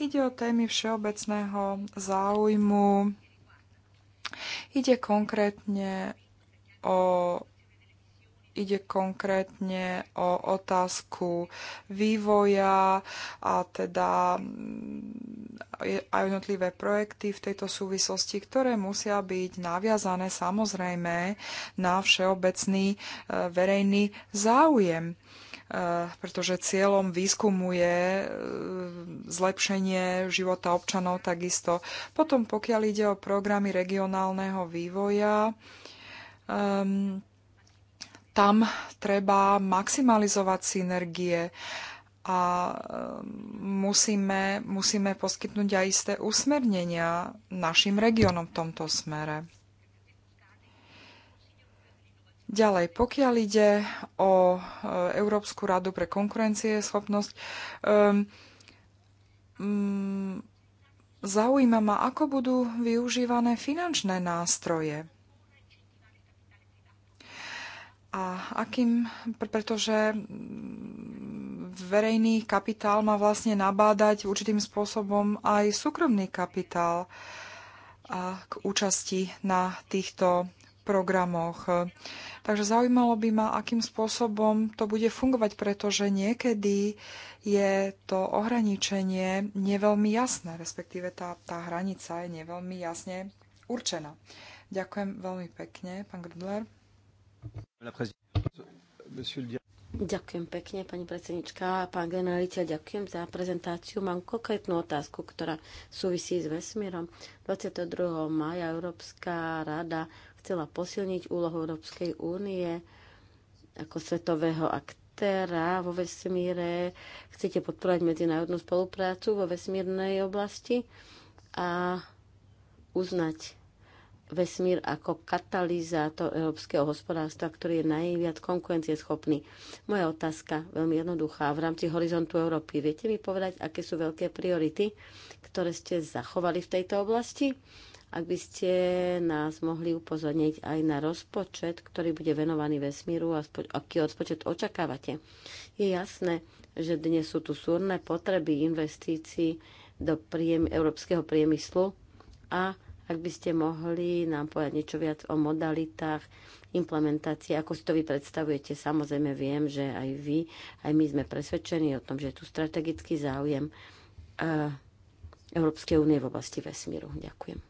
Ide o témy všeobecného záujmu. Ide konkrétne o ide konkrétne o otázku vývoja a teda mm, aj jednotlivé projekty v tejto súvislosti, ktoré musia byť naviazané samozrejme na všeobecný e, verejný záujem e, pretože cieľom výskumu je e, zlepšenie života občanov takisto. Potom, pokiaľ ide o programy regionálneho vývoja, um, tam treba maximalizovať synergie a ehm, musíme, musíme poskytnúť aj isté usmernenia našim regiónom v tomto smere. Ďalej, pokiaľ ide o e, Európsku radu pre konkurencieschopnosť, um, um, zaujíma ma, ako budú využívané finančné nástroje. A akým, pretože verejný kapitál má vlastne nabádať určitým spôsobom aj súkromný kapitál k účasti na týchto programoch. Takže zaujímalo by ma, akým spôsobom to bude fungovať, pretože niekedy je to ohraničenie neveľmi jasné, respektíve tá, tá hranica je neveľmi jasne určená. Ďakujem veľmi pekne, pán Grudler. Ďakujem pekne, pani predsednička. Pán generáliteľ ďakujem za prezentáciu. Mám konkrétnu otázku, ktorá súvisí s vesmírom. 22. maja Európska rada chcela posilniť úlohu Európskej únie ako svetového aktéra vo vesmíre. Chcete podporovať medzinárodnú spoluprácu vo vesmírnej oblasti a uznať vesmír ako katalizátor európskeho hospodárstva, ktorý je najviac konkurencieschopný. Moja otázka, veľmi jednoduchá, v rámci Horizontu Európy. Viete mi povedať, aké sú veľké priority, ktoré ste zachovali v tejto oblasti? Ak by ste nás mohli upozorniť aj na rozpočet, ktorý bude venovaný vesmíru a aký rozpočet očakávate. Je jasné, že dnes sú tu súrne potreby investícií do príjem, európskeho priemyslu a ak by ste mohli nám povedať niečo viac o modalitách implementácie, ako si to vy predstavujete, samozrejme viem, že aj vy, aj my sme presvedčení o tom, že je tu strategický záujem eh, Európskej únie v oblasti vesmíru. Ďakujem.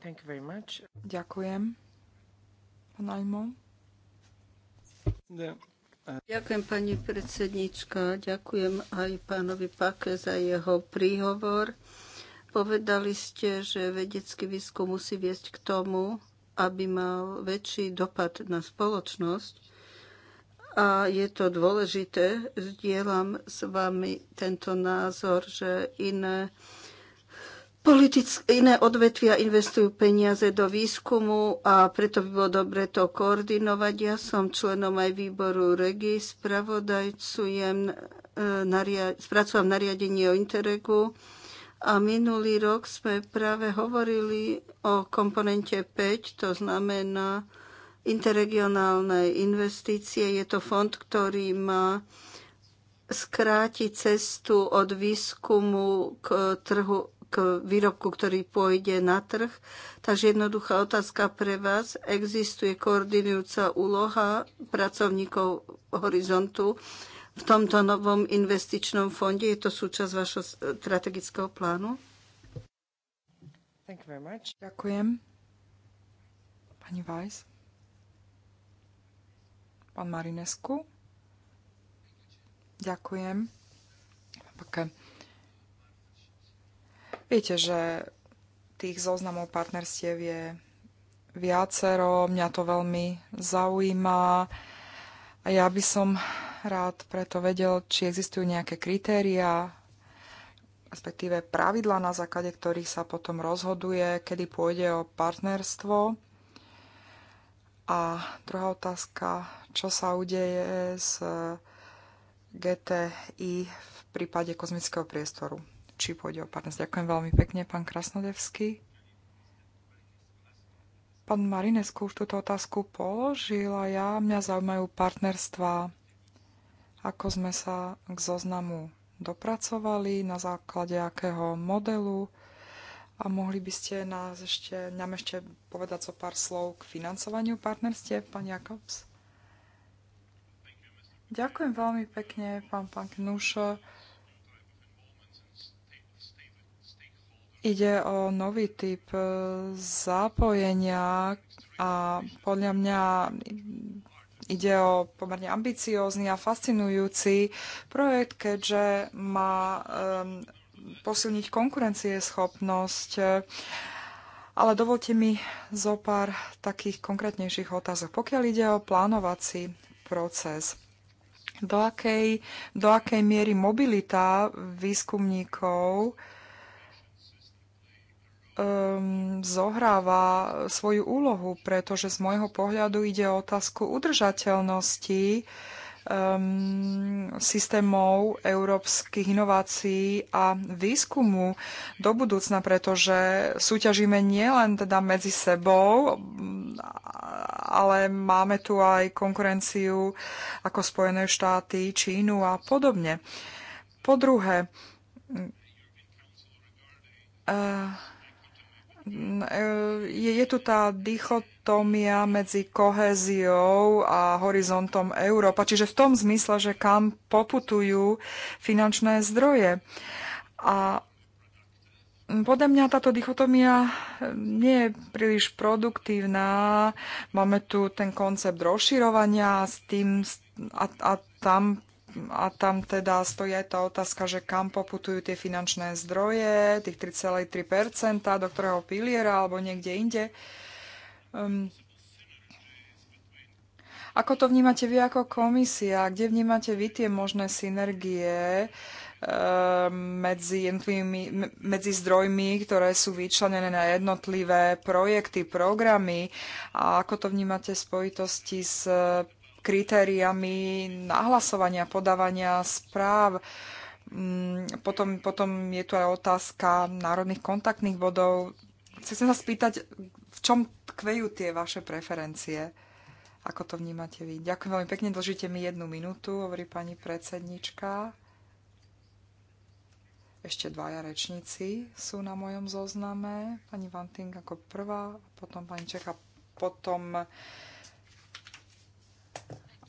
Thank you very much. Ďakujem. Pán Almo. Yeah. Ďakujem pani predsednička, ďakujem aj pánovi Pake za jeho príhovor. Povedali ste, že vedecký výskum musí viesť k tomu, aby mal väčší dopad na spoločnosť. A je to dôležité. Zdieľam s vami tento názor, že iné, politické, iné odvetvia investujú peniaze do výskumu a preto by bolo dobre to koordinovať. Ja som členom aj výboru REGI, spravodajcujem, eh, spracovám nariadenie o Interregu a minulý rok sme práve hovorili o komponente 5, to znamená interregionálne investície. Je to fond, ktorý má skrátiť cestu od výskumu k trhu k výrobku, ktorý pôjde na trh. Takže jednoduchá otázka pre vás. Existuje koordinujúca úloha pracovníkov Horizontu v tomto novom investičnom fonde? Je to súčasť vašho strategického plánu? Ďakujem. Pani Weiss? Pán Marinescu? Ďakujem. Okay. Viete, že tých zoznamov partnerstiev je viacero, mňa to veľmi zaujíma. A ja by som rád preto vedel, či existujú nejaké kritériá, respektíve pravidla, na základe ktorých sa potom rozhoduje, kedy pôjde o partnerstvo. A druhá otázka, čo sa udeje s GTI v prípade kozmického priestoru. Či pôjde o partnerstvo. Ďakujem veľmi pekne, pán Krasnodevský. Pán Marinesku už túto otázku položil a ja, mňa zaujímajú partnerstva, ako sme sa k zoznamu dopracovali, na základe akého modelu a mohli by ste nás ešte, nám ešte povedať so pár slov k financovaniu partnerstiev, pán Jakobs? Ďakujem veľmi pekne, pán Panknúš. Ide o nový typ e, zapojenia a podľa mňa ide o pomerne ambiciózny a fascinujúci projekt, keďže má um, posilniť konkurencieschopnosť. E, ale dovolte mi zo pár takých konkrétnejších otázok. Pokiaľ ide o plánovací proces, do akej, do akej miery mobilita výskumníkov uh, um, zohráva svoju úlohu, pretože z môjho pohľadu ide o otázku udržateľnosti um, systémov európskych inovácií a výskumu do budúcna, pretože súťažíme nielen teda medzi sebou, ale máme tu aj konkurenciu ako Spojené štáty, Čínu a podobne. Po druhé, uh, je, je tu tá dichotomia medzi kohéziou a horizontom Európa, čiže v tom zmysle, že kam poputujú finančné zdroje. A podľa mňa táto dichotomia nie je príliš produktívna. Máme tu ten koncept rozširovania s tým, a, a tam a tam teda stojí aj tá otázka, že kam poputujú tie finančné zdroje, tých 3,3%, do ktorého piliera alebo niekde inde. Um, ako to vnímate vy ako komisia? Kde vnímate vy tie možné synergie ehm, medzi, medzi zdrojmi, ktoré sú vyčlenené na jednotlivé projekty, programy? A ako to vnímate v spojitosti s kritériami nahlasovania, podávania správ. Mm, potom, potom je tu aj otázka národných kontaktných bodov. Chcem sa spýtať, v čom tkvejú tie vaše preferencie? Ako to vnímate vy? Ďakujem veľmi pekne, dlžíte mi jednu minútu, hovorí pani predsednička. Ešte dvaja rečníci sú na mojom zozname. Pani Vanting ako prvá, potom pani Čecha, potom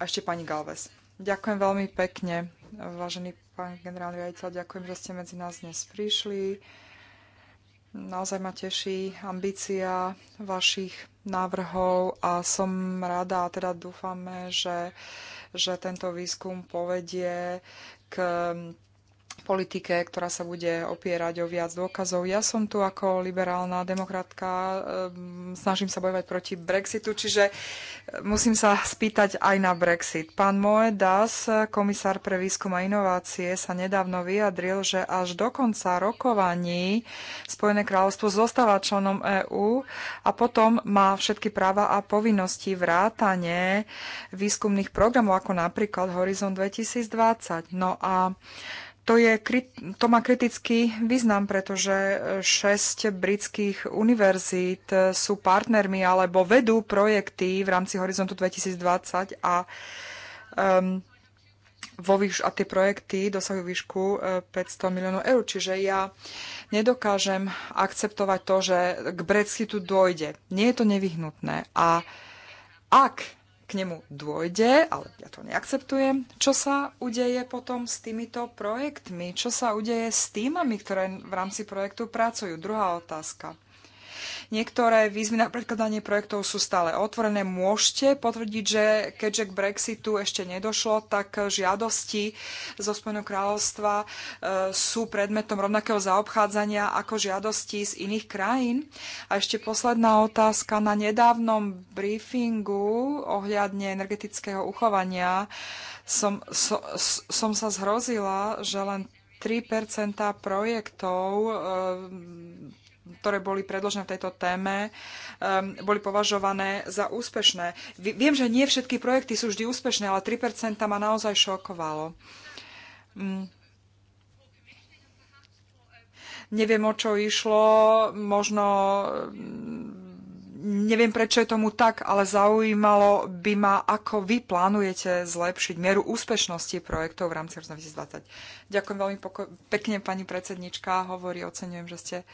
ešte pani Galvez. Ďakujem veľmi pekne, vážený pán generálny riaditeľ, ďakujem, že ste medzi nás dnes prišli. Naozaj ma teší ambícia vašich návrhov a som rada a teda dúfame, že, že tento výskum povedie k politike, ktorá sa bude opierať o viac dôkazov. Ja som tu ako liberálna demokratka, ehm, snažím sa bojovať proti Brexitu, čiže e, musím sa spýtať aj na Brexit. Pán Moedas, komisár pre výskum a inovácie, sa nedávno vyjadril, že až do konca rokovaní Spojené kráľovstvo zostáva členom EÚ a potom má všetky práva a povinnosti vrátane výskumných programov, ako napríklad Horizon 2020. No a to, je, to má kritický význam, pretože e, šesť britských univerzít e, sú partnermi alebo vedú projekty v rámci Horizontu 2020 a, um, vo a tie projekty dosahujú výšku 500 e, miliónov eur. Čiže ja nedokážem akceptovať to, že k Brexitu dojde. Nie je to nevyhnutné. A ak nemu dôjde, ale ja to neakceptujem. Čo sa udeje potom s týmito projektmi? Čo sa udeje s týmami, ktoré v rámci projektu pracujú? Druhá otázka. Niektoré výzvy na predkladanie projektov sú stále otvorené. Môžete potvrdiť, že keďže k Brexitu ešte nedošlo, tak žiadosti zo Spojeného kráľovstva e, sú predmetom rovnakého zaobchádzania ako žiadosti z iných krajín. A ešte posledná otázka. Na nedávnom briefingu ohľadne energetického uchovania som, so, som sa zhrozila, že len 3 projektov e, ktoré boli predložené v tejto téme, um, boli považované za úspešné. Viem, že nie všetky projekty sú vždy úspešné, ale 3% ma naozaj šokovalo. Um, neviem, o čo išlo, možno mm, neviem, prečo je tomu tak, ale zaujímalo by ma, ako vy plánujete zlepšiť mieru úspešnosti projektov v rámci 2020. Ďakujem veľmi pekne, pani predsednička, hovorí, oceňujem, že ste uh,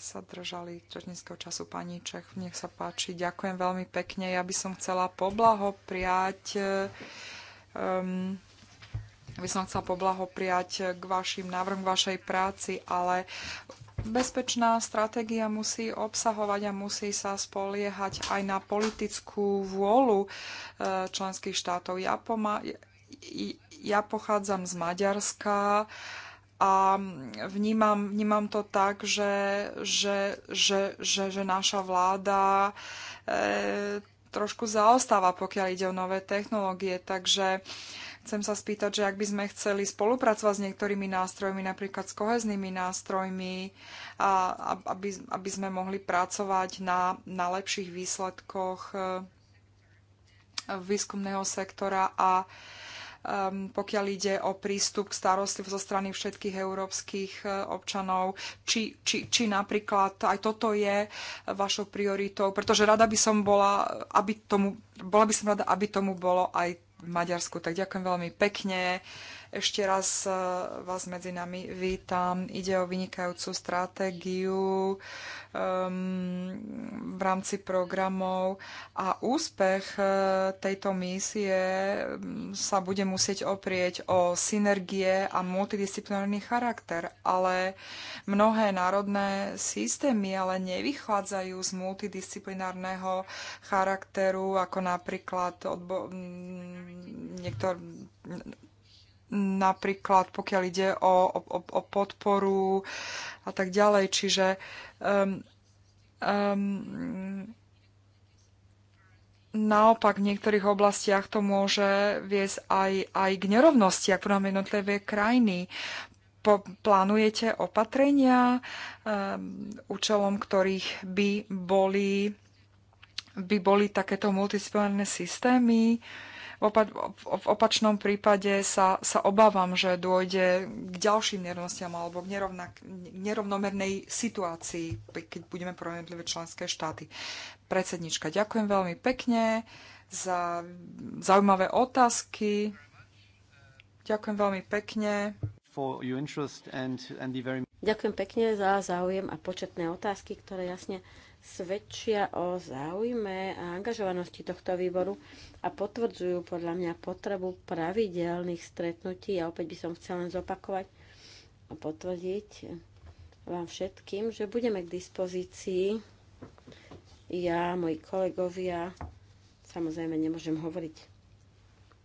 sa držali rečníckého času pani Čech. Nech sa páči, ďakujem veľmi pekne. Ja by som chcela poblahopriať um, by som chcela poblahopriať k vašim návrhom, k vašej práci, ale bezpečná stratégia musí obsahovať a musí sa spoliehať aj na politickú vôľu e, členských štátov. Ja, poma- ja pochádzam z Maďarska a vnímam, vnímam to tak, že, že, že, že, že naša vláda e, trošku zaostáva, pokiaľ ide o nové technológie. Takže chcem sa spýtať, že ak by sme chceli spolupracovať s niektorými nástrojmi, napríklad s koheznými nástrojmi, a, aby, aby sme mohli pracovať na, na lepších výsledkoch e, výskumného sektora a um, pokiaľ ide o prístup k starosti zo strany všetkých európskych e, občanov, či, či, či napríklad aj toto je e, vašou prioritou, pretože rada by som bola, aby tomu, bola by som rada, aby tomu bolo aj v Maďarsku. Tak ďakujem veľmi pekne. Uh, ešte raz e, vás medzi nami vítam. Ide o vynikajúcu stratégiu um, v rámci programov a úspech e, tejto misie sa bude musieť oprieť o synergie a multidisciplinárny charakter, ale mnohé národné systémy ale nevychádzajú z multidisciplinárneho charakteru, ako napríklad odbo- niektor- napríklad pokiaľ ide o, o, o podporu a tak ďalej. Čiže um, um, naopak v niektorých oblastiach to môže viesť aj, aj k nerovnosti, ak nám jednotlivé krajiny. Po, plánujete opatrenia, um, účelom ktorých by boli, by boli takéto multidisciplinárne systémy? Um, opa- v opačnom prípade sa, sa obávam, že dôjde k ďalším nerovnostiam alebo k nerovnak- nerovnomernej situácii, keď budeme pro členské štáty. Predsednička, ďakujem veľmi pekne za zaujímavé otázky. Ďakujem veľmi pekne. And, and very... Ďakujem pekne za záujem a početné otázky, ktoré jasne svedčia o záujme a angažovanosti tohto výboru a potvrdzujú podľa mňa potrebu pravidelných stretnutí. Ja opäť by som chcela len zopakovať a potvrdiť vám všetkým, že budeme k dispozícii ja, moji kolegovia, samozrejme nemôžem hovoriť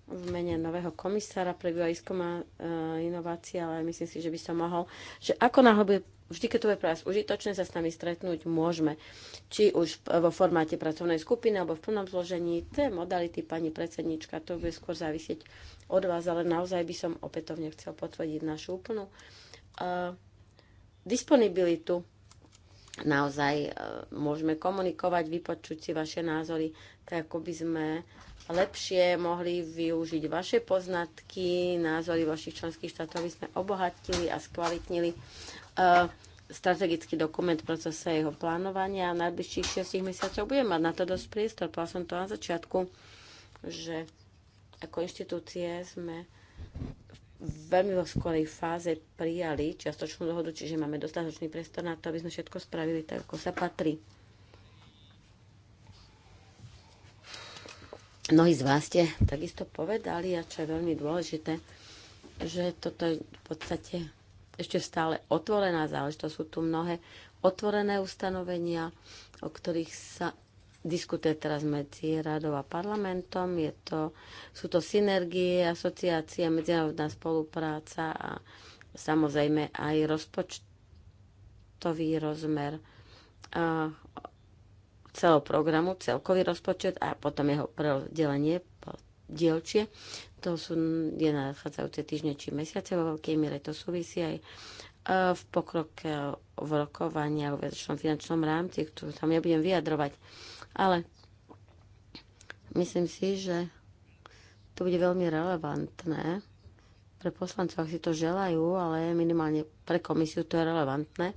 v mene nového komisára pre výskum a e, inovácie, ale myslím si, že by som mohol, že ako náhle bude vždy, keď to bude pre vás užitočné, sa s nami stretnúť môžeme. Či už vo formáte pracovnej skupiny alebo v plnom zložení, tie modality pani predsednička, to bude skôr závisieť od vás, ale naozaj by som opätovne chcel potvrdiť našu úplnú uh, disponibilitu naozaj e, môžeme komunikovať, vypočuť si vaše názory, tak ako by sme lepšie mohli využiť vaše poznatky, názory vašich členských štátov, aby sme obohatili a skvalitnili e, strategický dokument v procese jeho plánovania a najbližších 6 mesiacov budeme mať na to dosť priestor. Povedala som to na začiatku, že ako inštitúcie sme veľmi vo skorej fáze prijali čiastočnú dohodu, čiže máme dostatočný priestor na to, aby sme všetko spravili tak, ako sa patrí. Mnohí z vás ste takisto povedali, a čo je veľmi dôležité, že toto je v podstate ešte stále otvorená záležitosť. Sú tu mnohé otvorené ustanovenia, o ktorých sa diskutuje teraz medzi radou a parlamentom. Je to, sú to synergie, asociácia, medzinárodná spolupráca a samozrejme aj rozpočtový rozmer celého programu, celkový rozpočet a potom jeho prerozdelenie dielčie. To sú je nachádzajúce týždne či mesiace, vo veľkej miere to súvisí aj v pokroke v rokovaní a v finančnom rámci, ktorú tam nebudem vyjadrovať. Ale myslím si, že to bude veľmi relevantné pre poslancov, ak si to želajú, ale minimálne pre komisiu to je relevantné.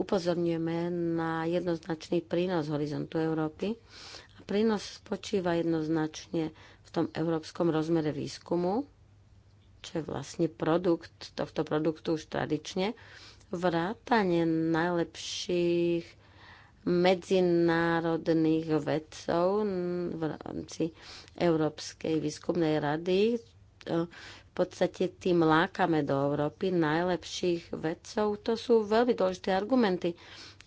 Upozorňujeme na jednoznačný prínos horizontu Európy a prínos spočíva jednoznačne v tom európskom rozmere výskumu, čo je vlastne produkt tohto produktu už tradične, vrátanie najlepších medzinárodných vedcov v rámci Európskej výskumnej rady. V podstate tým lákame do Európy najlepších vedcov. To sú veľmi dôležité argumenty,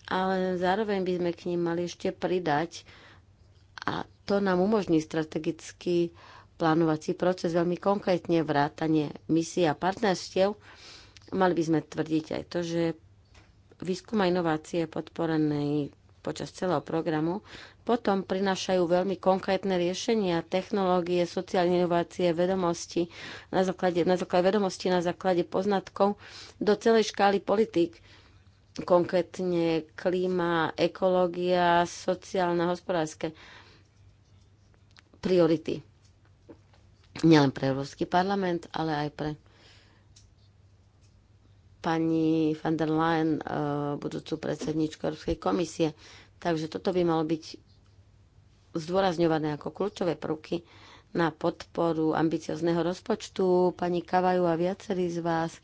ale zároveň by sme k ním mali ešte pridať a to nám umožní strategický plánovací proces veľmi konkrétne vrátanie misií a partnerstiev. Mali by sme tvrdiť aj to, že výskum a inovácie podporený počas celého programu, potom prinášajú veľmi konkrétne riešenia, technológie, sociálne inovácie, vedomosti, na základe, na základe vedomosti, na základe poznatkov do celej škály politík konkrétne klíma, ekológia, sociálne, hospodárske priority. Nielen pre Európsky parlament, ale aj pre pani van der Leyen, eh, budúcu predsedničku Európskej komisie. Takže toto by malo byť zdôrazňované ako kľúčové prvky na podporu ambiciozného rozpočtu. Pani Kavajú a viacerí z vás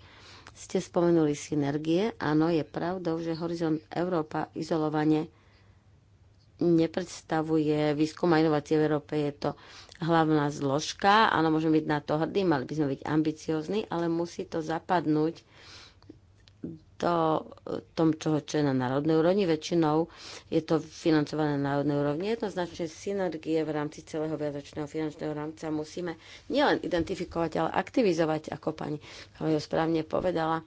ste spomenuli synergie. Áno, je pravdou, že Horizont Európa izolovanie nepredstavuje výskum a inovácie v Európe. Je to hlavná zložka. Áno, môžeme byť na to hrdí, mali by sme byť ambiciozni, ale musí to zapadnúť to, tom, čo, čo je na národnej úrovni. Väčšinou je to financované na národnej úrovni. Jednoznačne synergie v rámci celého viacročného finančného rámca musíme nielen identifikovať, ale aktivizovať, ako pani Kalejo správne povedala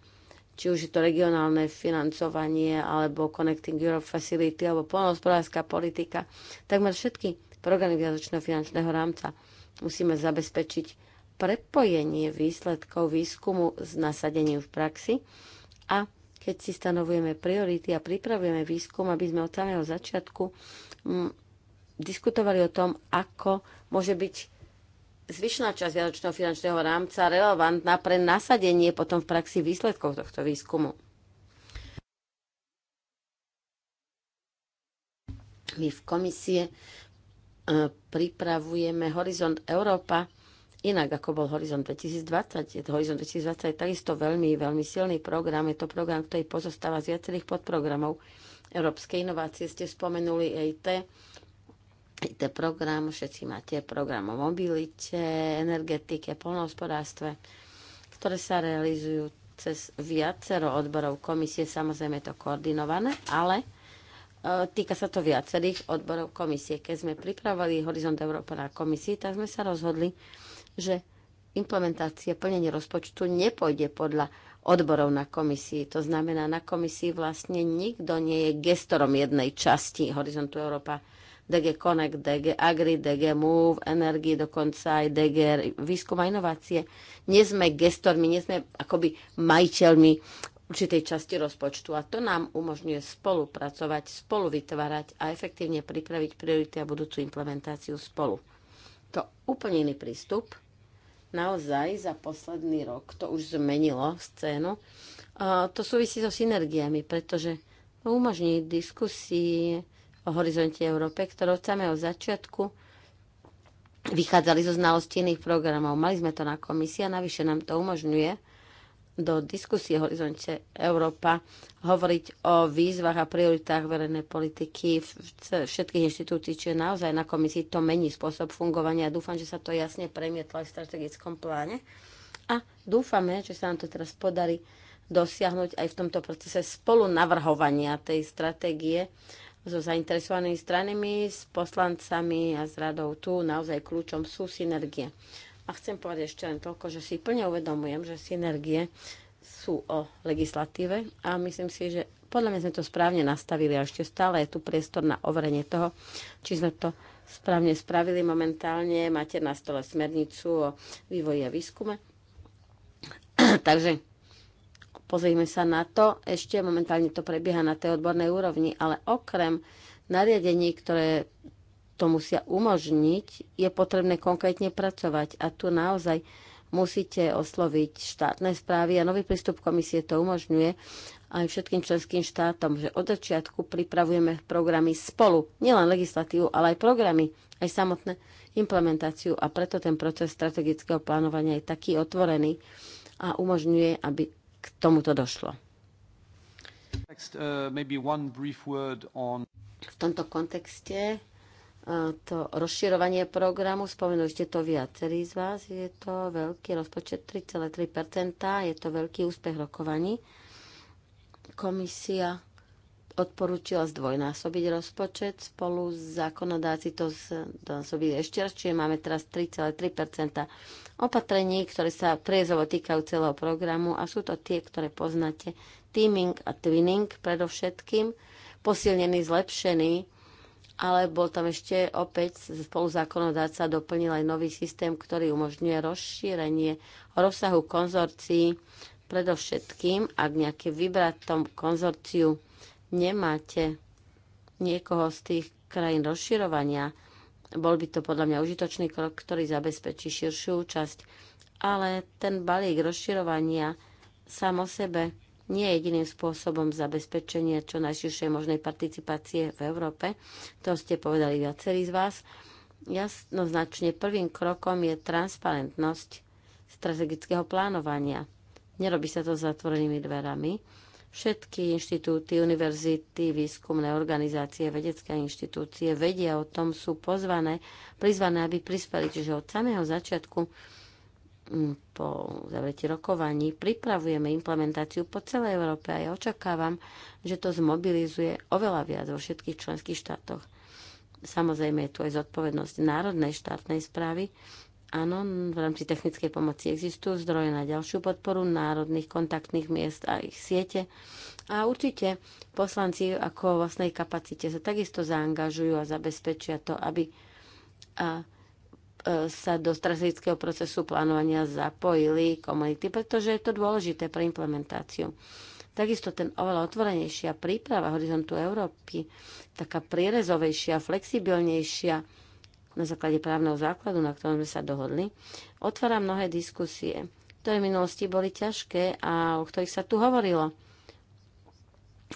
či už je to regionálne financovanie, alebo Connecting Europe Facility, alebo polnohospodárska politika, takmer všetky programy viazočného finančného rámca musíme zabezpečiť prepojenie výsledkov výskumu s nasadením v praxi a keď si stanovujeme priority a pripravujeme výskum, aby sme od samého začiatku m, mm, diskutovali o tom, ako môže byť zvyšná časť vianočného finančného rámca relevantná pre nasadenie potom v praxi výsledkov tohto výskumu. My v komisie e, pripravujeme Horizont Európa, inak, ako bol Horizon 2020. Horizon 2020 je takisto veľmi, veľmi silný program. Je to program, ktorý pozostáva z viacerých podprogramov. Európskej inovácie ste spomenuli EIT, e IT program, všetci máte program o mobilite, energetike, polnohospodárstve, ktoré sa realizujú cez viacero odborov komisie. Samozrejme je to koordinované, ale e, týka sa to viacerých odborov komisie. Keď sme pripravovali Horizont Európa na komisii, tak sme sa rozhodli, že implementácia plnenie rozpočtu nepôjde podľa odborov na komisii. To znamená, na komisii vlastne nikto nie je gestorom jednej časti Horizontu Európa. DG Connect, DG Agri, DG Move, Energy, dokonca aj DG Výskum a inovácie. Nie sme gestormi, nie sme akoby majiteľmi určitej časti rozpočtu a to nám umožňuje spolupracovať, spolu vytvárať a efektívne pripraviť priority a budúcu implementáciu spolu. To úplne iný prístup naozaj za posledný rok to už zmenilo scénu. A to súvisí so synergiami, pretože no, umožní diskusii o horizonte Európe, ktoré od samého začiatku vychádzali zo znalostí iných programov. Mali sme to na komisii a navyše nám to umožňuje do diskusie Horizonte Európa hovoriť o výzvach a prioritách verejnej politiky všetkých inštitúcií, čiže naozaj na komisii to mení spôsob fungovania. Dúfam, že sa to jasne premietlo aj v strategickom pláne. A dúfame, že sa nám to teraz podarí dosiahnuť aj v tomto procese spolu navrhovania tej stratégie so zainteresovanými stranami, s poslancami a s radou. Tu naozaj kľúčom sú synergie. A chcem povedať ešte len toľko, že si plne uvedomujem, že synergie sú o legislatíve a myslím si, že podľa mňa sme to správne nastavili a ešte stále je tu priestor na overenie toho, či sme to správne spravili momentálne. Máte na stole smernicu o vývoji a výskume. Takže pozrieme sa na to. Ešte momentálne to prebieha na tej odbornej úrovni, ale okrem nariadení, ktoré to musia umožniť, je potrebné konkrétne pracovať. A tu naozaj musíte osloviť štátne správy a nový prístup komisie to umožňuje aj všetkým členským štátom, že od začiatku pripravujeme programy spolu, nielen legislatívu, ale aj programy, aj samotné implementáciu a preto ten proces strategického plánovania je taký otvorený a umožňuje, aby k tomuto došlo. Next, uh, on... V tomto kontexte to rozširovanie programu, spomenuli ste to viacerí z vás, je to veľký rozpočet 3,3%, je to veľký úspech rokovaní. Komisia odporúčila zdvojnásobiť rozpočet, spolu s zákonodáci to zdvojnásobiť ešte raz, čiže máme teraz 3,3% opatrení, ktoré sa priezovo týkajú celého programu a sú to tie, ktoré poznáte. Teaming a twinning predovšetkým, posilnený, zlepšený ale bol tam ešte opäť spoluzákonodáca doplnil aj nový systém, ktorý umožňuje rozšírenie rozsahu konzorcií, predovšetkým, ak nejaké tom konzorciu nemáte niekoho z tých krajín rozširovania, bol by to podľa mňa užitočný krok, ktorý zabezpečí širšiu účasť. Ale ten balík rozširovania sám o sebe nie je jediným spôsobom zabezpečenia čo najširšej možnej participácie v Európe. To ste povedali viacerí z vás. Jasnoznačne prvým krokom je transparentnosť strategického plánovania. Nerobí sa to zatvorenými dverami. Všetky inštitúty, univerzity, výskumné organizácie, vedecké inštitúcie vedia o tom, sú pozvané, prizvané, aby prispeli. Čiže od samého začiatku po zavretí rokovaní pripravujeme implementáciu po celej Európe a ja očakávam, že to zmobilizuje oveľa viac vo všetkých členských štátoch. Samozrejme je tu aj zodpovednosť národnej štátnej správy. Áno, v rámci technickej pomoci existujú zdroje na ďalšiu podporu národných kontaktných miest a ich siete. A určite poslanci ako vlastnej kapacite sa takisto zaangažujú a zabezpečia to, aby a sa do strategického procesu plánovania zapojili komunity, pretože je to dôležité pre implementáciu. Takisto ten oveľa otvorenejšia príprava horizontu Európy, taká prierezovejšia, flexibilnejšia na základe právneho základu, na ktorom sme sa dohodli, otvára mnohé diskusie, ktoré v minulosti boli ťažké a o ktorých sa tu hovorilo.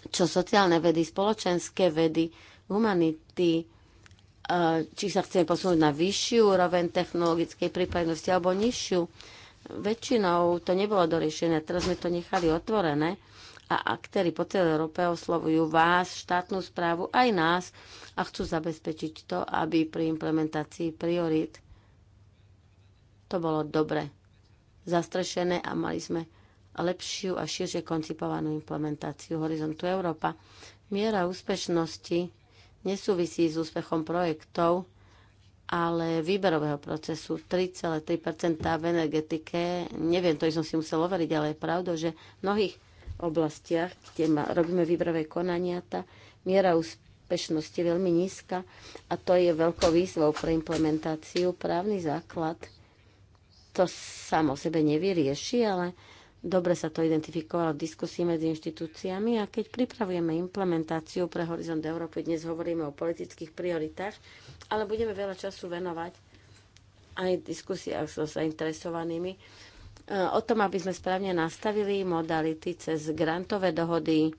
Čo sociálne vedy, spoločenské vedy, humanity, Eh, či sa chceme posunúť na vyššiu úroveň technologickej prípadnosti alebo nižšiu. Väčšinou to nebolo doriešené, teraz sme to nechali otvorené a aktéry po celej Európe oslovujú vás, štátnu správu, aj nás a chcú zabezpečiť to, aby pri implementácii priorít to bolo dobre zastrešené a mali sme lepšiu a širšie koncipovanú implementáciu Horizontu Európa. Miera úspešnosti nesúvisí s úspechom projektov, ale výberového procesu 3,3 v energetike. Neviem, to som si musel overiť, ale je pravda, že v mnohých oblastiach, kde ma, robíme výberové konania, tá miera úspešnosti je veľmi nízka a to je veľkou výzvou pre implementáciu. Právny základ to samo sebe nevyrieši, ale Dobre sa to identifikovalo v diskusii medzi inštitúciami a keď pripravujeme implementáciu pre Horizont Európy, dnes hovoríme o politických prioritách, ale budeme veľa času venovať aj diskusiách so zainteresovanými e, o tom, aby sme správne nastavili modality cez grantové dohody,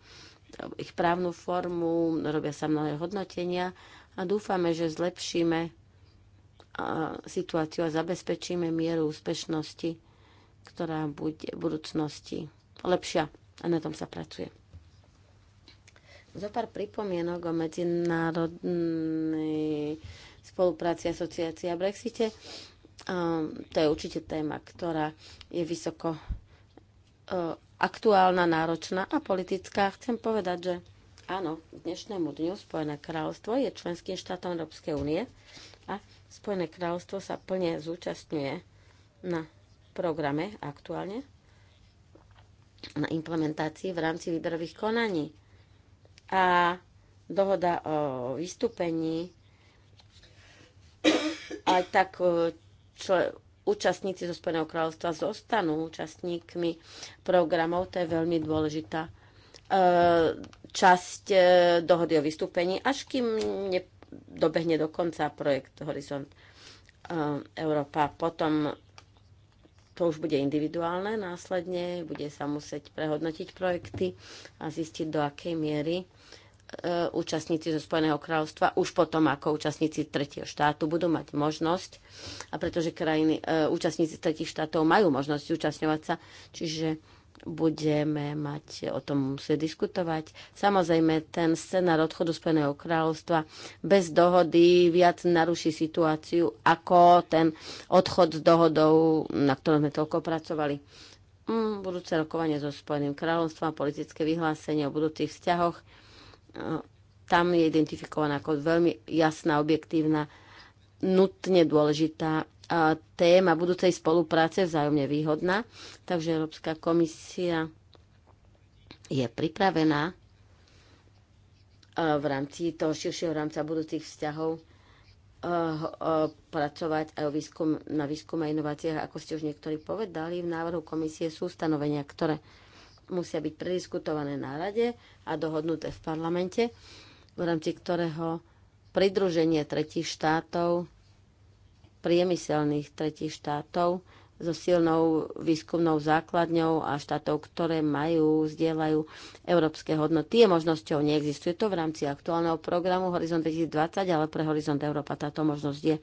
ich právnu formu, robia sa mnohé hodnotenia a dúfame, že zlepšíme situáciu a zabezpečíme mieru úspešnosti ktorá bude v budúcnosti lepšia a na tom sa pracuje. Zopár pripomienok o medzinárodnej spolupráci asociácia a Brexite. Um, to je určite téma, ktorá je vysoko uh, aktuálna, náročná a politická. Chcem povedať, že áno, k dnešnému dňu Spojené kráľovstvo je členským štátom Európskej únie a Spojené kráľovstvo sa plne zúčastňuje na programe aktuálne na implementácii v rámci výberových konaní. A dohoda o vystúpení aj tak e, čo, účastníci zo Spojeného kráľovstva zostanú účastníkmi programov, to je veľmi dôležitá e, časť e, dohody o vystúpení, až kým ne- dobehne do konca projekt Horizont Európa. Potom to už bude individuálne, následne bude sa musieť prehodnotiť projekty a zistiť, do akej miery e, účastníci zo Spojeného kráľovstva už potom ako účastníci tretieho štátu budú mať možnosť, a pretože krajiny, e, účastníci tretich štátov majú možnosť zúčastňovať sa, čiže budeme mať o tom musieť diskutovať. Samozrejme, ten scenár odchodu Spojeného kráľovstva bez dohody viac naruší situáciu ako ten odchod s dohodou, na ktorom sme toľko pracovali. Mm, budúce rokovanie so Spojeným kráľovstvom, politické vyhlásenie o budúcich vzťahoch, e, tam je identifikovaná ako veľmi jasná, objektívna, nutne dôležitá téma budúcej spolupráce vzájomne výhodná. Takže Európska komisia je pripravená v rámci toho širšieho rámca budúcich vzťahov pracovať aj výskum, na výskume a inováciách. Ako ste už niektorí povedali, v návrhu komisie sú stanovenia, ktoré musia byť prediskutované na rade a dohodnuté v parlamente, v rámci ktorého pridruženie tretich štátov priemyselných tretich štátov so silnou výskumnou základňou a štátov, ktoré majú, zdieľajú európske hodnoty. Je možnosťou, neexistuje to v rámci aktuálneho programu Horizont 2020, ale pre Horizont Európa táto možnosť je.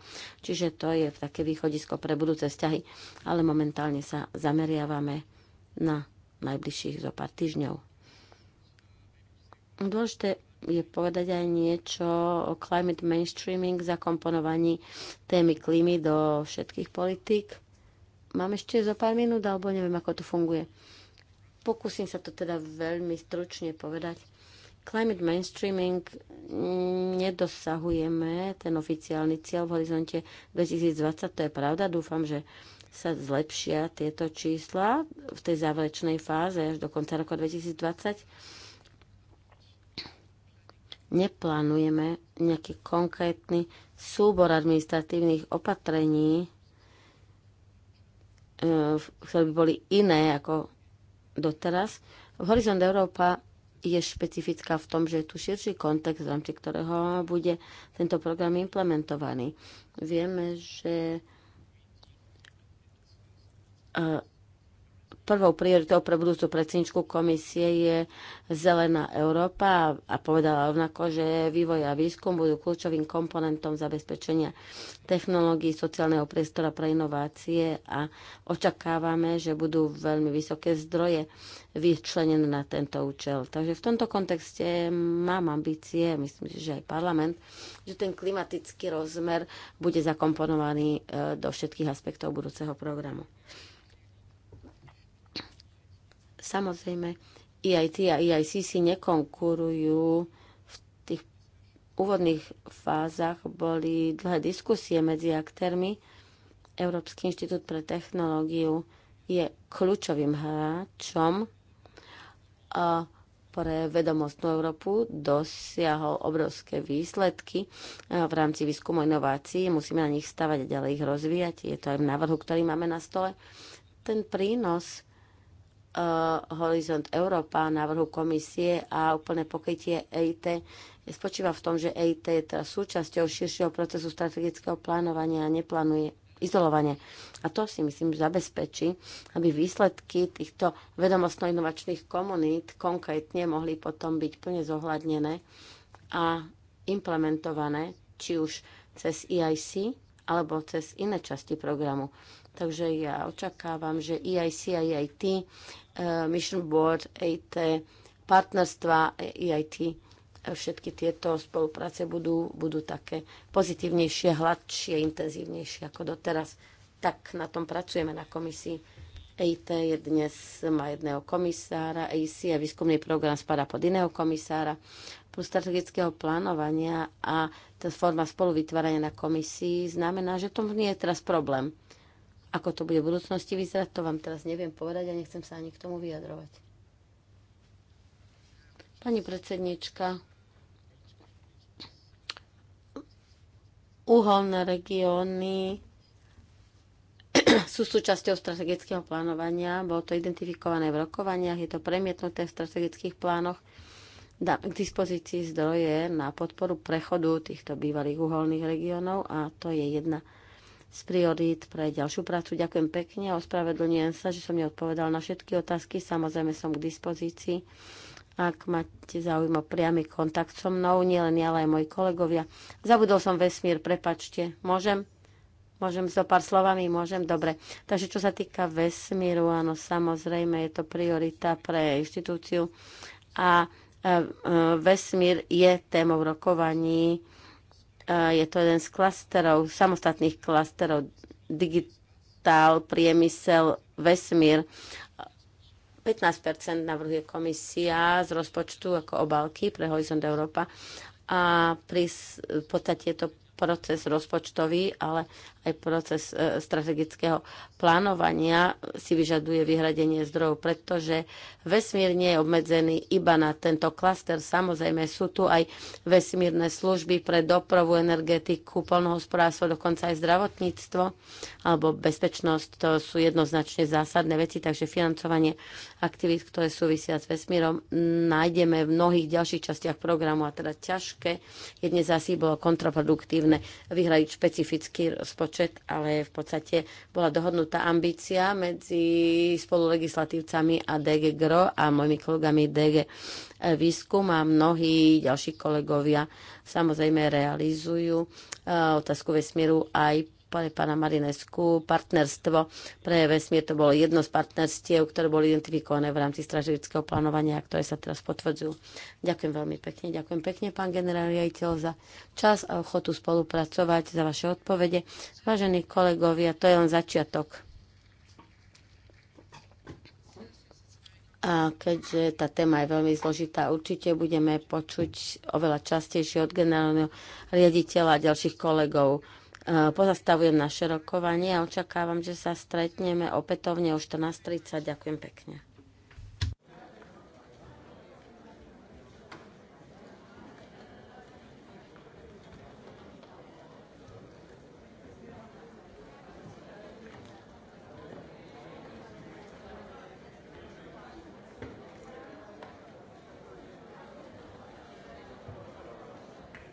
Čiže to je také východisko pre budúce vzťahy. Ale momentálne sa zameriavame na najbližších zo pár týždňov. Dôležité je povedať aj niečo o climate mainstreaming, zakomponovaní témy klímy do všetkých politík. Mám ešte zo pár minút, alebo neviem, ako to funguje. Pokúsim sa to teda veľmi stručne povedať. Climate mainstreaming mm, nedosahujeme ten oficiálny cieľ v horizonte 2020, to je pravda. Dúfam, že sa zlepšia tieto čísla v tej záverečnej fáze až do konca roku 2020 neplánujeme nejaký konkrétny súbor administratívnych opatrení, e, ktoré by boli iné ako doteraz. V Horizont Európa je špecifická v tom, že je tu širší kontext, v rámci ktorého bude tento program implementovaný. Vieme, že e, prvou prioritou pre budúcu predsedničku komisie je Zelená Európa a povedala rovnako, že vývoj a výskum budú kľúčovým komponentom zabezpečenia technológií sociálneho priestora pre inovácie a očakávame, že budú veľmi vysoké zdroje vyčlenené na tento účel. Takže v tomto kontexte mám ambície, myslím si, že aj parlament, že ten klimatický rozmer bude zakomponovaný e, do všetkých aspektov budúceho programu. Samozrejme, EIT a EIC si nekonkurujú. V tých úvodných fázach boli dlhé diskusie medzi aktérmi. Európsky inštitút pre technológiu je kľúčovým hráčom a pre vedomostnú Európu dosiahol obrovské výsledky v rámci výskumu inovácií. Musíme na nich stavať a ďalej ich rozvíjať. Je to aj v návrhu, ktorý máme na stole. Ten prínos Eh, Horizont Európa návrhu komisie a úplné pokrytie EIT spočíva v tom, že EIT je teraz súčasťou širšieho procesu strategického plánovania a neplánuje izolovanie. A to si myslím zabezpečí, aby výsledky týchto vedomostno-inovačných komunít konkrétne mohli potom byť plne zohľadnené a implementované, či už cez EIC alebo cez iné časti programu. Takže ja očakávam, že EIC a EIT, eh, Mission Board, EIT, partnerstva EIT, eh, všetky tieto spolupráce budú, budú také pozitívnejšie, hladšie, intenzívnejšie ako doteraz. Tak na tom pracujeme na komisii. EIT je dnes, má jedného komisára, EIC a výskumný program spadá pod iného komisára, plus strategického plánovania a tá forma spoluvytvárania na komisii znamená, že to nie je teraz problém. Ako to bude v budúcnosti vyzerať, to vám teraz neviem povedať a nechcem sa ani k tomu vyjadrovať. Pani predsednička, uholné regióny sú súčasťou strategického plánovania. Bolo to identifikované v rokovaniach, je to premietnuté v strategických plánoch. Dám k dispozícii zdroje na podporu prechodu týchto bývalých uholných regiónov a to je jedna z priorít pre ďalšiu prácu. Ďakujem pekne a ospravedlňujem sa, že som neodpovedal na všetky otázky. Samozrejme som k dispozícii. Ak máte záujem o priamy kontakt so mnou, nielen ja, ale aj moji kolegovia. Zabudol som vesmír, prepačte. Môžem? Môžem so pár slovami? Môžem? Dobre. Takže čo sa týka vesmíru, áno, samozrejme je to priorita pre inštitúciu a e, e, vesmír je témou rokovaní Eh, je to jeden z klasterov, samostatných klasterov, digitál, priemysel, vesmír. 15 navrhuje komisia z rozpočtu ako obálky pre Horizont Európa a pri, v podstate je to proces rozpočtový, ale aj proces e, strategického plánovania si vyžaduje vyhradenie zdrojov, pretože vesmír nie je obmedzený iba na tento klaster. Samozrejme sú tu aj vesmírne služby pre dopravu, energetiku, polnohospodárstvo, dokonca aj zdravotníctvo alebo bezpečnosť. To sú jednoznačne zásadné veci, takže financovanie aktivít, ktoré súvisia s vesmírom, nájdeme v mnohých ďalších častiach programu a teda ťažké jedne dnes asi bolo kontraproduktívne vyhradiť špecifický rozpočet rozpočet, ale v podstate bola dohodnutá ambícia medzi spolulegislatívcami a DG GRO a mojimi kolegami DG Výskum a mnohí ďalší kolegovia samozrejme realizujú eh, otázku vesmíru aj spade pána Marinesku partnerstvo pre vesmír. To bolo jedno z partnerstiev, ktoré boli identifikované v rámci stražického plánovania a ktoré sa teraz potvrdzujú. Ďakujem veľmi pekne. Ďakujem pekne, pán generál riaditeľ, za čas a ochotu spolupracovať, za vaše odpovede. Vážení kolegovia, to je len začiatok. A keďže tá téma je veľmi zložitá, určite budeme počuť oveľa častejšie od generálneho riaditeľa a ďalších kolegov. Pozastavujem naše rokovanie a očakávam, že sa stretneme opätovne o 14.30. Ďakujem pekne.